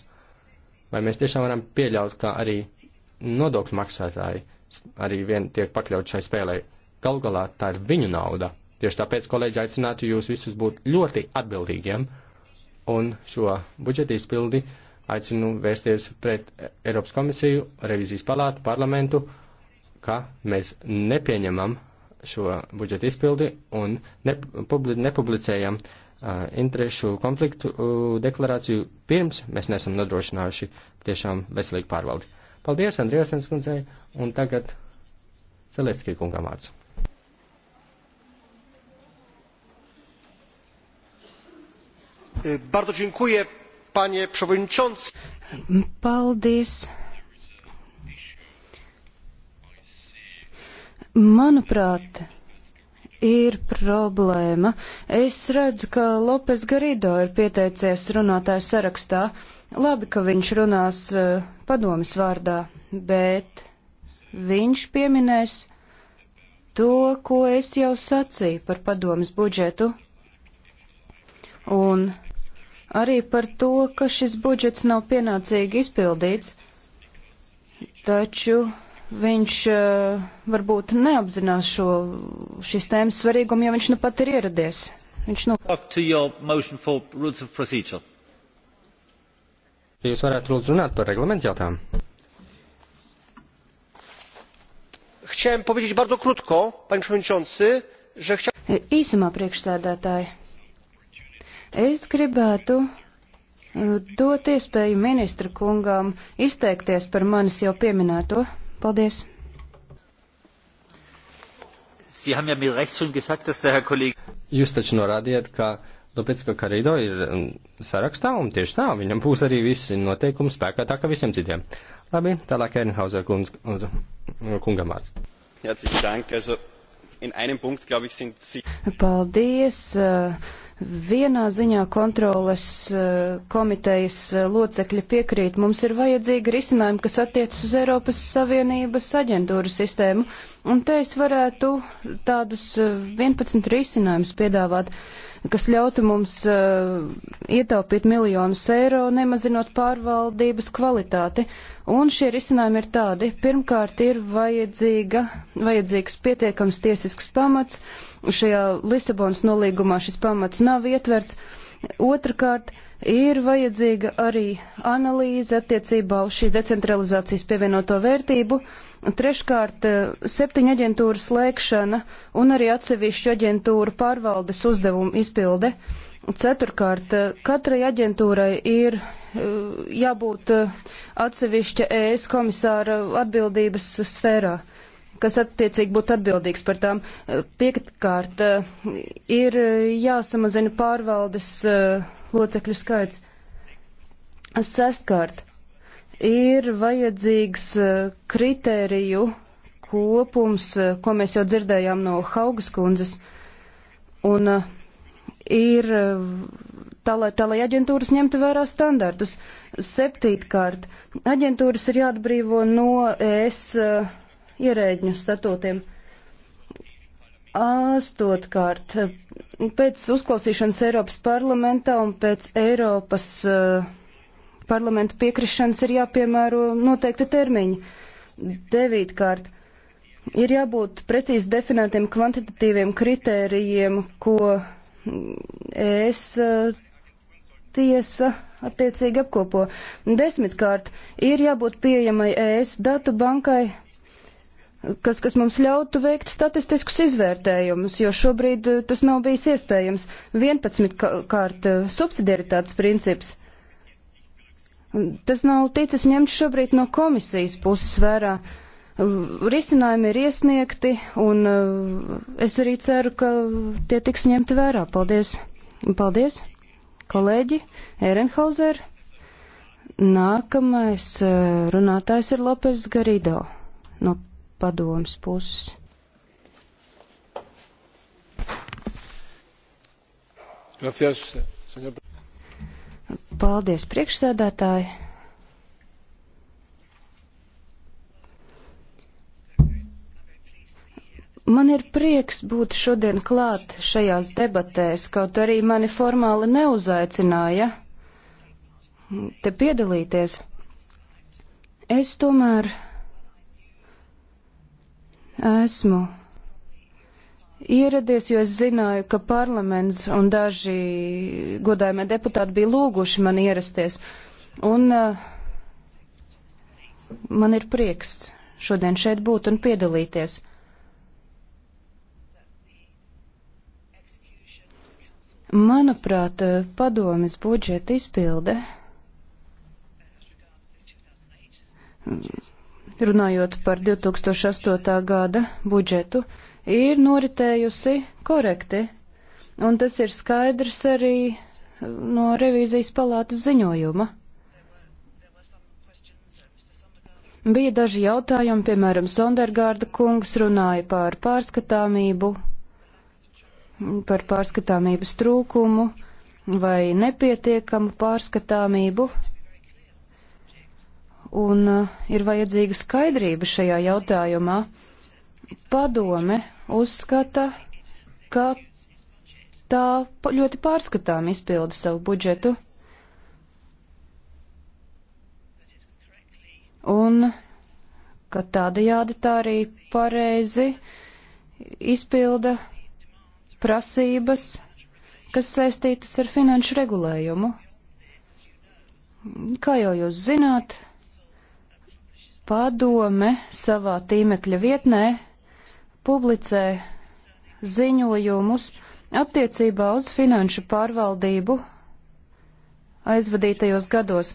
vai mēs tiešām varam pieļaut, ka arī nodokļu maksātāji arī vien tiek pakļaut šai spēlē. Galu galā tā ir viņu nauda. Tieši tāpēc, kolēģi, aicinātu jūs visus būt ļoti atbildīgiem un šo budžeta izpildi aicinu vērsties pret Eiropas komisiju, revizijas palātu, parlamentu ka mēs nepieņemam šo budžetu izpildi un nepublicējam uh, interešu konfliktu uh, deklarāciju pirms mēs nesam nodrošinājuši tiešām veselīgu pārvaldi. Paldies Andriasens kundzei un tagad Celecki kungam vārds. Bardzo dziękuję, panie przewodniczący. Paldies. Manuprāt, ir problēma. Es redzu, ka Lopes Garido ir pieteicies runātāju sarakstā. Labi, ka viņš runās uh, eh, padomis vārdā, bet viņš pieminēs to, ko es jau sacīju par padomis budžetu. Un arī par to, ka šis budžets nav pienācīgi izpildīts. Taču viņš uh, varbūt neapzinās šo, šīs tēmas svarīgumu, ja viņš nu pat ir ieradies. Viņš nu... Jūs varētu lūdzu runāt par reglamentu jautājumu. Chciałem powiedzieć bardzo krótko, panie przewodniczący, że chciałem. Īsumā priekšsēdētāji. Es gribētu eh, dot iespēju ministra kungam izteikties par manis jau pieminēto Paldies! Jūs taču norādījāt, ka tāpēc, ka Karido ir um, sarakstā un tieši tā, viņam būs arī visi noteikumi spēkā tā kā visiem citiem. Labi, tālāk Ernhauser kungam vārds. Herzlichen Dank. Also in einem Punkt, glaube ich, sind Sie. Paldies. Uh Vienā ziņā kontroles eh, komitejas eh, locekļi piekrīt, mums ir vajadzīga risinājuma, kas attiec uz Eiropas Savienības aģentūru sistēmu, un te es varētu tādus 11 eh, risinājumus piedāvāt, kas ļautu mums ietaupīt miljonus eiro, nemazinot pārvaldības kvalitāti. Un šie risinājumi ir tādi. Pirmkārt, ir vajadzīga, vajadzīgs pietiekams tiesisks pamats šajā Lisabonas nolīgumā šis pamats nav ietverts. Otrakārt, ir vajadzīga arī analīze attiecībā uz šīs decentralizācijas pievienoto vērtību. Treškārt, septiņu aģentūru slēgšana un arī atsevišķu aģentūru pārvaldes uzdevumu izpilde. Ceturkārt, katrai aģentūrai ir eh, jābūt eh, atsevišķa ES komisāra atbildības sfērā kas attiecīgi būtu atbildīgs par tām. Eh, Piektkārt, eh, ir eh, jāsamazina pārvaldes locekļu skaits. Sestkārt, ir vajadzīgs kritēriju kopums, ko mēs jau dzirdējām no Haugas kundzes, un ir tā, lai, tā, lai aģentūras ņemtu vērā standartus. Septītkārt, aģentūras ir jāatbrīvo no es. Uh, ierēģņu statūtiem. Astotkārt, pēc uzklausīšanas Eiropas parlamentā un pēc Eiropas uh, parlamenta piekrišanas ir jāpiemēro noteikti termiņi. Devītkārt, ir jābūt precīzi definētiem kvantitatīviem kritērijiem, ko es uh, tiesa attiecīgi apkopo. Desmitkārt, ir jābūt pieejamai ES datu bankai kas, kas mums ļautu veikt statistiskus izvērtējumus, jo šobrīd eh, tas nav bijis iespējams. 11 kārt eh, subsidiaritātes princips. Tas nav ticis ņemts šobrīd no komisijas puses vērā. Risinājumi ir iesniegti, un eh, es arī ceru, ka tie tiks ņemti vērā. Paldies! Paldies, kolēģi Ehrenhauser! Nākamais runātājs ir Lopes Garido no padomas puses. Gracias, senor. Paldies, priekšsēdētāji. Man ir prieks būt šodien klāt šajās debatēs, kaut arī mani formāli neuzaicināja te piedalīties. Es tomēr esmu ieradies, jo es zināju, ka parlaments un daži godājumie deputāti bija lūguši man ierasties. Un uh, man ir prieks šodien šeit būt un piedalīties. Manuprāt, padomis budžeta izpilde. Mm runājot par 2008. gada budžetu, ir noritējusi korekti, un tas ir skaidrs arī uh, no revīzijas palātas ziņojuma. Bija daži jautājumi, piemēram, Sondergārda kungs runāja par pārskatāmību, par pārskatāmības trūkumu vai nepietiekamu pārskatāmību un eh, ir vajadzīga skaidrība šajā jautājumā. Padome uzskata, ka tā ļoti pārskatām izpilda savu budžetu. Un ka tādajādi tā arī pareizi izpilda prasības, kas saistītas ar finanšu regulējumu. Kā jau jūs zināt, Padome savā tīmekļa vietnē publicē ziņojumus attiecībā uz finanšu pārvaldību aizvadītajos gados.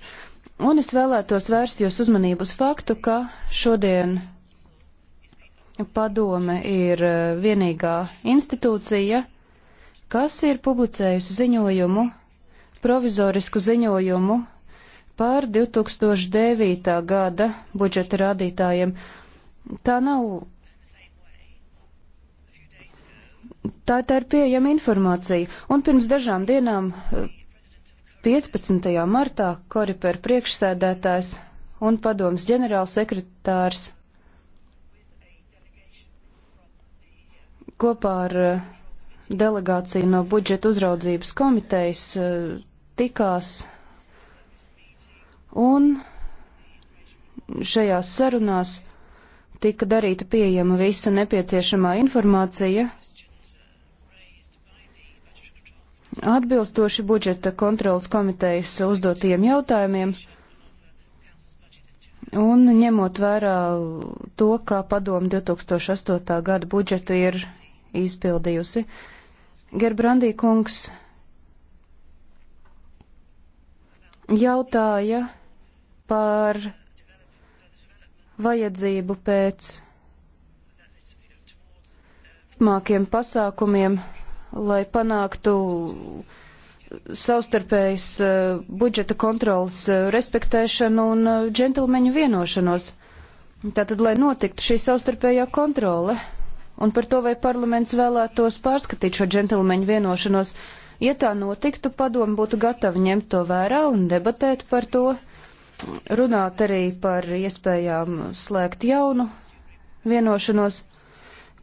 Un es vēlētos vērst jūs uzmanību uz faktu, ka šodien padome ir eh, vienīgā institūcija, kas ir publicējusi ziņojumu, provizorisku ziņojumu par 2009. gada budžeta rādītājiem. Tā nav. Tā, tā ir pieejama informācija. Un pirms dažām dienām, 15. martā, Koriper priekšsēdētājs un padomas ģenerālsekretārs kopā ar eh, delegāciju no budžeta uzraudzības komitejas eh, tikās un šajās sarunās tika darīta pieejama visa nepieciešamā informācija atbilstoši budžeta kontrolas komitejas uzdotiem jautājumiem un ņemot vērā to, kā padomu 2008. gada budžetu ir izpildījusi. Gerbrandī kungs jautāja, par vajadzību pēc turpmākiem pasākumiem, lai panāktu savstarpējas eh, budžeta kontrolas eh, respektēšanu un eh, džentlmeņu vienošanos. Tātad, lai notiktu šī savstarpējā kontrole un par to, vai parlaments vēlētos pārskatīt šo džentlmeņu vienošanos, ja tā notiktu, padomu būtu gatava ņemt to vērā un debatēt par to runāt arī par iespējām slēgt jaunu vienošanos,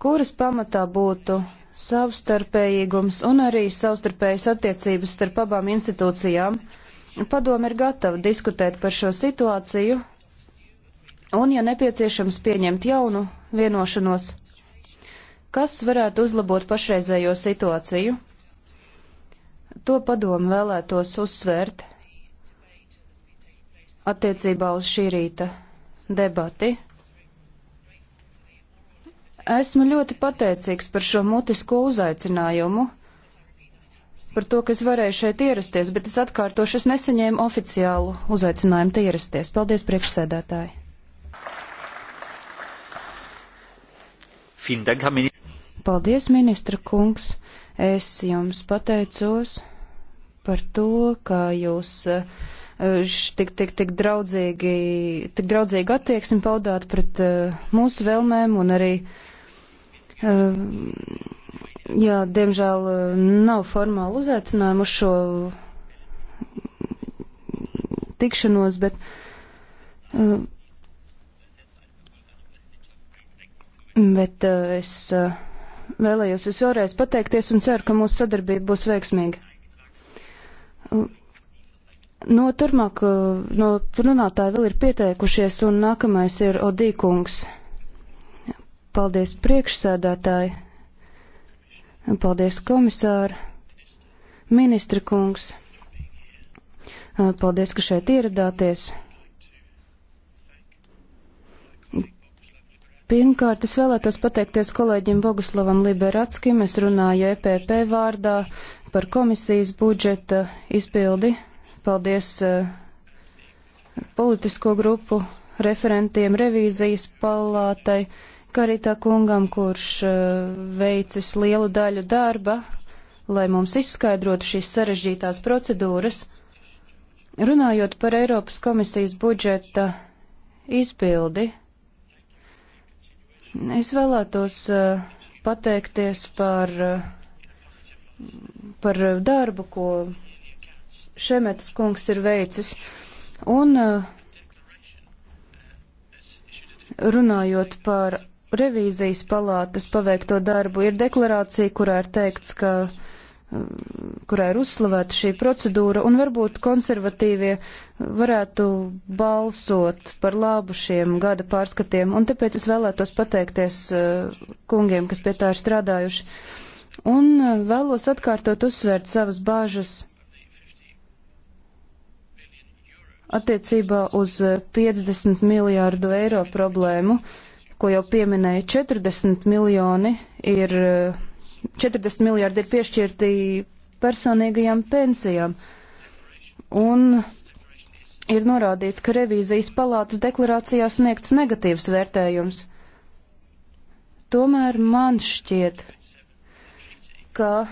kuras pamatā būtu savstarpējīgums un arī savstarpējas attiecības starp abām institūcijām. Padoma ir gatava diskutēt par šo situāciju un, ja nepieciešams, pieņemt jaunu vienošanos, kas varētu uzlabot pašreizējo situāciju. To padomu vēlētos uzsvērt attiecībā uz šī rīta debati. Esmu ļoti pateicīgs par šo mutisko uzaicinājumu, par to, ka es varēju šeit ierasties, bet es atkārtošu, es nesaņēmu oficiālu uzaicinājumu te ierasties. Paldies, priekšsēdētāji! Paldies, ministra kungs! Es jums pateicos par to, ka jūs uh, Eh, tik, tik, tik, draudzīgi, tik draudzīgi attieksmi paudāt pret uh, mūsu vēlmēm un arī, uh, jā, diemžēl nav formāli uzaicinājumu uz šo tikšanos, bet. Uh, bet uh, es uh, vēlējos jūs vēlreiz pateikties un ceru, ka mūsu sadarbība būs veiksmīga. Uh, No turmāk, eh, no runātāja vēl ir pieteikušies, un nākamais ir Odīkungs. Paldies priekšsēdētāji, paldies komisāri, ministri kungs, eh, paldies, ka šeit ieradāties. Pirmkārt, es vēlētos pateikties kolēģim Boguslavam Liberackim, es runāju EPP vārdā par komisijas budžeta izpildi Paldies eh, politisko grupu referentiem revīzijas palātai, kā arī tā kungam, kurš eh, veicis lielu daļu darba, lai mums izskaidrotu šīs sarežģītās procedūras. Runājot par Eiropas komisijas budžeta izpildi, es vēlētos eh, pateikties par, par darbu, ko Šemetas kungs ir veicis. Un eh, runājot par revīzijas palātas paveikto darbu, ir deklarācija, kurā ir teikts, ka eh, kurā ir uzslavēta šī procedūra, un varbūt konservatīvie varētu balsot par labu šiem gada pārskatiem, un tāpēc es vēlētos pateikties eh, kungiem, kas pie tā ir strādājuši, un vēlos atkārtot uzsvērt savas bāžas attiecībā uz 50 eh, miljārdu eiro problēmu, ko jau pieminēja 40 miljoni, ir 40 eh, miljārdi ir piešķirti personīgajām pensijām. Un ir norādīts, ka revīzijas palātas deklarācijā sniegts negatīvs vērtējums. Tomēr man šķiet, ka eh,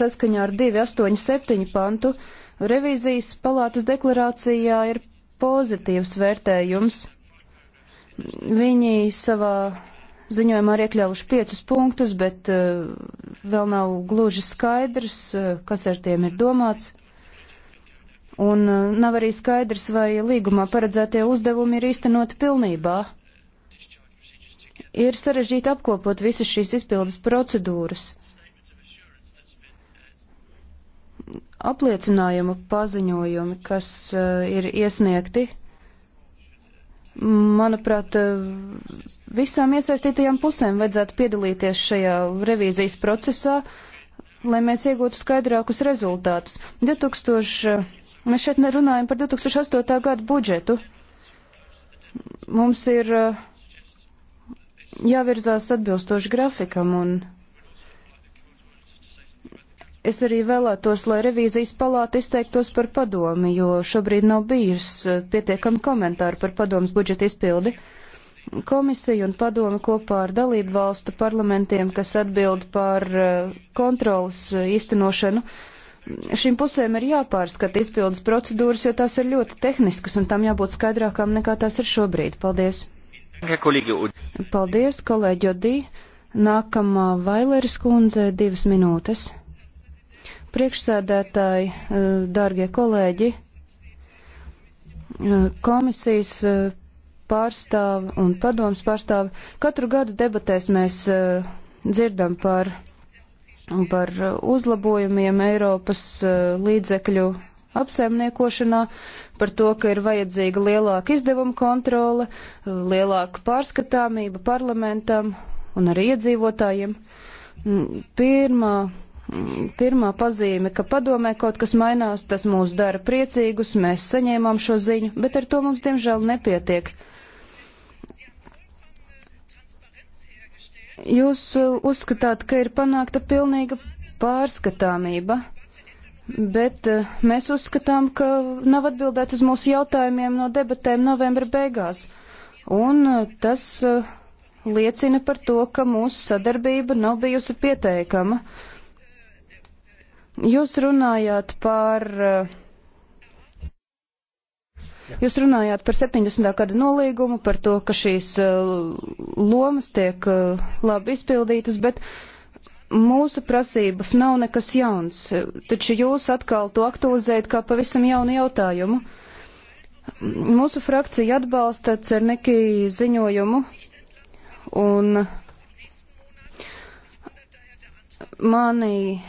saskaņā ar 287 pantu uh, Revīzijas palātas deklarācijā ir pozitīvs vērtējums. Viņi savā ziņojumā ir iekļāvuši piecus punktus, bet uh, vēl nav gluži skaidrs, uh, kas ar tiem ir domāts. Un uh, nav arī skaidrs, vai līgumā paredzētie uzdevumi ir īstenoti pilnībā. Ir sarežģīti apkopot visas šīs izpildes procedūras. apliecinājuma paziņojumi, kas eh, ir iesniegti, manuprāt, eh, visām iesaistītajām pusēm vajadzētu piedalīties šajā revīzijas procesā, lai mēs iegūtu skaidrākus rezultātus. 2000, eh, mēs šeit nerunājam par 2008. gadu budžetu. Mums ir jāvirzās atbilstoši grafikam un Es arī vēlētos, lai revīzijas palāta izteiktos par padomi, jo šobrīd nav bijis eh, pietiekami komentāru par padomas budžeta izpildi. Komisija un padoma kopā ar dalību valstu parlamentiem, kas atbild par eh, kontrolas eh, īstenošanu, šīm pusēm ir jāpārskata izpildes procedūras, jo tās ir ļoti tehniskas un tam jābūt skaidrākām nekā tās ir šobrīd. Paldies! Paldies, kolēģi Odī! Nākamā Vaileris kundze divas minūtes. Priekšsēdētāji, eh, dārgie kolēģi, eh, komisijas eh, pārstāvi un padomas pārstāvi, katru gadu debatēs mēs dzirdam par, par uzlabojumiem Eiropas līdzekļu apsaimniekošanā, par to, ka ir vajadzīga lielāka izdevuma kontrole, lielāka pārskatāmība parlamentam un arī iedzīvotājiem. Mm, Pirmā Pirmā pazīme, ka padomē kaut kas mainās, tas mūs dara priecīgus, mēs saņēmām šo ziņu, bet ar to mums diemžēl nepietiek. Jūs uh, uzskatāt, ka ir panākta pilnīga pārskatāmība, bet uh, mēs uzskatām, ka nav atbildēts uz mūsu jautājumiem no debatēm novembra beigās. Un uh, tas liecina par to, ka mūsu sadarbība nav bijusi pieteikama. Uh, Jūs runājāt par. Jūs runājāt par 70. gada nolīgumu, par to, ka šīs eh, lomas tiek eh, labi izpildītas, bet mūsu prasības nav nekas jauns, taču jūs atkal to aktualizējat kā pavisam jaunu jautājumu. Mūsu frakcija atbalsta Cerneki ziņojumu un mani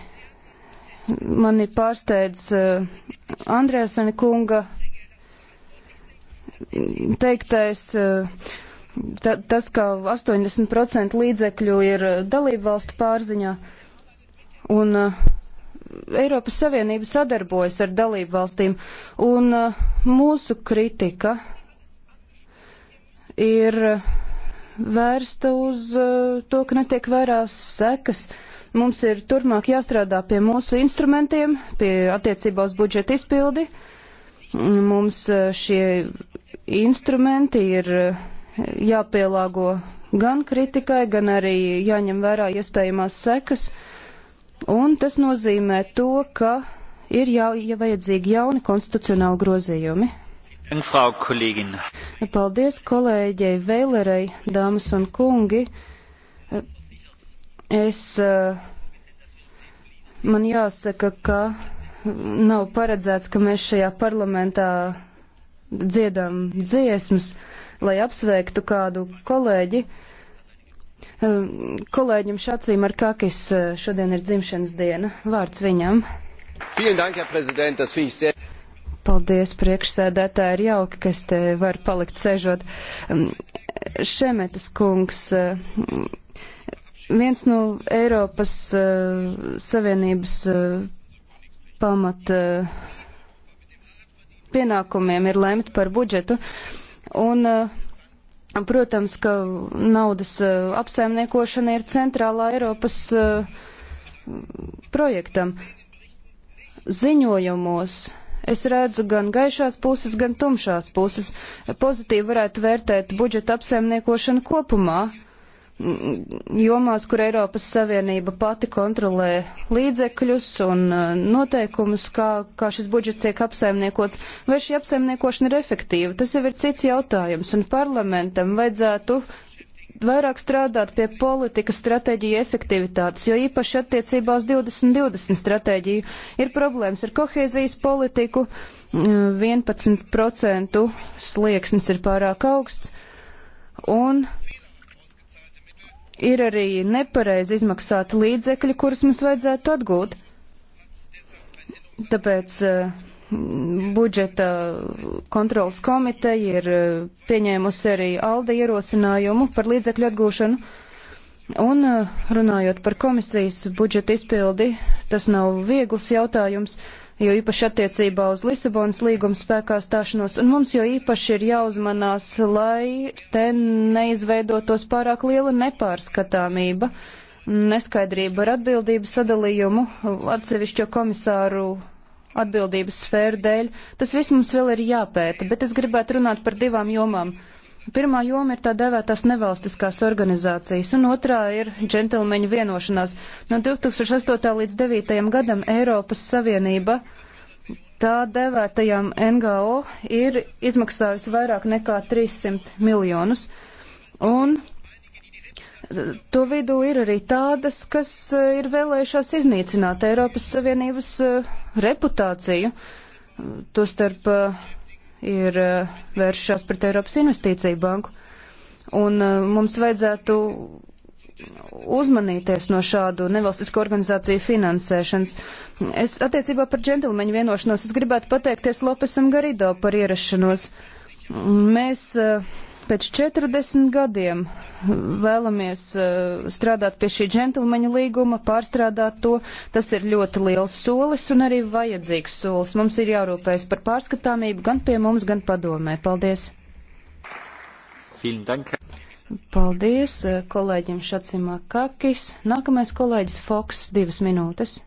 mani pārsteidz eh, Andrēsani kunga teiktais, eh, ta, tas, ka 80% līdzekļu ir eh, dalību valstu pārziņā, un Eiropas Savienība sadarbojas ar dalību valstīm, un mūsu kritika ir vērsta uz to, ka netiek vērās sekas. Uh, Mums ir turpmāk jāstrādā pie mūsu instrumentiem, pie attiecībā uz budžeta izpildi. Mums eh, šie instrumenti ir eh, jāpielāgo gan kritikai, gan arī jāņem vērā iespējamās sekas. Un tas nozīmē to, ka ir jau, ja vajadzīgi jauni konstitucionāli grozījumi. Frau, Paldies kolēģei Vēlerei, dāmas un kungi. Es, eh, man jāsaka, ka nav paredzēts, ka mēs šajā parlamentā dziedam dziesmas, lai apsveiktu kādu kolēģi. Eh, kolēģim Šacīm ar Kakis eh, šodien ir dzimšanas diena. Vārds viņam. Paldies, priekšsēdētāji, ir jauki, kas te var palikt sežot. Ehm, Šemetas kungs, Viens no Eiropas uh, Savienības uh, pamat uh, pienākumiem ir lemt par budžetu. Un, uh, protams, ka naudas uh, apsaimniekošana ir centrālā Eiropas uh, projektam. Ziņojumos es redzu gan gaišās puses, gan tumšās puses. Pozitīvi varētu vērtēt budžeta apsaimniekošanu kopumā. Uh, jomās, kur Eiropas Savienība pati kontrolē līdzekļus un uh, noteikumus, kā, kā šis budžets tiek apsaimniekots, vai šī apsaimniekošana ir efektīva. Tas jau ir cits jautājums, un parlamentam vajadzētu vairāk strādāt pie politikas stratēģija efektivitātes, jo īpaši attiecībā uz 2020 stratēģiju ir problēmas ar kohēzijas politiku, 11% mm, slieksnis ir pārāk augsts, un ir arī nepareizi izmaksāti līdzekļi, kurus mums vajadzētu atgūt. Tāpēc eh, budžeta kontrolas komiteja ir eh, pieņēmusi arī Alde ierosinājumu par līdzekļu atgūšanu. Un eh, runājot par komisijas budžeta izpildi, tas nav viegls jautājums. Uh, jo īpaši attiecībā uz Lisabonas līguma spēkā stāšanos, un mums jo īpaši ir jāuzmanās, lai te neizveidotos pārāk liela nepārskatāmība, neskaidrība ar atbildības sadalījumu atsevišķo komisāru atbildības sfēru dēļ. Tas viss mums vēl ir jāpēta, bet es gribētu runāt par divām jomām. Pirmā joma ir tā devētās nevalstiskās organizācijas, un otrā ir džentelmeņu vienošanās. No 2008. līdz 2009. gadam Eiropas Savienība tā devētajām NGO ir izmaksājusi vairāk nekā 300 miljonus, un eh, to vidū ir arī tādas, kas eh, ir vēlējušās iznīcināt Eiropas Savienības eh, reputāciju, tostarp uh, ir eh, vēršās pret Eiropas investīciju banku. Un eh, mums vajadzētu uzmanīties no šādu nevalstisko organizāciju finansēšanas. Es attiecībā par džentlmeņu vienošanos es gribētu pateikties Lopesam Garido par ierašanos. Mēs uh, Pēc 40 gadiem vēlamies uh, strādāt pie šī džentlmeņa līguma, pārstrādāt to. Tas ir ļoti liels solis un arī vajadzīgs solis. Mums ir jārūpējas par pārskatāmību gan pie mums, gan padomē. Paldies! Paldies eh, kolēģim Šacimā Kakis. Nākamais kolēģis Foks, divas minūtes.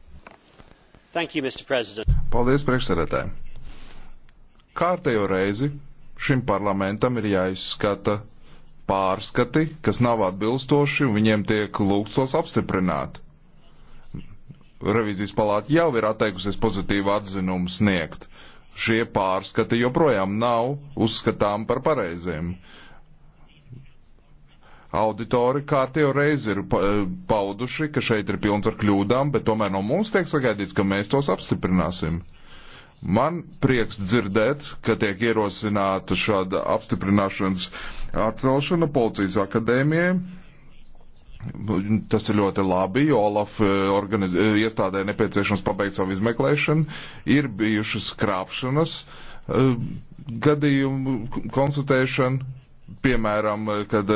Thank you, Paldies, priekšsarētāji! Kārtējo reizi šim parlamentam ir jāizskata pārskati, kas nav atbilstoši, un viņiem tiek lūgts tos apstiprināt. Revizijas palāta jau ir atteikusies pozitīvu atzinumu sniegt. Šie pārskati joprojām nav uzskatām par pareiziem. Auditori kārtīgi reiz ir eh, pauduši, ka šeit ir pilns ar kļūdām, bet tomēr no mums tiek sagaidīts, ka mēs tos apstiprināsim. Man prieks dzirdēt, ka tiek ierosināta šāda apstiprināšanas atcelšana policijas akadēmijai. Nu, tas ir ļoti labi, jo Olaf eh, organiz... Eh, iestādē nepieciešams pabeigt savu izmeklēšanu. Ir bijušas krāpšanas eh, gadījumu konstatēšana, piemēram, kad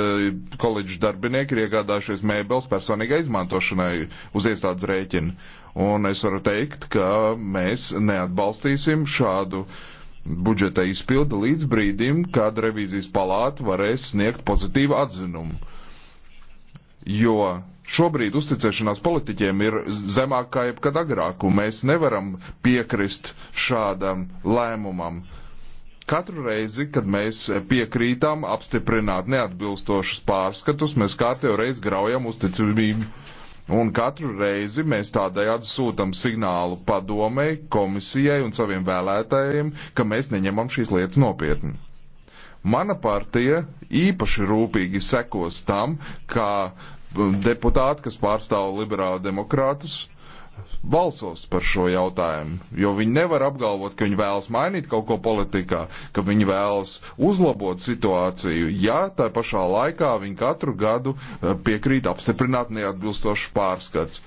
koledžas darbinieki ir iegādājušies mēbeles personīgai izmantošanai uz iestādes rēķina. Un es varu teikt, ka mēs neatbalstīsim šādu budžeta izpildu līdz brīdim, kad revīzijas palāta varēs sniegt pozitīvu atzinumu. Jo šobrīd uzticēšanās politiķiem ir zemākā jebkad agrāk, un mēs nevaram piekrist šādam lēmumam. Katru reizi, kad mēs piekrītam apstiprināt neatbilstošus pārskatus, mēs kārtējo reizi graujam uzticamību Un katru reizi mēs tādējādi sūtam signālu padomei, komisijai un saviem vēlētājiem, ka mēs neņemam šīs lietas nopietni. Mana partija īpaši rūpīgi sekos tam, kā um, deputāti, kas pārstāv liberālu demokrātus, balsos par šo jautājumu, jo viņi nevar apgalvot, ka viņi vēlas mainīt kaut ko politikā, ka viņi vēlas uzlabot situāciju, ja tā pašā laikā viņi katru gadu eh, piekrīt apstiprināt neatbilstošu pārskats.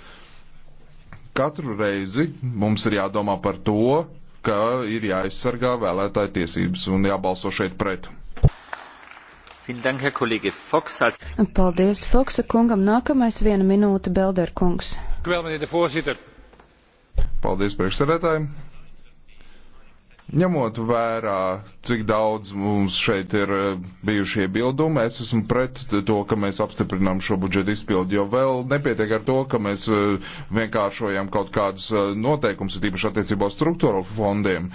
Katru reizi mums ir jādomā par to, ka ir jāaizsargā vēlētāju tiesības un jābalso šeit pret. Paldies Foksa kungam. Nākamais viena minūte Belder kungs. Paldies priekšsarētājiem. Ņemot vērā, cik daudz mums šeit ir eh, bijušie bildumi, es esmu pret to, ka mēs apstiprinām šo budžetu izpildu, jo vēl nepietiek ar to, ka mēs eh, vienkāršojam kaut kādus eh, noteikumus, tīpaši attiecībā uz struktūru fondiem,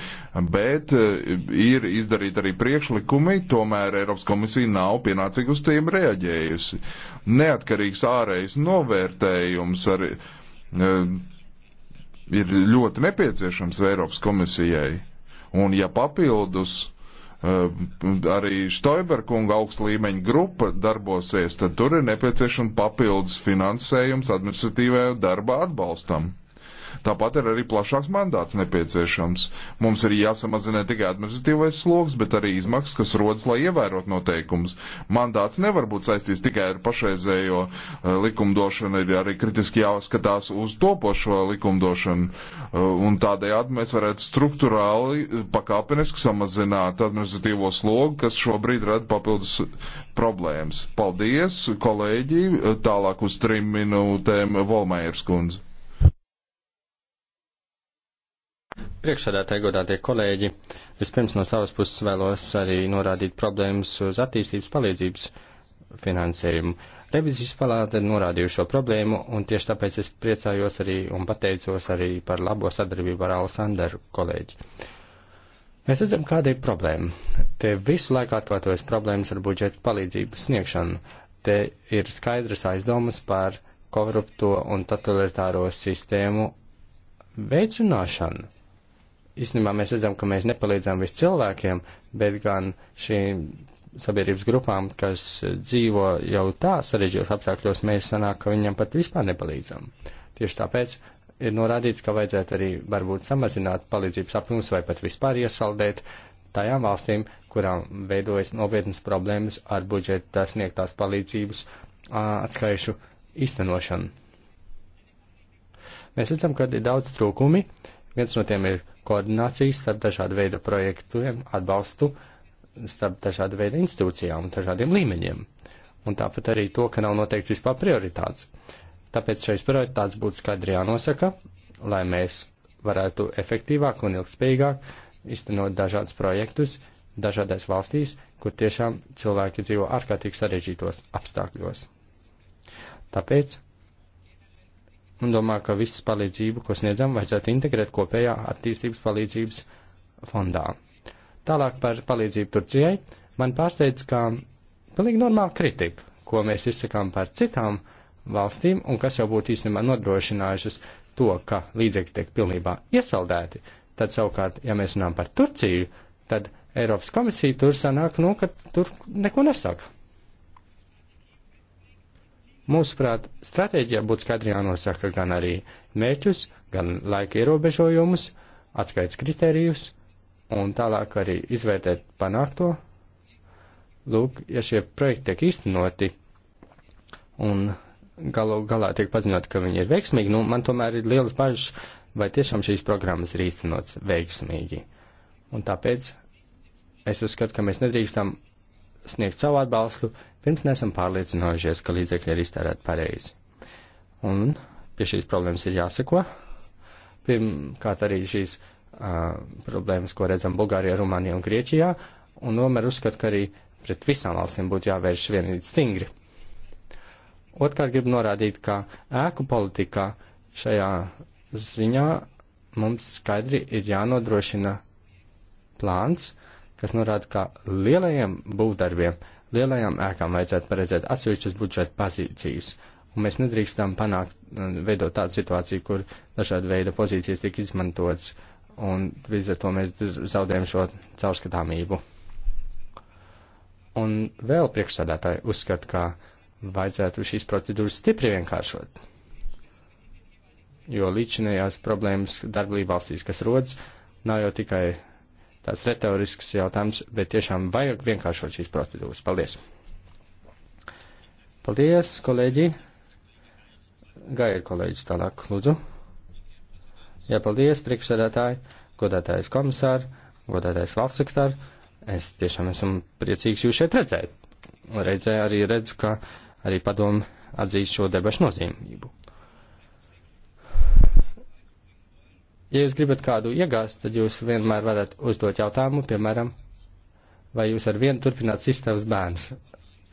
bet ir izdarīti arī priekšlikumi, tomēr Eiropas komisija nav pienācīgi uz tiem reaģējusi. Neatkarīgs ārējs novērtējums arī ir ļoti nepieciešams Eiropas komisijai Un ja papildus eh, arī Štoiberkunga augsta līmeņa grupa darbosies, tad tur ir nepieciešama papildus finansējums administratīvajā darba atbalstam. Tāpat ir arī plašāks mandāts nepieciešams. Mums ir jāsamazina ne tikai administratīvais sloks, bet arī izmaksas, kas rodas, lai ievērot noteikumus. Mandāts nevar būt saistīts tikai ar pašreizējo eh, likumdošanu, ir arī kritiski jāskatās uz topošo likumdošanu. Eh, un tādējādi mēs varētu struktūrāli eh, pakāpeniski samazināt administratīvo slogu, kas šobrīd rada papildus problēmas. Paldies, kolēģi! Tālāk uz trim minūtēm Volmējers kundze. Priekšsēdētāji, godātie kolēģi, vispirms no savas puses vēlos arī norādīt problēmas uz attīstības palīdzības finansējumu. Revizijas palāte norādīja šo problēmu, un tieši tāpēc es priecājos arī un pateicos arī par labo sadarbību ar Alsandaru kolēģi. Mēs redzam, kāda ir problēma. Te visu laiku atkārtojas problēmas ar budžeta palīdzības sniegšanu. Te ir skaidras aizdomas par korupto un totalitāro sistēmu veicināšanu īstenībā mēs redzam, ka mēs nepalīdzam vis cilvēkiem, bet gan šīm sabiedrības grupām, kas dzīvo jau tā sarežģījos apstākļos, mēs sanāk, ka viņiem pat vispār nepalīdzam. Tieši tāpēc ir norādīts, ka vajadzētu arī varbūt samazināt palīdzības apjomus vai pat vispār iesaldēt tajām valstīm, kurām veidojas nopietnas problēmas ar budžeta sniegtās palīdzības atskaišu īstenošanu. Mēs redzam, ka ir daudz trūkumi, uh, Viens no tiem ir koordinācijas starp dažādu veidu projektiem, atbalstu starp dažādu veidu institūcijām un dažādiem līmeņiem. Un tāpat arī to, ka nav noteikts vispār prioritātes. Tāpēc šais prioritātes būtu skaidri jānosaka, lai mēs varētu efektīvāk un ilgspējīgāk iztenot dažādus projektus dažādās valstīs, kur tiešām cilvēki dzīvo ārkārtīgi sarežģītos apstākļos. Tāpēc un domā, ka visas palīdzību, ko sniedzam, vajadzētu integrēt kopējā attīstības palīdzības fondā. Tālāk par palīdzību Turcijai. Man pārsteidz, ka pilnīgi normāla kritika, ko mēs izsakām par citām valstīm, un kas jau būtu īstenībā nodrošinājušas to, ka līdzekļi tiek pilnībā iesaldēti, tad savukārt, ja mēs runājam par Turciju, tad Eiropas komisija tur sanāk, nu, ka tur neko nesaka. Mūsuprāt, stratēģijā būtu skaidri jānosaka gan arī mērķus, gan laika ierobežojumus, atskaits kritērijus un tālāk arī izvērtēt panākto. Lūk, ja šie projekti tiek īstenoti un galu galā tiek paziņot, ka viņi ir veiksmīgi, nu, man tomēr ir liels bažas, vai tiešām šīs programmas ir īstenots veiksmīgi. Un tāpēc es uzskatu, ka mēs nedrīkstam sniegt savu atbalstu, Pirms nesam pārliecinājušies, ka līdzekļi ir iztērēti pareizi. Un pie šīs problēmas ir jāseko. Pirmkārt arī šīs uh, problēmas, ko redzam Bulgārijā, Rumānijā un Grieķijā, un tomēr uzskat, ka arī pret visām valstīm būtu jāvērš vienīgi stingri. Otkārt gribu norādīt, ka ēku politikā šajā ziņā mums skaidri ir jānodrošina plāns, kas norāda, ka lielajiem būvdarbiem Lielajām ēkām vajadzētu paredzēt atsevišķas budžeta pozīcijas, un mēs nedrīkstam panākt, uh, veidot tādu situāciju, kur dažāda veida pozīcijas tiek izmantotas, un līdz ar to mēs zaudējam šo caurskatāmību. Un vēl priekšsādātāji uzskata, ka vajadzētu šīs procedūras stipri vienkāršot jo līdzinējās problēmas darbība valstīs, kas rodas, nav jau tikai tāds retorisks jautājums, bet tiešām vajag vienkāršot šīs procedūras. Paldies! Paldies, kolēģi! Gaira kolēģis tālāk, lūdzu. Jā, paldies, priekšsēdētāji, godātājs komisāri, godātājs valsts sektāri. Es tiešām esmu priecīgs jūs šeit redzēt. Reizē arī redzu, ka arī padomu atzīst šo debašu nozīmību. Ja jūs gribat kādu iegāzt, tad jūs vienmēr varat uzdot jautājumu, piemēram, vai jūs ar vienu turpināt sistēmas bērnus.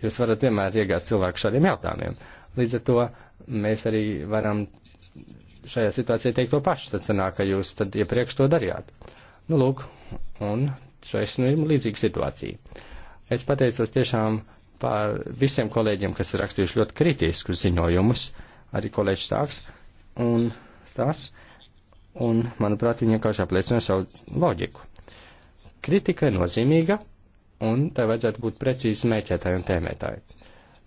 Jūs varat vienmēr iegāzt cilvēku šādiem jautājumiem. Līdz ar to mēs arī varam šajā situācijā teikt to pašu, tad sanāk, ka jūs tad iepriekš to darījāt. Nu, lūk, un šais nu ir līdzīga situācija. Es pateicos tiešām par visiem kolēģiem, kas ir rakstījuši ļoti kritiskus ziņojumus, arī kolēģis Stāks un Stāsts un, manuprāt, viņi vienkārši apliecina savu loģiku. Kritika ir nozīmīga, un tai vajadzētu būt precīzi mēķētāji un tēmētāji.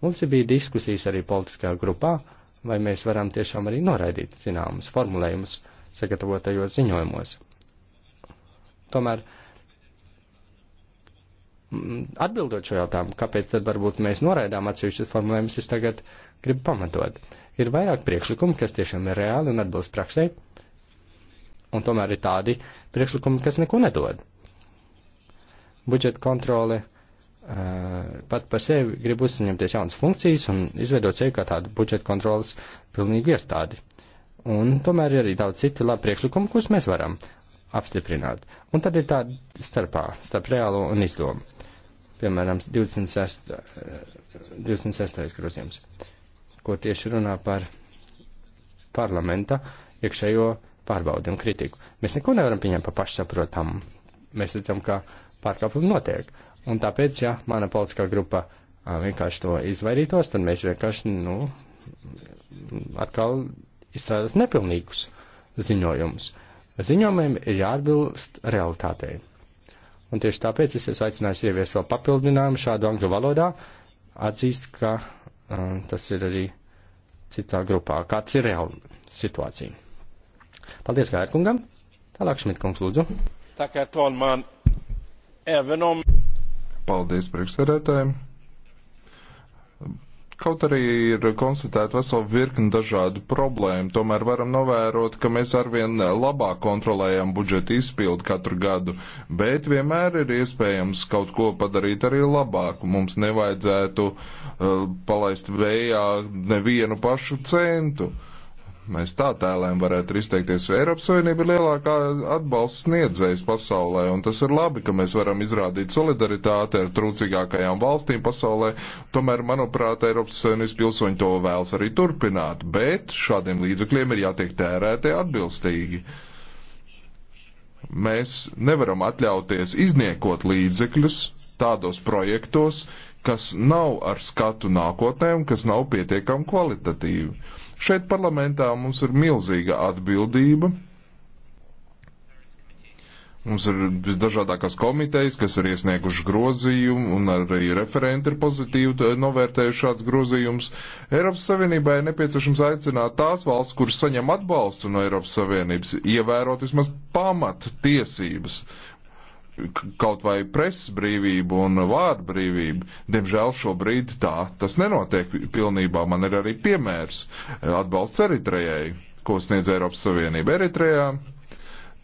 Mums bija diskusijas arī politiskajā grupā, vai mēs varam tiešām arī noraidīt zināmus formulējumus sagatavotajos ziņojumos. Tomēr, mm, atbildot šo jautājumu, kāpēc tad varbūt mēs noraidām atsevišķas formulējumus, es tagad gribu pamatot. Ir vairāk priekšlikumu, kas tiešām ir reāli un atbilst praksē, un tomēr ir tādi priekšlikumi, kas neko nedod. Budžeta kontrole uh, pat par sevi grib uzņemties jaunas funkcijas un izveidot sevi kā tādu budžeta kontrolas pilnīgu iestādi. Un tomēr ir arī daudz citi labi priekšlikumi, kurus mēs varam apstiprināt. Un tad ir tāda starpā, starp reālo un izdomu. Piemēram, 26. 26. Eh, grozījums, ko tieši runā par parlamenta iekšējo pārbaudi un kritiku. Mēs neko nevaram pieņemt par pašsaprotamu. Mēs redzam, ka pārkāpumi notiek. Un tāpēc, ja mana politiskā grupa a, vienkārši to izvairītos, tad mēs vienkārši, nu, atkal izstrādāt nepilnīgus ziņojumus. Ziņojumiem ir jāatbilst realitātei. Un tieši tāpēc es jūs aicināju ievies vēl papildinājumu šādu angļu valodā, atzīst, ka um, tas ir arī citā grupā, kāds ir reāla situācija. Paldies Gērkungam. Tālāk Šmitkungs lūdzu. Tā kā Tonman, Evenom. Paldies priekšsarētājiem. Kaut arī ir konstatēta vesela virkni dažādu problēmu, tomēr varam novērot, ka mēs arvien labāk kontrolējam budžeta izpildu katru gadu, bet vienmēr ir iespējams kaut ko padarīt arī labāku. Mums nevajadzētu uh, palaist vējā nevienu pašu centu. Uh, Mēs tā tēlēm varētu izteikties. Eiropas Savienība ir lielākā atbalsts sniedzējs pasaulē, un tas ir labi, ka mēs varam izrādīt solidaritāti ar trūcīgākajām valstīm pasaulē. Tomēr, manuprāt, Eiropas Savienības pilsoņi to vēlas arī turpināt, bet šādiem līdzekļiem ir jātiek tērēti atbilstīgi mēs nevaram atļauties izniekot līdzekļus tādos projektos, kas nav ar skatu nākotnē un kas nav pietiekami kvalitatīvi. Šeit parlamentā mums ir milzīga atbildība. Mums ir visdažādākās komitejas, kas ir iesnieguši grozījumu, un arī referenti ir pozitīvi novērtējuši šāds grozījums. Eiropas Savienībai ir nepieciešams aicināt tās valsts, kuras saņem atbalstu no Eiropas Savienības, ievērot vismaz pamat tiesības, kaut vai presas brīvību un vārdu brīvību. Diemžēl šobrīd tā tas nenotiek pilnībā. Man ir arī piemērs eh, atbalsts Eritrejai, ko sniedz Eiropas Savienība Eritrejā.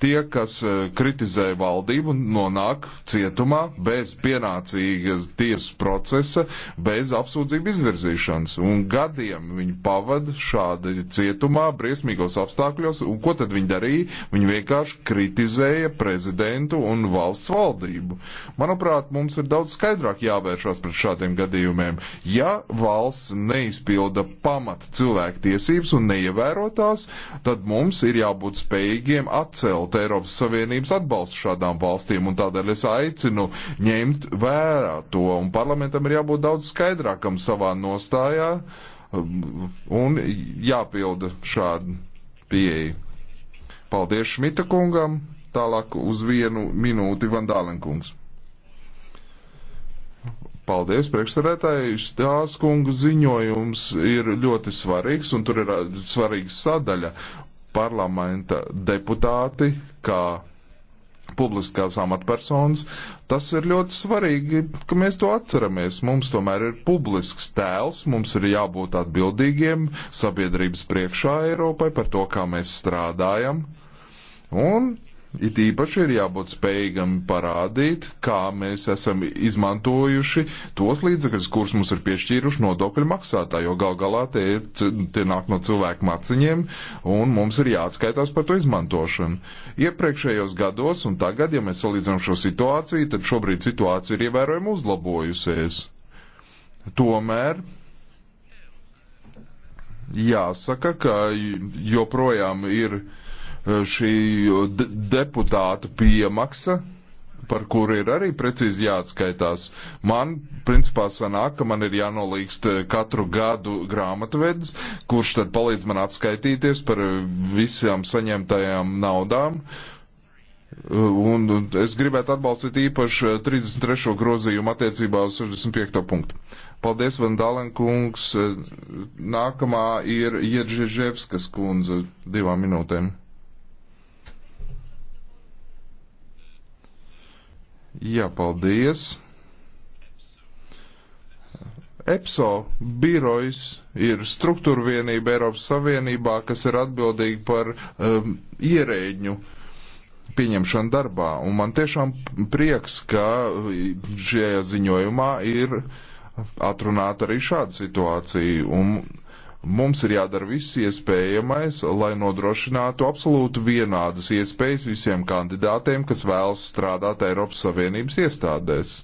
Tie, kas e, kritizē valdību, nonāk cietumā bez pienācīgas tiesas procesa, bez apsūdzību izvirzīšanas. Un gadiem viņi pavada šādi cietumā, briesmīgos apstākļos. Un ko tad viņi darīja? Viņi vienkārši kritizēja prezidentu un valsts valdību. Manuprāt, mums ir daudz skaidrāk jāvēršās pret šādiem gadījumiem. Ja valsts neizpilda pamata cilvēku tiesības un neievēro tās, tad mums ir jābūt spējīgiem atcelt izcelt Eiropas Savienības atbalstu šādām valstīm, un tādēļ es aicinu ņemt vērā to, un parlamentam ir jābūt daudz skaidrākam savā nostājā, un jāpilda šāda pieeja. Paldies Šmita kungam, tālāk uz vienu minūti Vandālenkungs. Paldies, priekšsarētāji. Tās kungu ziņojums ir ļoti svarīgs, un tur ir svarīga sadaļa parlamenta deputāti, kā publiskās amatpersonas. Tas ir ļoti svarīgi, ka mēs to atceramies. Mums tomēr ir publisks tēls, mums ir jābūt atbildīgiem sabiedrības priekšā Eiropai par to, kā mēs strādājam. Un It īpaši ir jābūt spējīgam parādīt, kā mēs esam izmantojuši tos līdzekļus, kurus mums ir piešķīruši nodokļu maksātāji, jo gal galā tie, ir, tie nāk no cilvēku maciņiem un mums ir jāatskaitās par to izmantošanu. Iepriekšējos gados un tagad, ja mēs salīdzinām šo situāciju, tad šobrīd situācija ir ievērojami uzlabojusies. Tomēr jāsaka, ka joprojām ir šī deputāta piemaksa, par kuru ir arī precīzi jāatskaitās. Man, principā, sanāk, ka man ir jānolīgst katru gadu grāmatvedis, kurš tad palīdz man atskaitīties par visām saņemtajām naudām. Un es gribētu atbalstīt īpaši 33. grozījumu attiecībā uz 65. punktu. Paldies, Vandālenkungs. Nākamā ir Iedžiževskas kundze divām minūtēm. Jā, paldies. EPSO birojs ir struktūra vienība Eiropas Savienībā, kas ir atbildīga par um, ierēģu pieņemšanu darbā. Un man tiešām prieks, ka um, šajā ziņojumā ir atrunāta arī šāda situācija. Un Mums ir jādara viss iespējamais, lai nodrošinātu absolūti vienādas iespējas visiem kandidātiem, kas vēlas strādāt Eiropas Savienības iestādēs.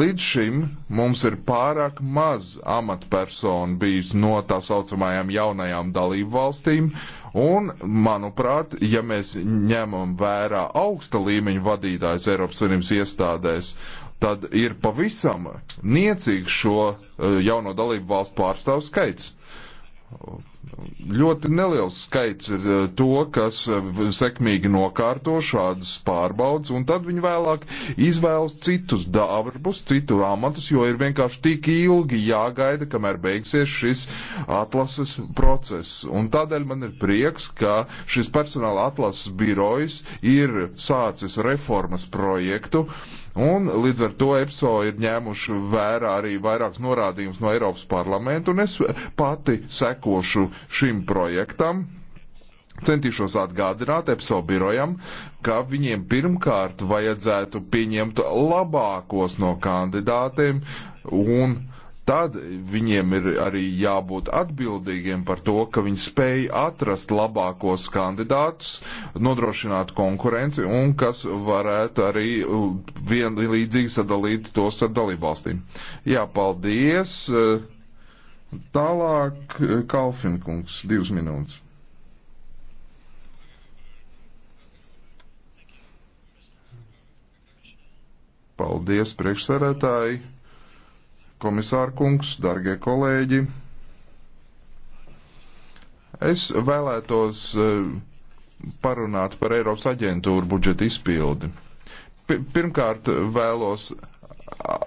Līdz šim mums ir pārāk maz amatpersonu bijis no tā saucamajām jaunajām dalību valstīm, un, manuprāt, ja mēs ņemam vērā augsta līmeņa vadītājs Eiropas Savienības iestādēs, uh, tad ir pavisam niecīgs šo eh, jauno dalību valstu pārstāvu skaits. Ļoti neliels skaits ir eh, to, kas eh, sekmīgi nokārto šādas pārbaudas, un tad viņi vēlāk izvēlas citus darbus, citu amatus, jo ir vienkārši tik ilgi jāgaida, kamēr beigsies šis atlases process. Un tādēļ man ir prieks, ka šis personāla atlases birojs ir sācis reformas projektu, uh, Un līdz ar to EPSO ir ņēmuši vērā arī vairākas norādījumus no Eiropas parlamentu, un es pati sekošu šim projektam. Centīšos atgādināt EPSO birojam, ka viņiem pirmkārt vajadzētu pieņemt labākos no kandidātiem un tad viņiem ir arī jābūt atbildīgiem par to, ka viņi spēj atrast labākos kandidātus, nodrošināt konkurenci un kas varētu arī uh, vienlīdzīgi sadalīt tos ar dalībvalstīm. Jā, paldies. Uh, tālāk uh, Kalfinkungs, divas minūtes. Paldies, priekšsarētāji! komisārkungs, dargie kolēģi. Es vēlētos e, parunāt par Eiropas aģentūru budžeta izpildi. Pirmkārt, vēlos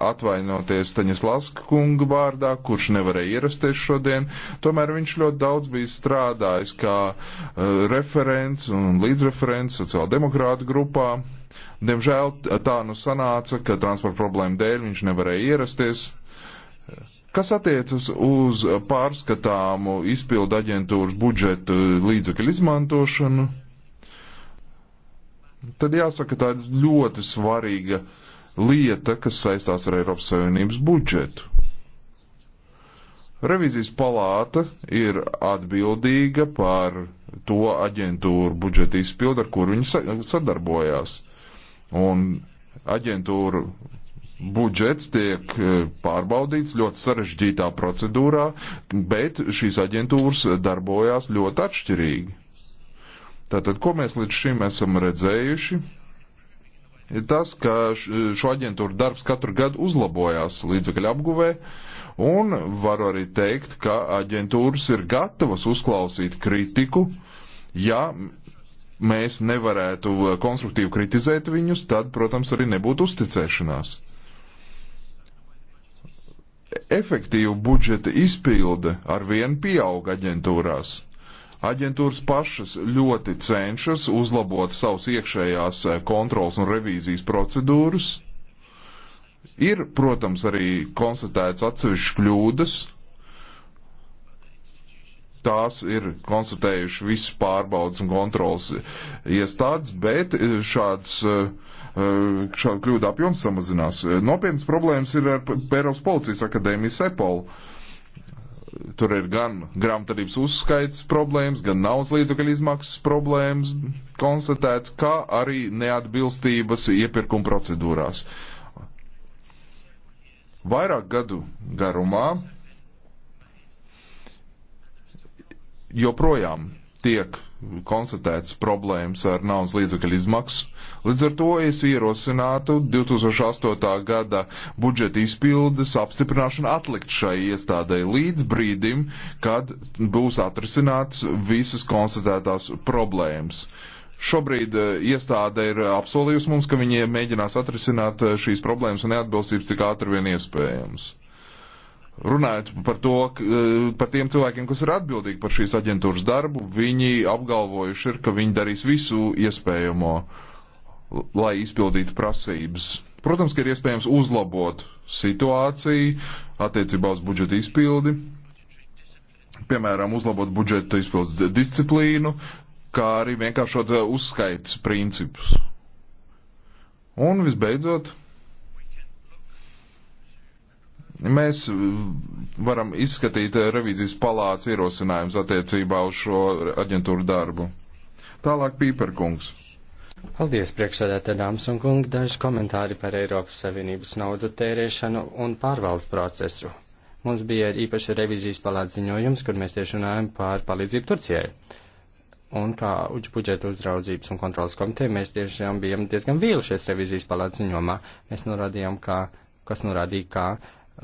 atvainoties Taņas Laska kunga vārdā, kurš nevarēja ierasties šodien. Tomēr viņš ļoti daudz bija strādājis kā uh, referents un līdzreferents sociāldemokrāta grupā. Diemžēl tā nu sanāca, ka transporta problēma dēļ viņš nevarēja ierasties. Kas attiecas uz pārskatāmu izpildu aģentūras budžetu līdzekļu izmantošanu, tad jāsaka, tā ir ļoti svarīga lieta, kas saistās ar Eiropas Savienības budžetu. Revizijas palāta ir atbildīga par to aģentūru budžeta izpildu, ar kuru viņi sadarbojās. Un aģentūru budžets tiek e, pārbaudīts ļoti sarežģītā procedūrā, bet šīs aģentūras darbojās ļoti atšķirīgi. Tātad, ko mēs līdz šim esam redzējuši, ir tas, ka šo aģentūru darbs katru gadu uzlabojās līdzekļu apguvē, un varu arī teikt, ka aģentūras ir gatavas uzklausīt kritiku, ja mēs nevarētu e, konstruktīvi kritizēt viņus, tad, protams, arī nebūtu uzticēšanās efektīva budžeta izpilde ar vienu pieauga aģentūrās. Aģentūras pašas ļoti cenšas uzlabot savus iekšējās eh, kontrols un revīzijas procedūras. Ir, protams, arī konstatēts atsevišķas kļūdas. Tās ir konstatējuši visas pārbaudas un kontrols iestādes, bet eh, šāds uh, Eh, šādu kļūdu apjoms samazinās. Eh, nopietnas problēmas ir ar Eiropas policijas akadēmiju Sepolu. Tur ir gan grāmatvedības uzskaits problēmas, gan naudas līdzekļu izmaksas problēmas konstatēts, kā arī neatbilstības iepirkuma procedūrās. Vairāk gadu garumā joprojām tiek konstatēts problēmas ar naudas līdzekļu izmaksu Līdz ar to es ierosinātu 2008. gada budžeta izpildes apstiprināšanu atlikt šai iestādēji līdz brīdim, kad būs atrisināts visas konstatētās problēmas. Šobrīd eh, iestāde ir apsolījusi mums, ka viņi mēģinās atrisināt eh, šīs problēmas un neatbilstības cik ātri vien iespējams runājot par to, eh, par tiem cilvēkiem, kas ir atbildīgi par šīs aģentūras darbu, viņi apgalvojuši ir, ka viņi darīs visu iespējamo lai izpildītu prasības. Protams, ka ir iespējams uzlabot situāciju attiecībā uz budžeta izpildi, piemēram, uzlabot budžeta izpildes disciplīnu, kā arī vienkāršot eh, uzskaits principus. Un visbeidzot, mēs eh, varam izskatīt eh, revīzijas palāca ierosinājums attiecībā uz šo aģentūru darbu. Tālāk Pīperkungs. Paldies, priekšsēdētē dāmas un kungi, daži komentāri par Eiropas Savienības naudu tērēšanu un pārvaldes procesu. Mums bija īpaši revizijas palāca ziņojums, kur mēs tieši runājam par palīdzību Turcijai. Un kā uģu budžeta uzraudzības un kontrolas komiteja, mēs tiešām bijām diezgan vīlušies revizijas palāca ziņomā. Mēs norādījām, ka, kas norādīja, ka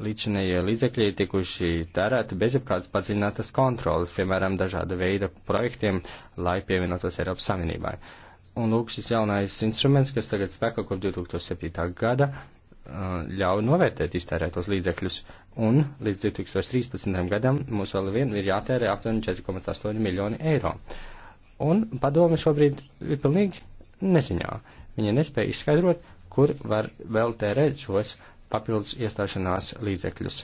līdzinējie līdzekļi ir tikuši tērēti bez jebkādas padziļinātas kontrolas, piemēram, dažāda veida projektiem, lai pievienotos Eiropas Savienībai. Uh, Un lūk, šis jaunais instruments, kas tagad spēkā kopš 2007. gada, ļauj novērtēt iztērētos līdzekļus. Un līdz 2013. gadam mums vēl vien ir jātērē aptuveni 4,8 miljoni eiro. Un padome šobrīd ir pilnīgi neziņā. Viņa nespēja izskaidrot, kur var vēl tērēt šos papildus iestāšanās līdzekļus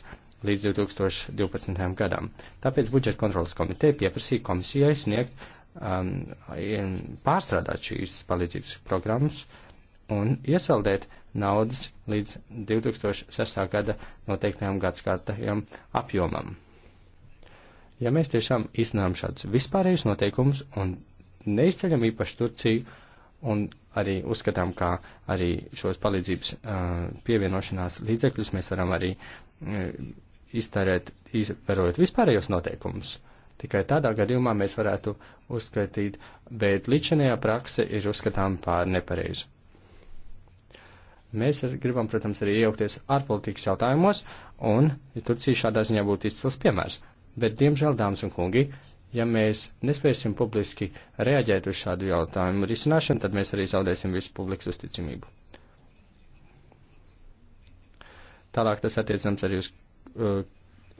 līdz 2012. gadam. Tāpēc budžeta kontrolas komiteja pieprasīja komisijai sniegt um, pārstrādāt šīs palīdzības programmas un iesaldēt naudas līdz 2006. gada noteiktajam gadskārtajam apjomam. Ja mēs tiešām iznām šādus vispārējus noteikumus un neizceļam īpaši Turciju un arī uzskatām, kā arī šos palīdzības uh, pievienošanās līdzekļus mēs varam arī uh, iztērēt, izvērojot vispārējos noteikumus. Uh, Tikai tādā gadījumā mēs varētu uzskaitīt, bet līdšanējā prakse ir uzskatām pār nepareizu. Mēs gribam, protams, arī iejaukties ārpolitikas jautājumos, un ja Turcija šādā ziņā būtu izcils piemērs. Bet, diemžēl, dāmas un kungi, ja mēs nespēsim publiski reaģēt uz šādu jautājumu risināšanu, tad mēs arī zaudēsim visu publikas uzticamību. Tālāk tas attiecams arī uz uh,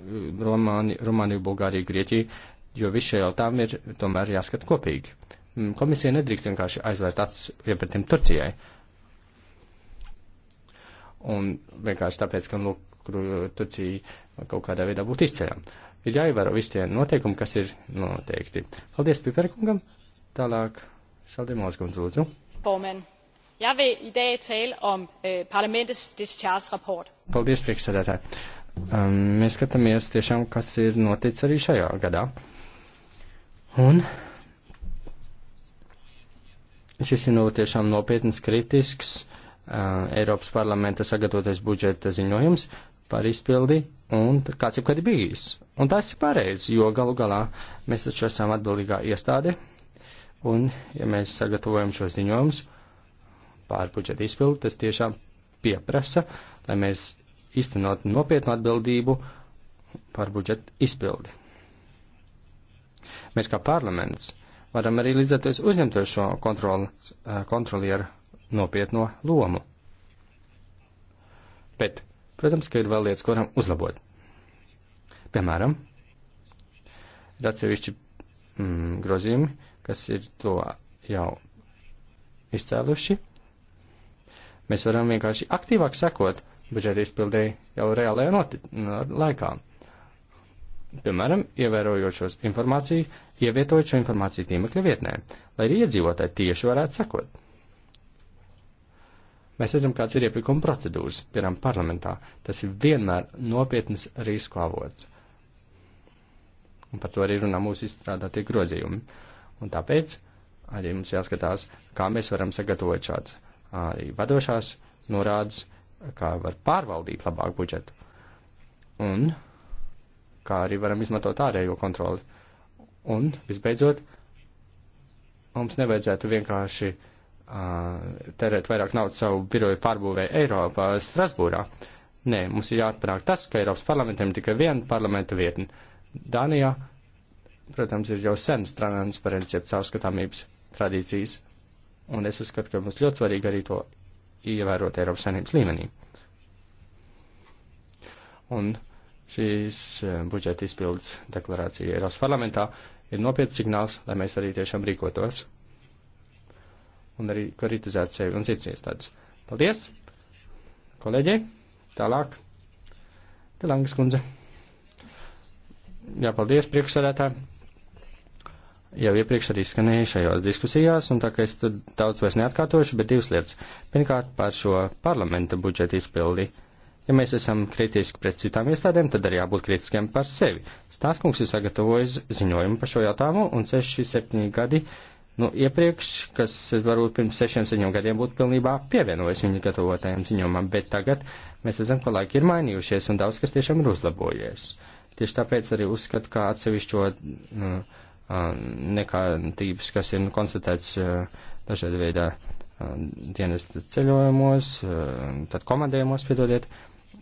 Romāni, Rumāniju, Bulgāriju, Grieķiju, jo visi šie jautājumi ir tomēr jāskata kopīgi. Mm, komisija nedrīkst vienkārši aizvērt acis iepratim Turcijai. Un vienkārši tāpēc, ka, lūk, nu, uh, Turcija kaut kādā veidā būtu izceļama. Ir jāievēro visi tie noteikumi, kas ir noteikti. Paldies Piperkungam. Tālāk Šaldimos kundz lūdzu. Formen. Jeg vil i dag tale om eh, parlamentets discharge rapport. Paldies, priekšsēdētāji um, mēs skatāmies tiešām, kas ir noticis arī šajā gadā. Un šis ir no nu, tiešām nopietnas kritisks uh, Eiropas parlamenta sagatavotais budžeta ziņojums par izpildi, un kāds jau kad bijis. Un tas ir pareizi, jo galu galā mēs taču esam atbildīgā iestāde, un ja mēs sagatavojam šo ziņojumus pār budžeta izpildi, tas tiešām pieprasa, lai mēs īstenot nopietnu atbildību par budžetu izpildi. Mēs kā parlaments varam arī līdz ar to uzņemties šo kontrol, eh, kontrolieru nopietno lomu. Bet, protams, ka ir vēl lietas, ko varam uzlabot. Piemēram, ir atsevišķi mm, grozījumi, kas ir to jau izcēluši. Mēs varam vienkārši aktīvāk sekot budžeta izpildēji jau reālajā noti, laikā. Piemēram, ievērojot šos informāciju, ievietojot šo informāciju tīmekļa vietnē, lai arī iedzīvotāji tieši varētu sekot. Mēs redzam, kāds ir iepirkuma procedūras, piemēram, parlamentā. Tas ir vienmēr nopietnas risku avots. Un par to arī runā mūsu izstrādātie grozījumi. Un tāpēc arī mums jāskatās, kā mēs varam sagatavot šāds arī vadošās norādes, kā var pārvaldīt labāk budžetu un kā arī varam izmantot ārējo kontroli. Un, visbeidzot, mums nevajadzētu vienkārši uh, terēt vairāk naudas savu biroju pārbūvē Eiropā, Strasbūrā. Nē, mums ir jāpanāk tas, ka Eiropas parlamentam ir tikai viena parlamenta vietne. Dānijā, protams, ir jau sen strādājums par recepts caurskatāmības tradīcijas, un es uzskatu, ka mums ļoti svarīgi arī to ievērot Eiropas saimnības līmenī. Un šīs eh, budžeta izpildes deklarācija Eiropas parlamentā ir nopietns signāls, lai mēs arī tiešām rīkotos un arī kritizētu sevi un citas iestādes. Paldies, kolēģi! Tālāk, Telangas kundze. Jā, paldies, priekšsēdētāji! jau iepriekš arī skanēja šajās diskusijās, un tā kā es tur daudz vairs neatkārtošu, bet divas lietas. Pirmkārt, par šo parlamenta budžeta izpildi. Ja mēs esam kritiski pret citām iestādēm, tad arī jābūt kritiskiem par sevi. Stāstkungs ir sagatavojis ziņojumu par šo jautājumu, un 6-7 gadi nu, iepriekš, kas varbūt pirms 6-7 gadiem būtu pilnībā pievienojis viņa gatavotajam ziņojumam, bet tagad mēs redzam, ka laiki ir mainījušies un daudz kas tiešām ir uzlabojies. Tieši tāpēc arī uzskatu, ka atsevišķo. Nu, uh, nekārtības, kas ir nu, konstatēts dažādi veidā dienestu ceļojumos, tad komandējumos, piedodiet,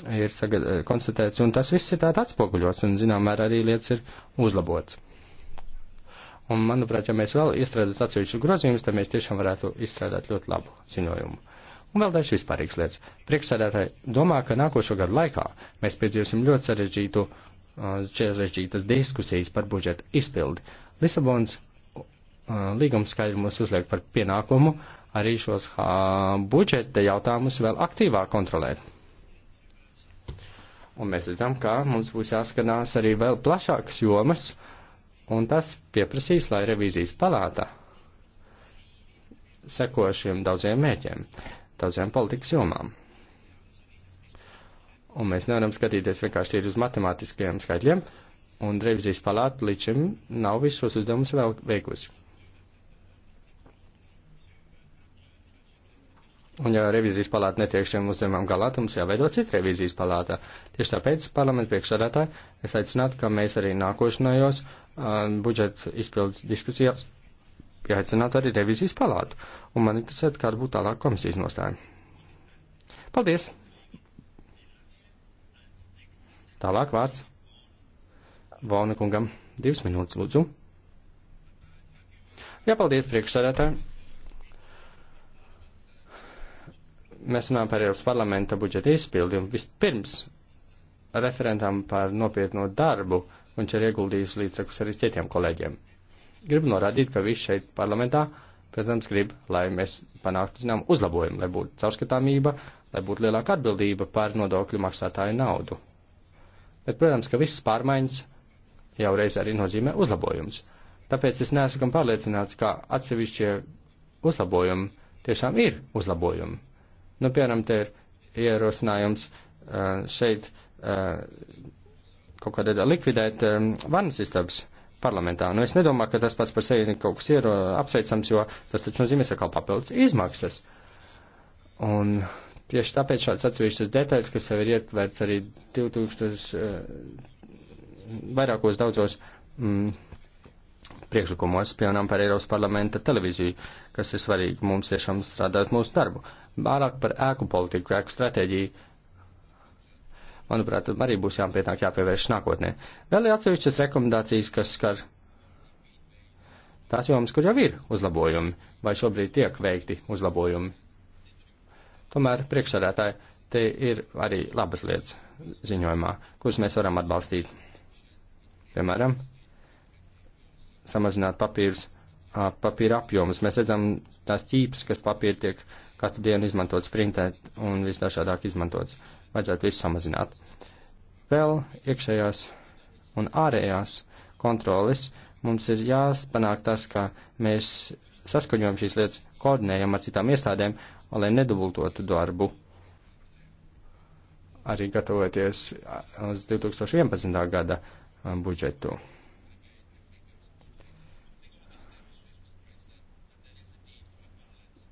ir sagad, konstatēts, un tas viss ir tādā atspoguļots, un zinām mērā arī lietas ir uzlabots. Un, manuprāt, ja mēs vēl iestrādāt atsevišķu grozījumus, tad mēs tiešām varētu izstrādāt ļoti labu ziņojumu. Un vēl dažas vispārīgas lietas. Priekšsēdētāji domā, ka nākošo gadu laikā mēs piedzīvosim ļoti sarežģītu, sarežģītas diskusijas par budžeta izpildi. Uh, Lisabons uh, līgums skaidri mums uzliek par pienākumu arī šos uh, budžeta jautājumus vēl aktīvāk kontrolēt. Un mēs redzam, ka mums būs jāskanās arī vēl plašākas jomas, un tas pieprasīs, lai revīzijas palāta seko šiem daudziem mēķiem, daudziem politikas jomām. Un mēs nevaram skatīties vienkārši tīri uz matemātiskajiem skaitļiem, uh, Un revizijas palāta līdz šim nav visus šos uzdevumus vēl veikusi. Un ja revizijas palāta netiek šiem uzdevumam galā, tad mums jāveido cita revizijas palāta. Tieši tāpēc parlamentu priekšsādātāji es aicinātu, ka mēs arī nākošanajos uh, budžeta izpildes diskusijās pieaicinātu arī revizijas palātu. Un man interesē, kāda būtu tālāk komisijas nostāja. Paldies! Tālāk vārds Valna kungam divas minūtes, lūdzu. Jā, paldies priekšsēdētāji. Mēs runājam par Eiropas parlamenta budžeta izpildi un vispirms referentam par nopietno darbu, viņš ir ieguldījis līdzekļus arī citiem kolēģiem. Gribu norādīt, ka visi šeit parlamentā, protams, grib, lai mēs panāktu, zinām, uzlabojumu, lai būtu caurskatāmība, lai būtu lielāka atbildība par nodokļu maksātāju naudu. Bet, protams, ka visas pārmaiņas jau reiz arī nozīmē uzlabojums. Tāpēc es neesmu gan pārliecināts, ka atsevišķie uzlabojumi tiešām ir uzlabojumi. Nu, piemēram, te ir ierosinājums uh, šeit uh, kaut kādā veidā likvidēt um, vannas istabas parlamentā. Nu, es nedomāju, ka tas pats par sevi kaut kas ir apsveicams, jo tas taču nozīmē atkal papildus izmaksas. Un tieši tāpēc šāds atsevišķas detaļas, kas jau ir ietverts arī 2000 vairākos daudzos mm, priekšlikumos, piemēram, par Eiropas parlamenta televīziju, kas ir svarīgi mums tiešām strādāt mūsu darbu. Vairāk par ēku politiku, ēku stratēģiju. Manuprāt, arī būs jāpietāk jāpievērš nākotnē. Vēl ir atsevišķas rekomendācijas, kas skar tās jomas, kur jau ir uzlabojumi, vai šobrīd tiek veikti uzlabojumi. Tomēr priekšsādātāji, te ir arī labas lietas ziņojumā, kuras mēs varam atbalstīt. Piemēram, samazināt papīrus, papīra apjomus. Mēs redzam tās ķīpes, kas papīri tiek katru dienu izmantots, printēt un visdažādāk izmantots. Vajadzētu visu samazināt. Vēl iekšējās un ārējās kontroles mums ir jāspanāk tas, ka mēs saskaņojam šīs lietas, koordinējam ar citām iestādēm, lai nedubultotu darbu. Arī gatavoties uz 2011. gada budžetu.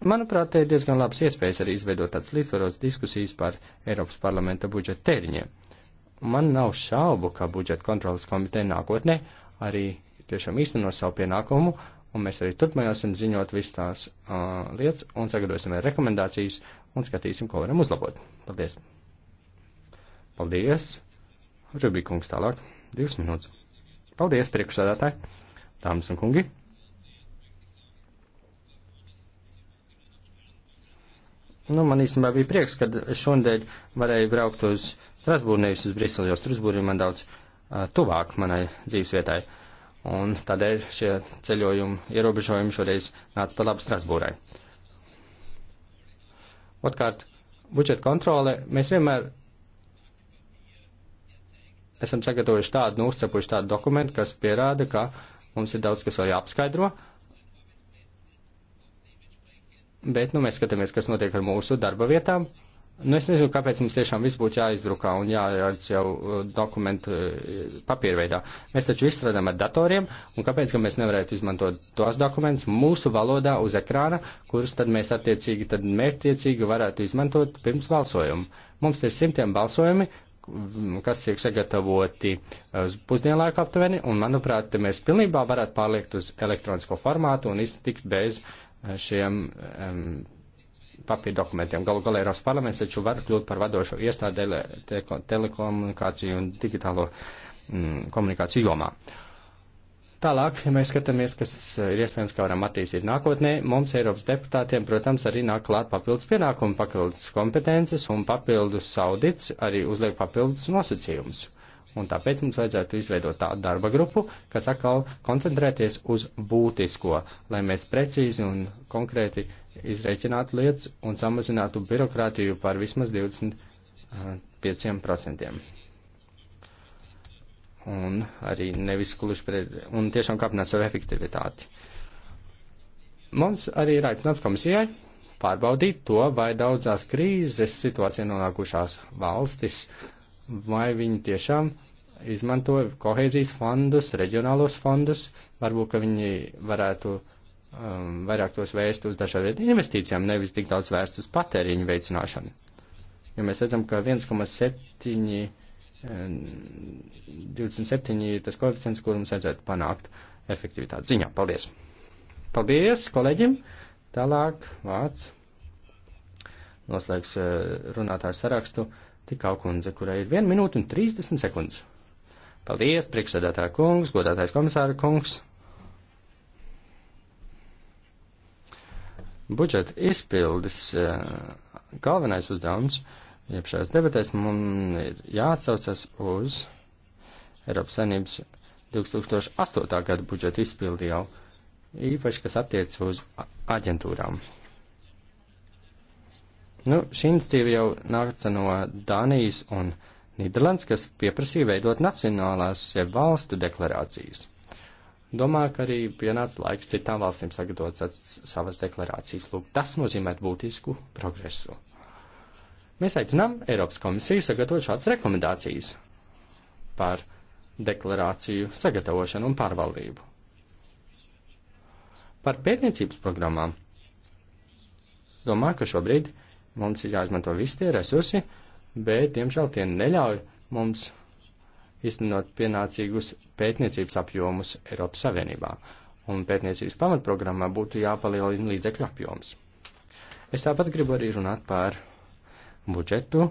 Manuprāt, te ir diezgan labs iespējas arī izveidot tāds līdzsvarots diskusijas par Eiropas parlamenta budžeta tēriņiem. Man nav šaubu, ka budžeta kontrolas komiteja nākotnē arī tiešām īstenos savu pienākumu, un mēs arī turpmināsim ziņot visas tās uh, lietas un sagadosim arī rekomendācijas un skatīsim, ko varam uzlabot. Paldies! Paldies! Rubikungs tālāk! Divas minūtes. Paldies, priekšsēdētāji, dāmas un kungi. Nu, man īstenībā bija prieks, ka šodien varēju braukt uz Strasbūru, nevis uz Briseli, jo Strasbūra ir man daudz uh, tuvāk manai dzīvesvietai. Un tādēļ šie ceļojumi ierobežojumi šoreiz nāca par labu Strasbūrai. Otkārt, budžeta kontrole, mēs vienmēr esam sagatavojuši tādu, nu, uzcepuši tādu dokumentu, kas pierāda, ka mums ir daudz, kas vēl jāapskaidro. Bet, nu, mēs skatāmies, kas notiek ar mūsu darba vietām. Nu, es nezinu, kāpēc mums tiešām viss būtu jāizdrukā un jāredz jau uh, dokumentu uh, papīrveidā. Mēs taču visu strādājam ar datoriem, un kāpēc gan mēs nevarētu izmantot tos dokumentus mūsu valodā uz ekrāna, kurus tad mēs attiecīgi, tad mērķtiecīgi varētu izmantot pirms balsojumu. Mums ir simtiem balsojumi, kas tiek sagatavoti eh, pusdienlaika aptuveni, un, manuprāt, mēs pilnībā varētu pārliekt uz elektronisko formātu un iztikt bez eh, šiem um, papīra dokumentiem. Galu galā Eiropas parlaments taču var kļūt par vadošo iestādi tele, te, telekomunikāciju un digitālo mm, komunikāciju jomā. Uh, Tālāk, ja mēs skatāmies, kas eh, ir iespējams, ka varam attīstīt nākotnē, mums Eiropas deputātiem, protams, arī nāk klāt papildus pienākumi, papildus kompetences un papildus audits arī uzliek papildus nosacījumus. Un tāpēc mums vajadzētu izveidot tādu darba grupu, kas atkal koncentrēties uz būtisko, lai mēs precīzi un konkrēti izreikinātu lietas un samazinātu birokrātiju par vismaz 25% un arī nevis kluši pret, un tiešām kāpināt savu efektivitāti. Mums arī ir aicinājums komisijai pārbaudīt to, vai daudzās krīzes situācijā nonākušās valstis, vai viņi tiešām izmanto kohēzijas fondus, reģionālos fondus, varbūt, ka viņi varētu um, vairāk tos vērst uz dažādiem investīcijām, nevis tik daudz vērst uz patēriņu veicināšanu. Jo mēs redzam, ka 1,7 27 ehm, ir tas koeficients, kur mums vajadzētu panākt efektivitātes ziņā. Paldies! Paldies kolēģim! Tālāk vārds noslēgs eh, runātāju sarakstu tikā kundze, kurai ir 1 minūte un 30 sekundes. Paldies, priekšsēdētāja kungs, godātais komisāra kungs! Budžeta izpildes eh, galvenais uzdevums uh, jeb šajās debatēs mums ir jāatsaucas uz Eiropas Savienības 2008. gada budžeta izpildi jau īpaši, kas attiec uz aģentūrām. Nu, šī institīva jau nāca no Dānijas un Nīderlands, kas pieprasīja veidot nacionālās jeb valstu deklarācijas. Domāju, ka arī pienāca laiks citām valstīm sagatavot savas deklarācijas. Lūk, tas nozīmē būtisku progresu. Mēs aicinām Eiropas komisiju sagatavot šādas rekomendācijas par deklarāciju sagatavošanu un pārvaldību. Par pētniecības programmām. Domāju, ka šobrīd mums ir jāizmanto visi tie resursi, bet, diemžēl, tie neļauj mums iztenot pienācīgus pētniecības apjomus Eiropas Savienībā, un pētniecības pamatprogrammā būtu jāpalielina līdzekļu apjoms. Es tāpat gribu arī runāt par budžetu,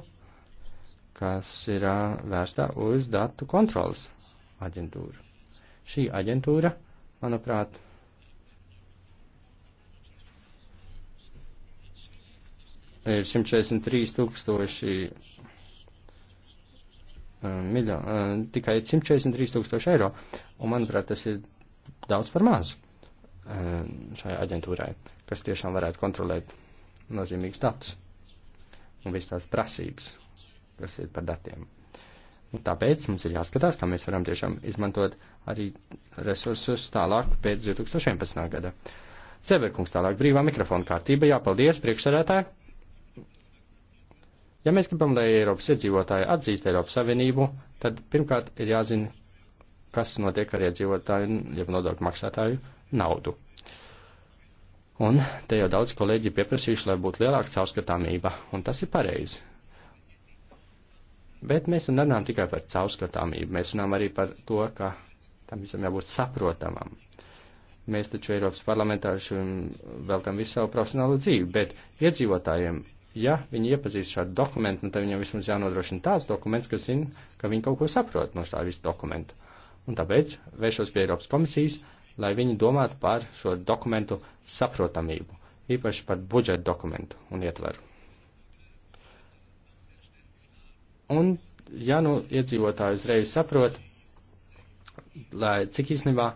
kas ir vērstā uz datu kontrolas aģentūru. Šī aģentūra, manuprāt, ir 143 tūkstoši miļo, tikai 143 tūkstoši eiro, un manuprāt, tas ir daudz par maz šai aģentūrai, kas tiešām varētu kontrolēt nozīmīgus datus un visas tās prasības, kas ir par datiem. Un tāpēc mums ir jāskatās, kā mēs varam tiešām izmantot arī resursus tālāk pēc 2011. gada. Severkungs tālāk brīvā mikrofona kārtība. Jā, paldies priekšsarētāji. Ja mēs gribam, lai Eiropas iedzīvotāji atzīst Eiropas Savienību, tad pirmkārt ir jāzina, kas notiek ar iedzīvotāju, jeb nodokļu maksātāju naudu. Uh, Un te jau daudz kolēģi pieprasījuši, lai būtu lielāka caurskatāmība, un tas ir pareizi. Bet mēs runājam tikai par caurskatāmību, mēs runājam arī par to, ka tam visam jābūt saprotamam. Mēs taču Eiropas parlamentārši veltam visu savu profesionālu dzīvi, bet iedzīvotājiem, ja viņi iepazīst šādu dokumentu, nu, tad viņiem vismaz jānodrošina tāds dokuments, kas zina, ka viņi kaut ko saprot no šā visa dokumenta. Un tāpēc vēršos pie Eiropas komisijas, lai viņi domātu par šo dokumentu saprotamību, īpaši par budžeta dokumentu un ietveru. Un, ja nu iedzīvotāji uzreiz saprot, lai cik īstenībā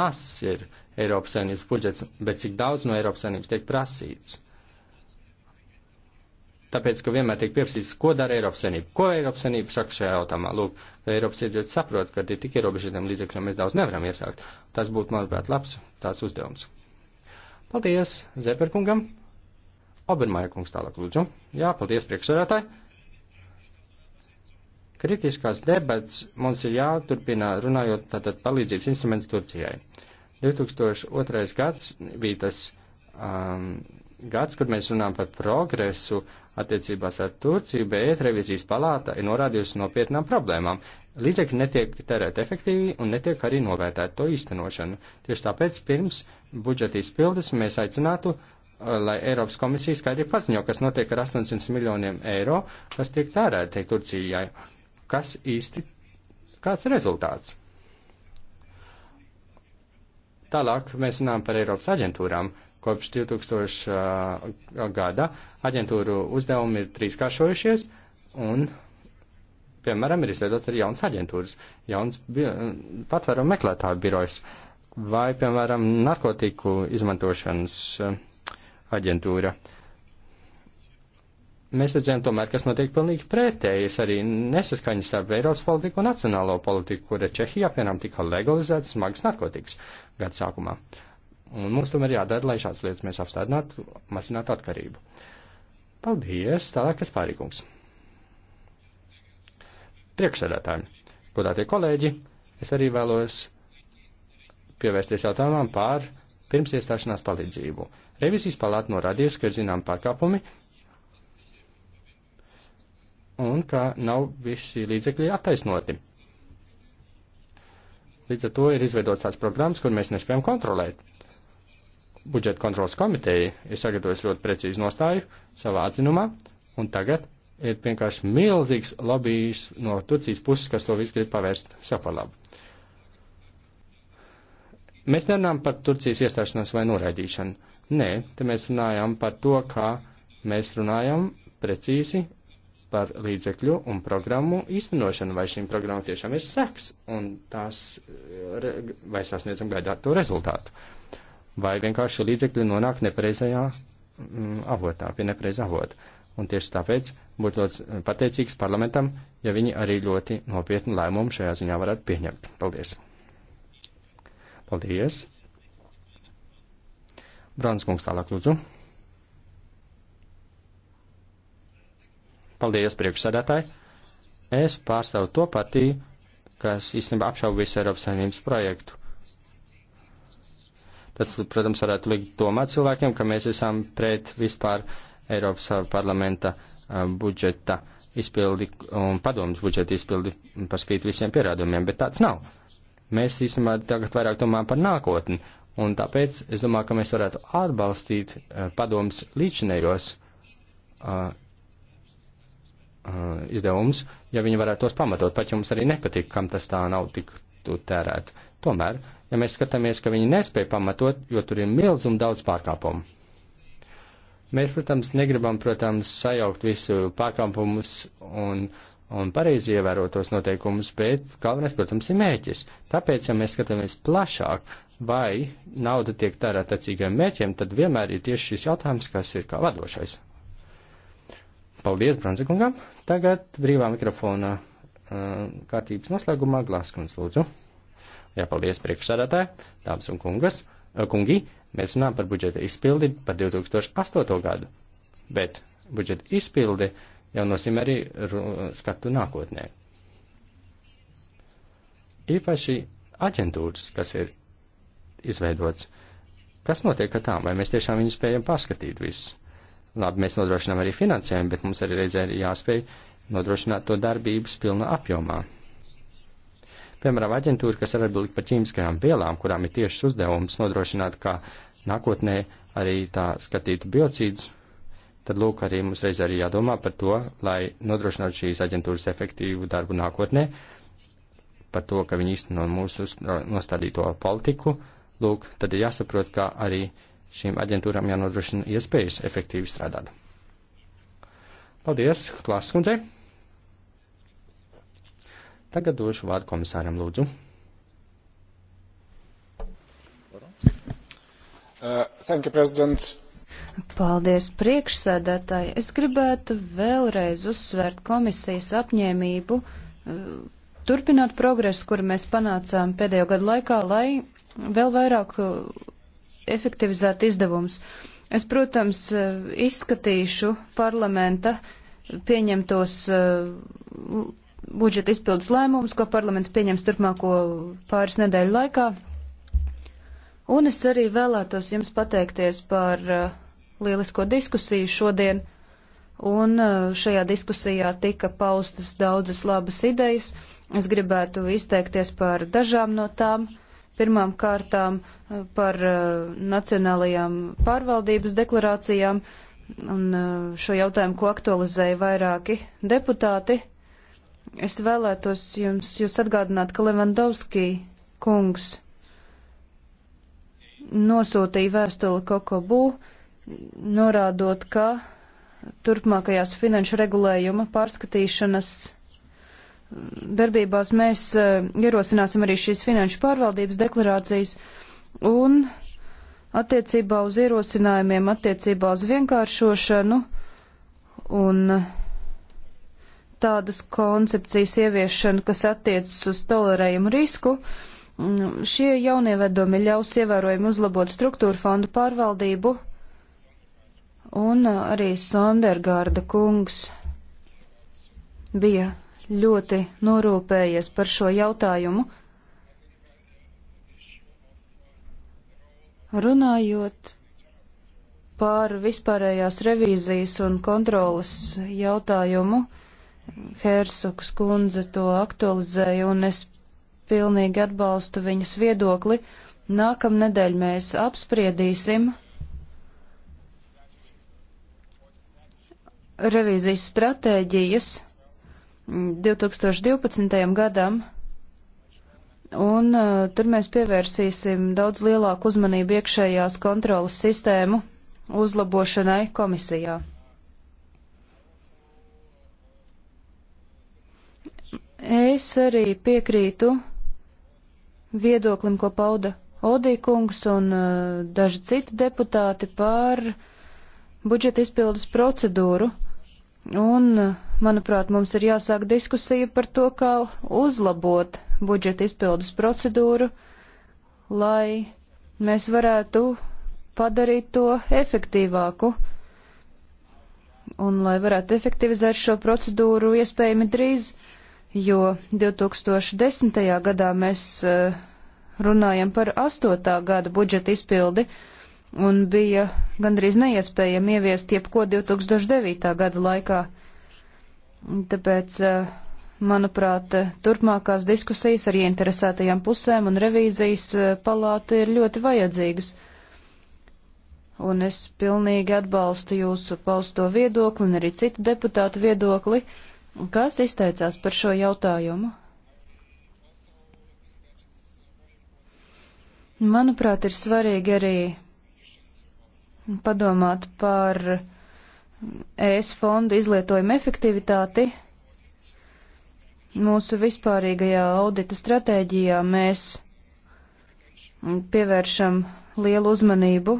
mazs ir Eiropas saimnības budžets, bet cik daudz no Eiropas saimnības tiek prasīts. Tāpēc, ka vienmēr tiek pieprasīts, ko dara Eiropas Savienība. Ko Eiropas Savienība saka šajā jautājumā? Lūk, Eiropas iedzīvotāji saprot, ka ir tik ierobežotiem līdzekļiem mēs daudz nevaram iesākt. Tas būtu, manuprāt, labs tās uzdevums. Paldies Zeperkungam. Obermaja kungs tālāk lūdzu. Jā, paldies priekšsarātāji. Kritiskās debats mums ir jāturpina runājot tātad palīdzības instruments Turcijai. 2002. gads bija tas um, gads, kad mēs runājam par progresu attiecībās ar Turciju, bet revizijas palāta ir norādījusi nopietnām problēmām. Līdzekļi netiek tērēt efektīvi un netiek arī novērtēt to īstenošanu. Tieši tāpēc pirms budžeta izpildes mēs aicinātu, uh, lai Eiropas komisija skaidri paziņo, kas notiek ar 800 miljoniem eiro, kas tiek tērēti Turcijai. Kas īsti, kāds ir rezultāts? Tālāk mēs runājam par Eiropas aģentūrām. Kopš 2000. gada aģentūru uzdevumi ir trīskāršojušies un, piemēram, ir izveidots arī jauns aģentūras, jauns patvēru meklētāju birojs vai, piemēram, narkotiku izmantošanas aģentūra. Mēs redzējām tomēr, kas notiek pilnīgi pretējas arī nesaskaņas starp Eiropas politiku un nacionālo politiku, kura Čehijā, piemēram, tika legalizētas smagas narkotikas gadu sākumā. Uh, Un mums tomēr jādara, lai šādas lietas mēs apstādinātu, mazinātu atkarību. Paldies, tālāk es pārīkums. Priekšsēdētāji, godātie kolēģi, es arī vēlos pievērsties jautājumam par pirms iestāšanās palīdzību. Revizijas palāta norādījusi, ka ir zinām pārkāpumi un ka nav visi līdzekļi attaisnoti. Līdz ar to ir izveidots tāds programmas, kur mēs nespējam kontrolēt budžeta kontrolas komiteja ir sagatavojusi ļoti precīzu nostāju savā atzinumā, un tagad ir vienkārši milzīgs lobbyis no Turcijas puses, kas to visu grib pavērst sapalabu. Mēs nerunājam par Turcijas iestāšanos vai noraidīšanu. Nē, te mēs runājam par to, kā mēs runājam precīzi par līdzekļu un programmu īstenošanu, vai šīm programmām tiešām ir seks, un tās, vai sasniedzam gaidāt to rezultātu. Uh, vai vienkārši līdzekļi nonāk nepareizajā mm, avotā, pie nepareizā avota. Un tieši tāpēc būtu ļoti pateicīgs parlamentam, ja viņi arī ļoti nopietnu lēmumu šajā ziņā varētu pieņemt. Paldies! Paldies! Brāns kungs tālāk lūdzu. Paldies, priekšsēdētāji! Es pārstāvu to partiju, kas īstenībā apšauba visu Eiropas saimnības projektu Tas, protams, varētu likt domāt cilvēkiem, ka mēs esam pret vispār Eiropas parlamenta budžeta izpildi un padomus budžeta izpildi par spīti visiem pierādumiem, bet tāds nav. Mēs īstenībā tagad vairāk domājam par nākotni, un tāpēc es domāju, ka mēs varētu atbalstīt padomus līdzinējos uh, izdevumus, ja viņi varētu tos pamatot, pat ja mums arī nepatīk, kam tas tā nav tik tērēt. Uh, Tomēr, ja mēs skatāmies, ka viņi nespēja pamatot, jo tur ir milz un daudz pārkāpumu. Mēs, protams, negribam, protams, sajaukt visu pārkāpumus un, un pareizi ievērotos noteikumus, bet galvenais, protams, ir mēķis. Tāpēc, ja mēs skatāmies plašāk, vai nauda tiek tērēta attiecīgiem mērķiem, tad vienmēr ir tieši šis jautājums, kas ir kā vadošais. Paldies, Bronzekungam. Tagad brīvā mikrofona uh, kārtības noslēgumā Glāskons lūdzu. Jāpaldies priekšsādātāji, dāmas un kungas, eh, kungi. Mēs runājam par budžeta izpildi par 2008. gadu, bet budžeta izpildi jau nosim arī skatu nākotnē. Īpaši aģentūras, kas ir izveidots, kas notiek ar tām, vai mēs tiešām viņus spējam paskatīt visus. Labi, mēs nodrošinām arī finansējumu, bet mums arī reizē ir jāspēj nodrošināt to darbības pilna apjomā. Piemēram, aģentūra, kas ir atbildīga par ķīmiskajām vielām, kurām ir tiešs uzdevums nodrošināt, ka nākotnē arī tā skatītu biocīdus, tad lūk, arī mums reiz arī jādomā par to, lai nodrošinātu šīs aģentūras efektīvu darbu nākotnē, par to, ka viņi īsteno mūsu nostādīto politiku, lūk, tad ir jāsaprot, ka arī šīm aģentūrām jānodrošina iespējas efektīvi strādāt. Paldies, klāskundzei! Tagad došu vārdu komisāram Lūdzu. Uh, thank you, President. Paldies priekšsēdētāji. Es gribētu vēlreiz uzsvērt komisijas apņēmību uh, turpināt progresu, kur mēs panācām pēdējo gadu laikā, lai vēl vairāk uh, efektivizētu izdevumus. Es, protams, uh, izskatīšu parlamenta pieņemtos budžeta izpildes lēmumus, ko parlaments pieņems turpmāko pāris nedēļu laikā. Un es arī vēlētos jums pateikties par uh, lielisko diskusiju šodien. Un uh, šajā diskusijā tika paustas daudzas labas idejas. Es gribētu izteikties par dažām no tām. Pirmām kārtām uh, par uh, nacionālajām pārvaldības deklarācijām. Un uh, šo jautājumu, ko aktualizēja vairāki deputāti, es vēlētos jums, jūs atgādināt, ka Levandovski kungs nosūtīja vēstuli Kokobu, norādot, ka turpmākajās finanšu regulējuma pārskatīšanas darbībās mēs e, ierosināsim arī šīs finanšu pārvaldības deklarācijas un attiecībā uz ierosinājumiem, attiecībā uz vienkāršošanu un uh, tādas koncepcijas ieviešana, kas attiecas uz tolerējumu risku. Mm, šie jaunievedumi ļaus ievērojami uzlabot struktūru fondu pārvaldību un uh, arī Sondergārda kungs bija ļoti norūpējies par šo jautājumu. Runājot par vispārējās revīzijas un kontrolas jautājumu, uh, Hersogs kundze to aktualizēja, un es pilnīgi atbalstu viņas viedokli. Nākamnedēļ mēs apspriedīsim revīzijas stratēģijas 2012. gadam, un uh, tur mēs pievērsīsim daudz lielāku uzmanību iekšējās kontrolas sistēmu uzlabošanai komisijā. Es arī piekrītu viedoklim, ko pauda Odīkungs un uh, daži citi deputāti par budžeta izpildes procedūru. Un, uh, manuprāt, mums ir jāsāk diskusija par to, kā uzlabot budžeta izpildes procedūru, lai mēs varētu padarīt to efektīvāku un lai varētu efektivizēt šo procedūru iespējami drīz. Uh, jo 2010. gadā mēs eh, runājam par 8. gada budžeta izpildi un bija gandrīz neiespējami ieviest jebko 2009. gada laikā. Tāpēc, eh, manuprāt, turpmākās diskusijas ar ieinteresētajām pusēm un revīzijas eh, palātu ir ļoti vajadzīgas. Un es pilnīgi atbalstu jūsu pausto viedokli un arī citu deputātu viedokli. Uh, Kas izteicās par šo jautājumu? Manuprāt, ir svarīgi arī padomāt par ES fondu izlietojumu efektivitāti. Mūsu vispārīgajā audita stratēģijā mēs pievēršam lielu uzmanību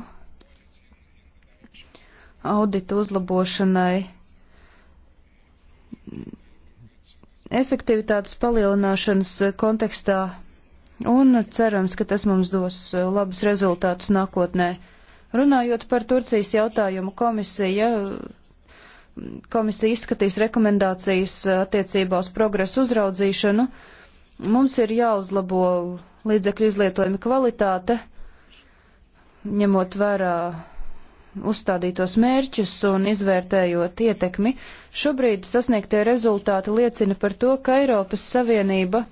auditu uzlabošanai efektivitātes palielināšanas kontekstā, un cerams, ka tas mums dos labus rezultātus nākotnē. Runājot par Turcijas jautājumu, komisija, komisija izskatīs rekomendācijas attiecībā uz progresu uzraudzīšanu. Mums ir jāuzlabo līdzekļu izlietojuma kvalitāte, ņemot vērā uzstādītos mērķus un izvērtējot ietekmi, šobrīd sasniegtie rezultāti liecina par to, ka Eiropas Savienība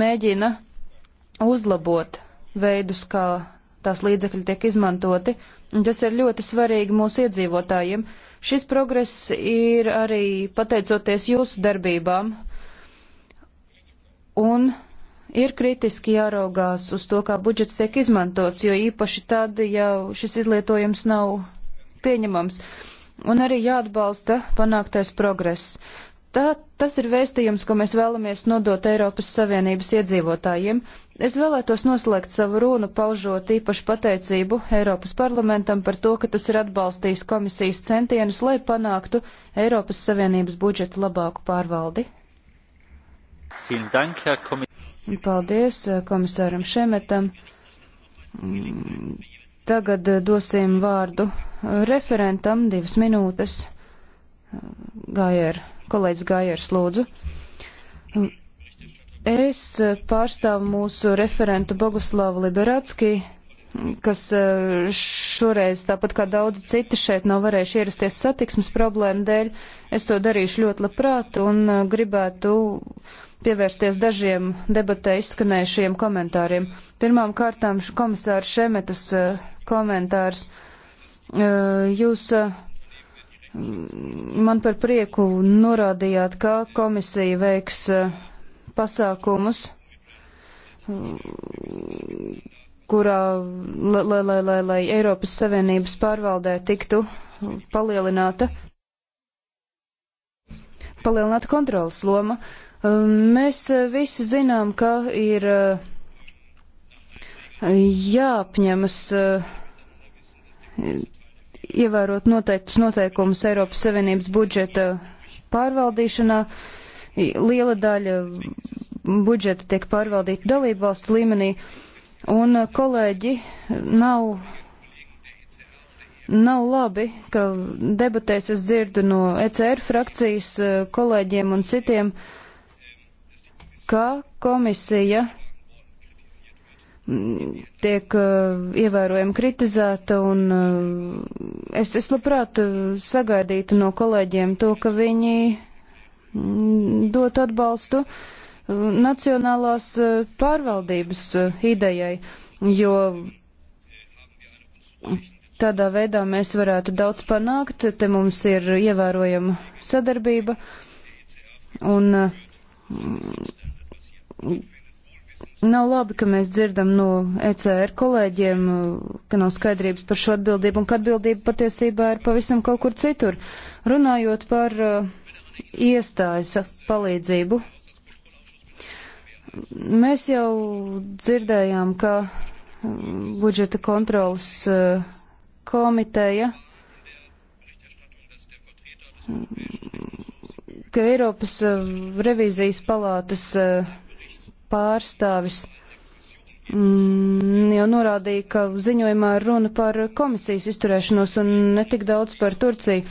mēģina uzlabot veidus, kā tās līdzekļi tiek izmantoti, un tas ir ļoti svarīgi mūsu iedzīvotājiem. Šis progress ir arī pateicoties jūsu darbībām, un ir kritiski jāraugās uz to, kā budžets tiek izmantots, jo īpaši tad, ja šis izlietojums nav pieņemams, un arī jāatbalsta panāktais progress. Tā, tas ir vēstījums, ko mēs vēlamies nodot Eiropas Savienības iedzīvotājiem. Es vēlētos noslēgt savu runu, paužot īpašu pateicību Eiropas parlamentam par to, ka tas ir atbalstījis komisijas centienus, lai panāktu Eiropas Savienības budžeta labāku pārvaldi. Vielen Dank, Herr Kommissar. Paldies eh, komisāram Šemetam. Tagad eh, dosim vārdu eh, referentam divas minūtes. Gājer, kolēģis Gājers, lūdzu. Es pārstāvu mūsu referentu Boguslavu Liberatski, kas šoreiz, tāpat kā daudzi citi šeit, nav varējuši ierasties satiksmes problēmu dēļ. Es to darīšu ļoti labprāt un gribētu pievērsties dažiem debatē izskanējušiem komentāriem. Pirmām kārtām komisārs Šemetas eh, komentārs. Eh, jūs eh, man par prieku norādījāt, ka komisija veiks pasākumus, kurā, lai, lai, lai, lai Eiropas Savienības pārvaldē tiktu palielināta, palielināta kontrolas loma. Uh, Um, mēs uh, visi zinām, ka ir uh, jāapņemas uh, ievērot noteiktus noteikumus Eiropas Savienības budžeta pārvaldīšanā. Liela daļa budžeta tiek pārvaldīta dalību valstu līmenī, un kolēģi nav, nav labi, ka debatēs es dzirdu no ECR frakcijas kolēģiem un citiem, uh, ka komisija mm, tiek eh, ievērojami kritizēta, un eh, es, es labprāt eh, sagaidītu no kolēģiem to, ka viņi mm, dot atbalstu nacionālās pārvaldības idejai, jo tādā veidā mēs varētu daudz panākt, te mums ir ievērojama sadarbība, un Nav labi, ka mēs dzirdam no ECR kolēģiem, uh, ka nav skaidrības par šo atbildību un ka atbildība patiesībā ir pavisam kaut kur citur. Runājot par uh, iestājas palīdzību, mēs jau dzirdējām, ka uh, budžeta kontrolas uh, komiteja, uh, ka Eiropas uh, revīzijas palātas uh, pārstāvis mm, jau norādīja, ka ziņojumā runa par komisijas izturēšanos un netik daudz par Turciju.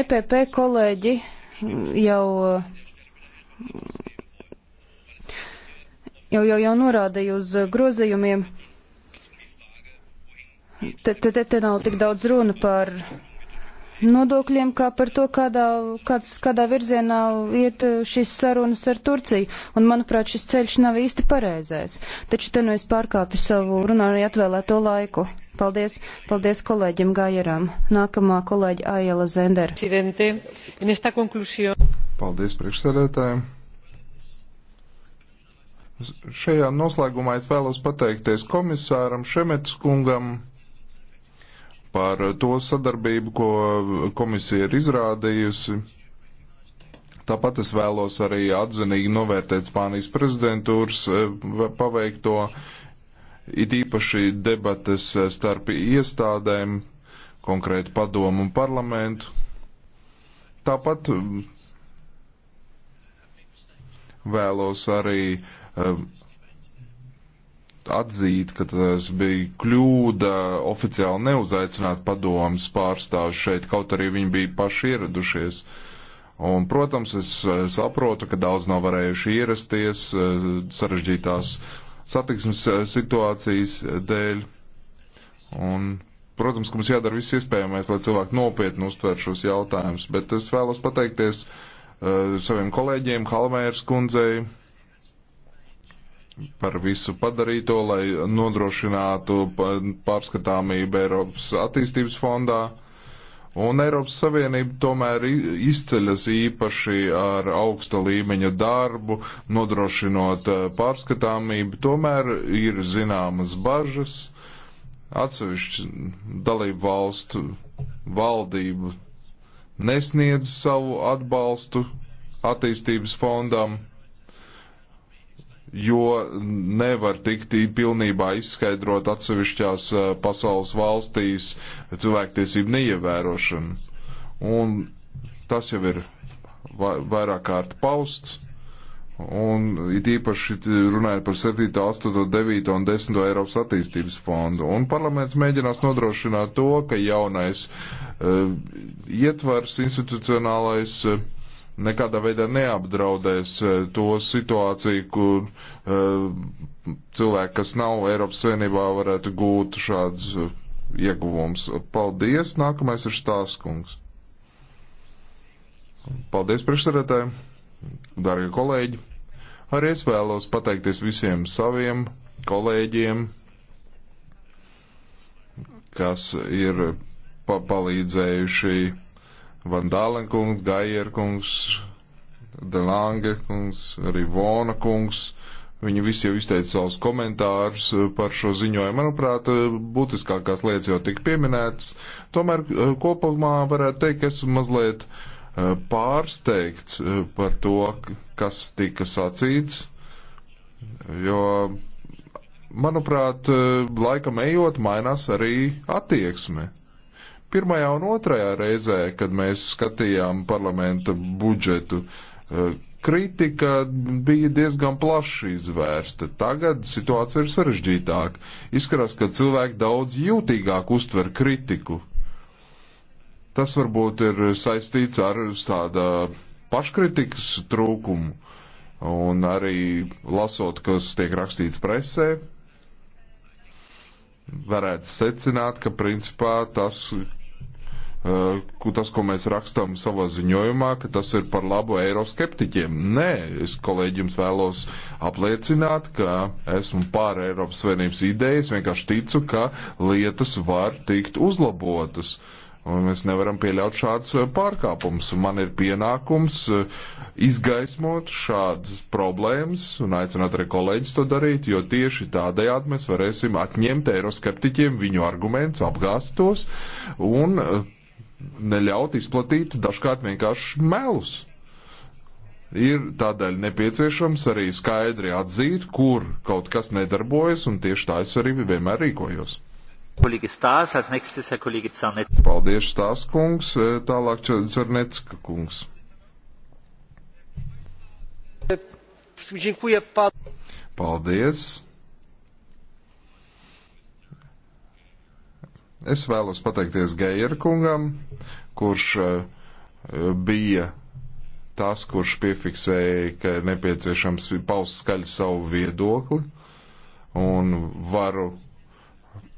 EPP kolēģi jau. Jau, jau, jau norādīja uz grozījumiem. Te, te, te nav tik daudz runa par nodokļiem, kā par to, kādā, kāds, kādā virzienā iet eh, šīs sarunas ar Turciju. Un, manuprāt, šis ceļš nav īsti pareizais. Taču te nu es pārkāpu savu runāju atvēlēto laiku. Paldies, paldies kolēģim Gajeram. Nākamā kolēģa Aiela Zendera. Paldies priekšsēdētājiem. Šajā noslēgumā es vēlos pateikties komisāram Šemets kungam par to sadarbību, ko komisija ir izrādījusi. Tāpat es vēlos arī atzinīgi novērtēt Spānijas prezidentūras eh, paveikto, it īpaši debates eh, starp iestādēm, konkrēti padomu un parlamentu. Tāpat eh, vēlos arī atzīt, ka tas bija kļūda oficiāli neuzaicināt padomas pārstāvju šeit, kaut arī viņi bija paši ieradušies. Un, protams, es saprotu, ka daudz nav varējuši ierasties eh, sarežģītās satiksmes eh, situācijas eh, dēļ. Un, protams, ka mums jādara viss iespējamais, lai cilvēki nopietni uztver šos jautājumus, bet es vēlos pateikties uh, saviem kolēģiem, Halmēras kundzei, par visu padarīto, lai nodrošinātu pārskatāmību Eiropas attīstības fondā. Un Eiropas Savienība tomēr izceļas īpaši ar augsta līmeņa darbu, nodrošinot eh, pārskatāmību. Tomēr ir zināmas bažas atsevišķu dalību valstu valdību nesniedz savu atbalstu attīstības fondam jo nevar tikt pilnībā izskaidrot atsevišķās eh, pasaules valstīs cilvēktiesību neievērošanu. Un tas jau ir vairāk kārt pausts. Un it īpaši runājot par 7, 8, 9 un 10 Eiropas attīstības fondu. Un parlaments mēģinās nodrošināt to, ka jaunais uh, ietvars institucionālais uh, nekādā veidā neapdraudēs e, to situāciju, kur uh, cilvēki, kas nav Eiropas Savienībā, varētu gūt šāds e, ieguvums. Paldies! Nākamais ir Stāskungs. Paldies priekšsarētāji, dārgie kolēģi! Arī es vēlos pateikties visiem saviem kolēģiem, kas ir pa palīdzējuši Vandālenkungs, Gajerkungs, Delange kungs, arī Vona kungs. Viņi visi jau izteica savus komentārus eh, par šo ziņojumu. Manuprāt, eh, būtiskākās lietas jau tika pieminētas. Tomēr eh, kopumā varētu teikt, ka esmu mazliet pārsteigts par to, kas tika sacīts. Jo, manuprāt, laikam ejot, mainās arī attieksme. Pirmajā un otrajā reizē, kad mēs skatījām parlamenta budžetu, eh, kritika bija diezgan plaši izvērsta. Tagad situācija ir sarežģītāka. Izskatās, ka cilvēki daudz jūtīgāk uztver kritiku. Tas varbūt ir saistīts ar tāda paškritikas trūkumu. Un arī lasot, kas tiek rakstīts presē, varētu secināt, ka principā tas, Uh, tas, ko mēs rakstām savā ziņojumā, ka tas ir par labu eiroskeptiķiem. Nē, es kolēģi jums vēlos apliecināt, ka esmu pār Eiropas Savienības idejas, vienkārši ticu, ka lietas var tikt uzlabotas. Un mēs nevaram pieļaut šāds uh, pārkāpums. Man ir pienākums uh, izgaismot šādas problēmas un aicināt arī kolēģis to darīt, jo tieši tādējādi mēs varēsim atņemt eiroskeptiķiem viņu argumentus, apgāst tos un neļaut izplatīt dažkārt vienkārši melus. Ir tādēļ nepieciešams arī skaidri atzīt, kur kaut kas nedarbojas, un tieši tā es arī vienmēr rīkojos. Stās, nächstes, Paldies, Stāsts kungs, e, tālāk Černecka kungs. Paldies. Es vēlos pateikties Geira kungam, kurš eh, bija tas, kurš piefiksēja, ka nepieciešams paust skaļi savu viedokli. Un varu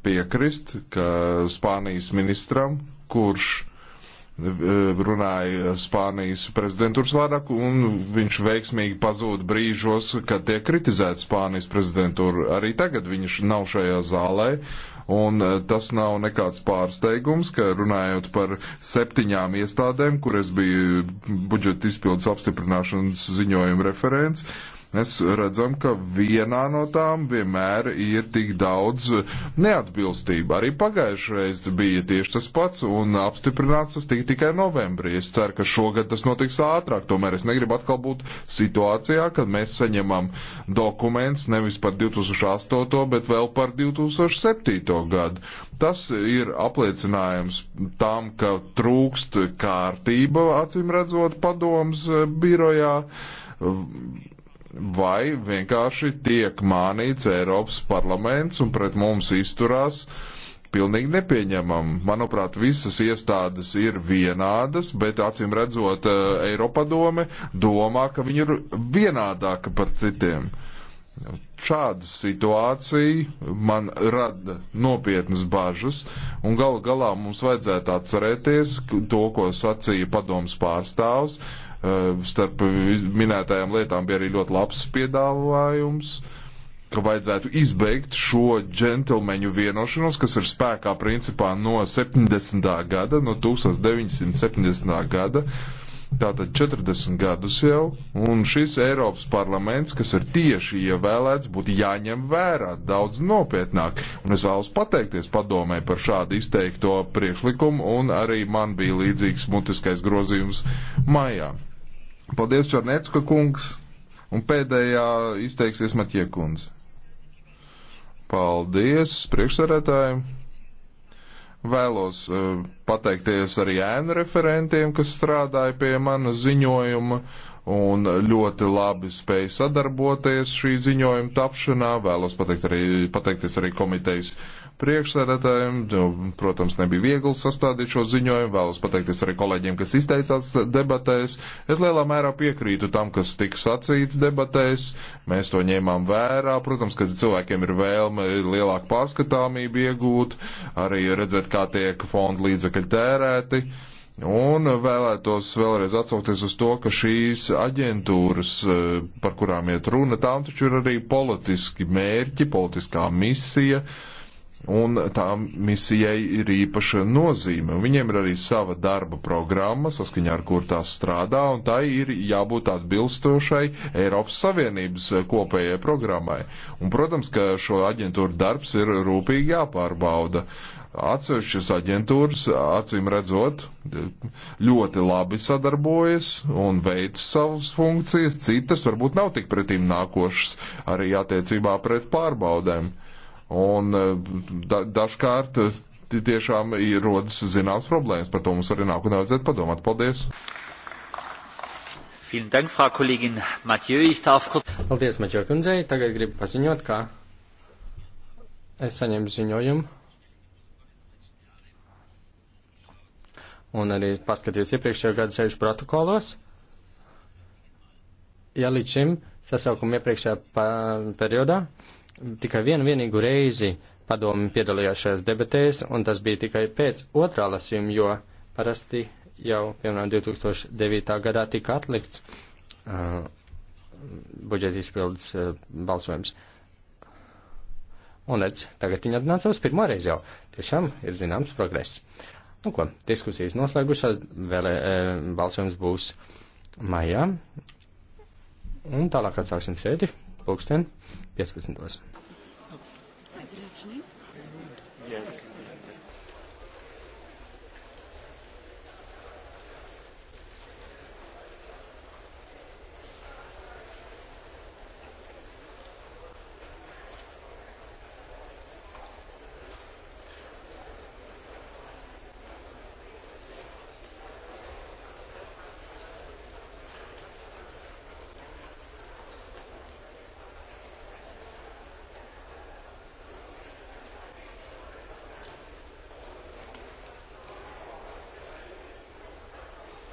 piekrist, ka Spānijas ministram, kurš eh, runāja Spānijas prezidentūras vārdā, un viņš veiksmīgi pazūd brīžos, kad tiek kritizēta Spānijas prezidentūra. Arī tagad viņš nav šajā zālē, Un eh, tas nav nekāds pārsteigums, ka runājot par septiņām iestādēm, kur es biju budžeta izpildes apstiprināšanas ziņojuma referents, uh, Mēs redzam, ka vienā no tām vienmēr ir tik daudz neatbilstība. Arī pagājušreiz bija tieši tas pats, un apstiprināts tas tika tikai novembrī. Es ceru, ka šogad tas notiks ātrāk. Tomēr es negribu atkal būt situācijā, kad mēs saņemam dokumentus nevis par 2008, bet vēl par 2007. gadu. Tas ir apliecinājums tam, ka trūkst kārtība, acīm redzot, padoms eh, birojā vai vienkārši tiek mānīts Eiropas parlaments un pret mums izturās pilnīgi nepieņemam. Manuprāt, visas iestādes ir vienādas, bet acīm redzot, eh, Eiropadome domā, ka viņi ir vienādāka par citiem. Šāda situācija man rada nopietnas bažas, un galu galā mums vajadzētu atcerēties to, ko sacīja padoms pārstāvs, Eh, starp minētajām lietām bija arī ļoti labs piedāvājums, ka vajadzētu izbeigt šo džentlmeņu vienošanos, kas ir spēkā principā no 70. gada, no 1970. gada. Tātad 40 gadus jau, un šis Eiropas parlaments, kas ir tieši ievēlēts, būtu jāņem vērā daudz nopietnāk. Un es vēlos pateikties padomē par šādu izteikto priekšlikumu, un arī man bija līdzīgs mutiskais grozījums maijā. Paldies, Čarnecka kungs. Un pēdējā izteiksies Maķie kundze. Paldies, priekšsarētāji. Vēlos uh, pateikties arī ēnu referentiem, kas strādāja pie mana ziņojuma un ļoti labi spēja sadarboties šī ziņojuma tapšanā. Vēlos pateikt arī, pateikties arī komitejas priekšsēdētājiem. Protams, nebija viegli sastādīt šo ziņojumu. Vēlos pateikties arī kolēģiem, kas izteicās debatēs. Es lielā mērā piekrītu tam, kas tika sacīts debatēs. Mēs to ņēmām vērā. Protams, ka cilvēkiem ir vēlme lielāku pārskatāmību iegūt, arī redzēt, kā tiek fondu līdzekļi tērēti. Un vēlētos vēlreiz atsaukties uz to, ka šīs aģentūras, eh, par kurām iet runa, tām taču ir arī politiski mērķi, politiskā misija, uh, un tā misijai ir īpaša nozīme. Viņiem ir arī sava darba programma, saskaņā ar kur tās strādā, un tai ir jābūt atbilstošai Eiropas Savienības kopējai programmai. Un, protams, ka šo aģentūru darbs ir rūpīgi jāpārbauda. Atsevišķas aģentūras, acīm redzot, ļoti labi sadarbojas un veic savas funkcijas, citas varbūt nav tik pretīm nākošas arī attiecībā pret pārbaudēm. Un eh, da, dažkārt eh, tiešām ir rodas zināmas problēmas. Par to mums arī nākotnē vajadzētu padomāt. Paldies! Paldies, Maķo kundzei. Tagad gribu paziņot, ka es saņemu ziņojumu. Un arī paskatījos iepriekšējo gadu sēžu protokolos. Ja līdz šim sasaukuma iepriekšējā periodā tikai vienu vienīgu reizi padomi piedalījās šajās debatēs, un tas bija tikai pēc otrā lasījuma, jo parasti jau, piemēram, 2009. gadā tika atlikts uh, budžeta izpildes uh, balsojums. Un redz, tagad viņi atnāca uz pirmo reizi jau. Tiešām ir zināms progress. Nu ko, diskusijas noslēgušās, vēl e, balsojums būs maijā. Un tālāk atsāksim sēdi pulksten 15.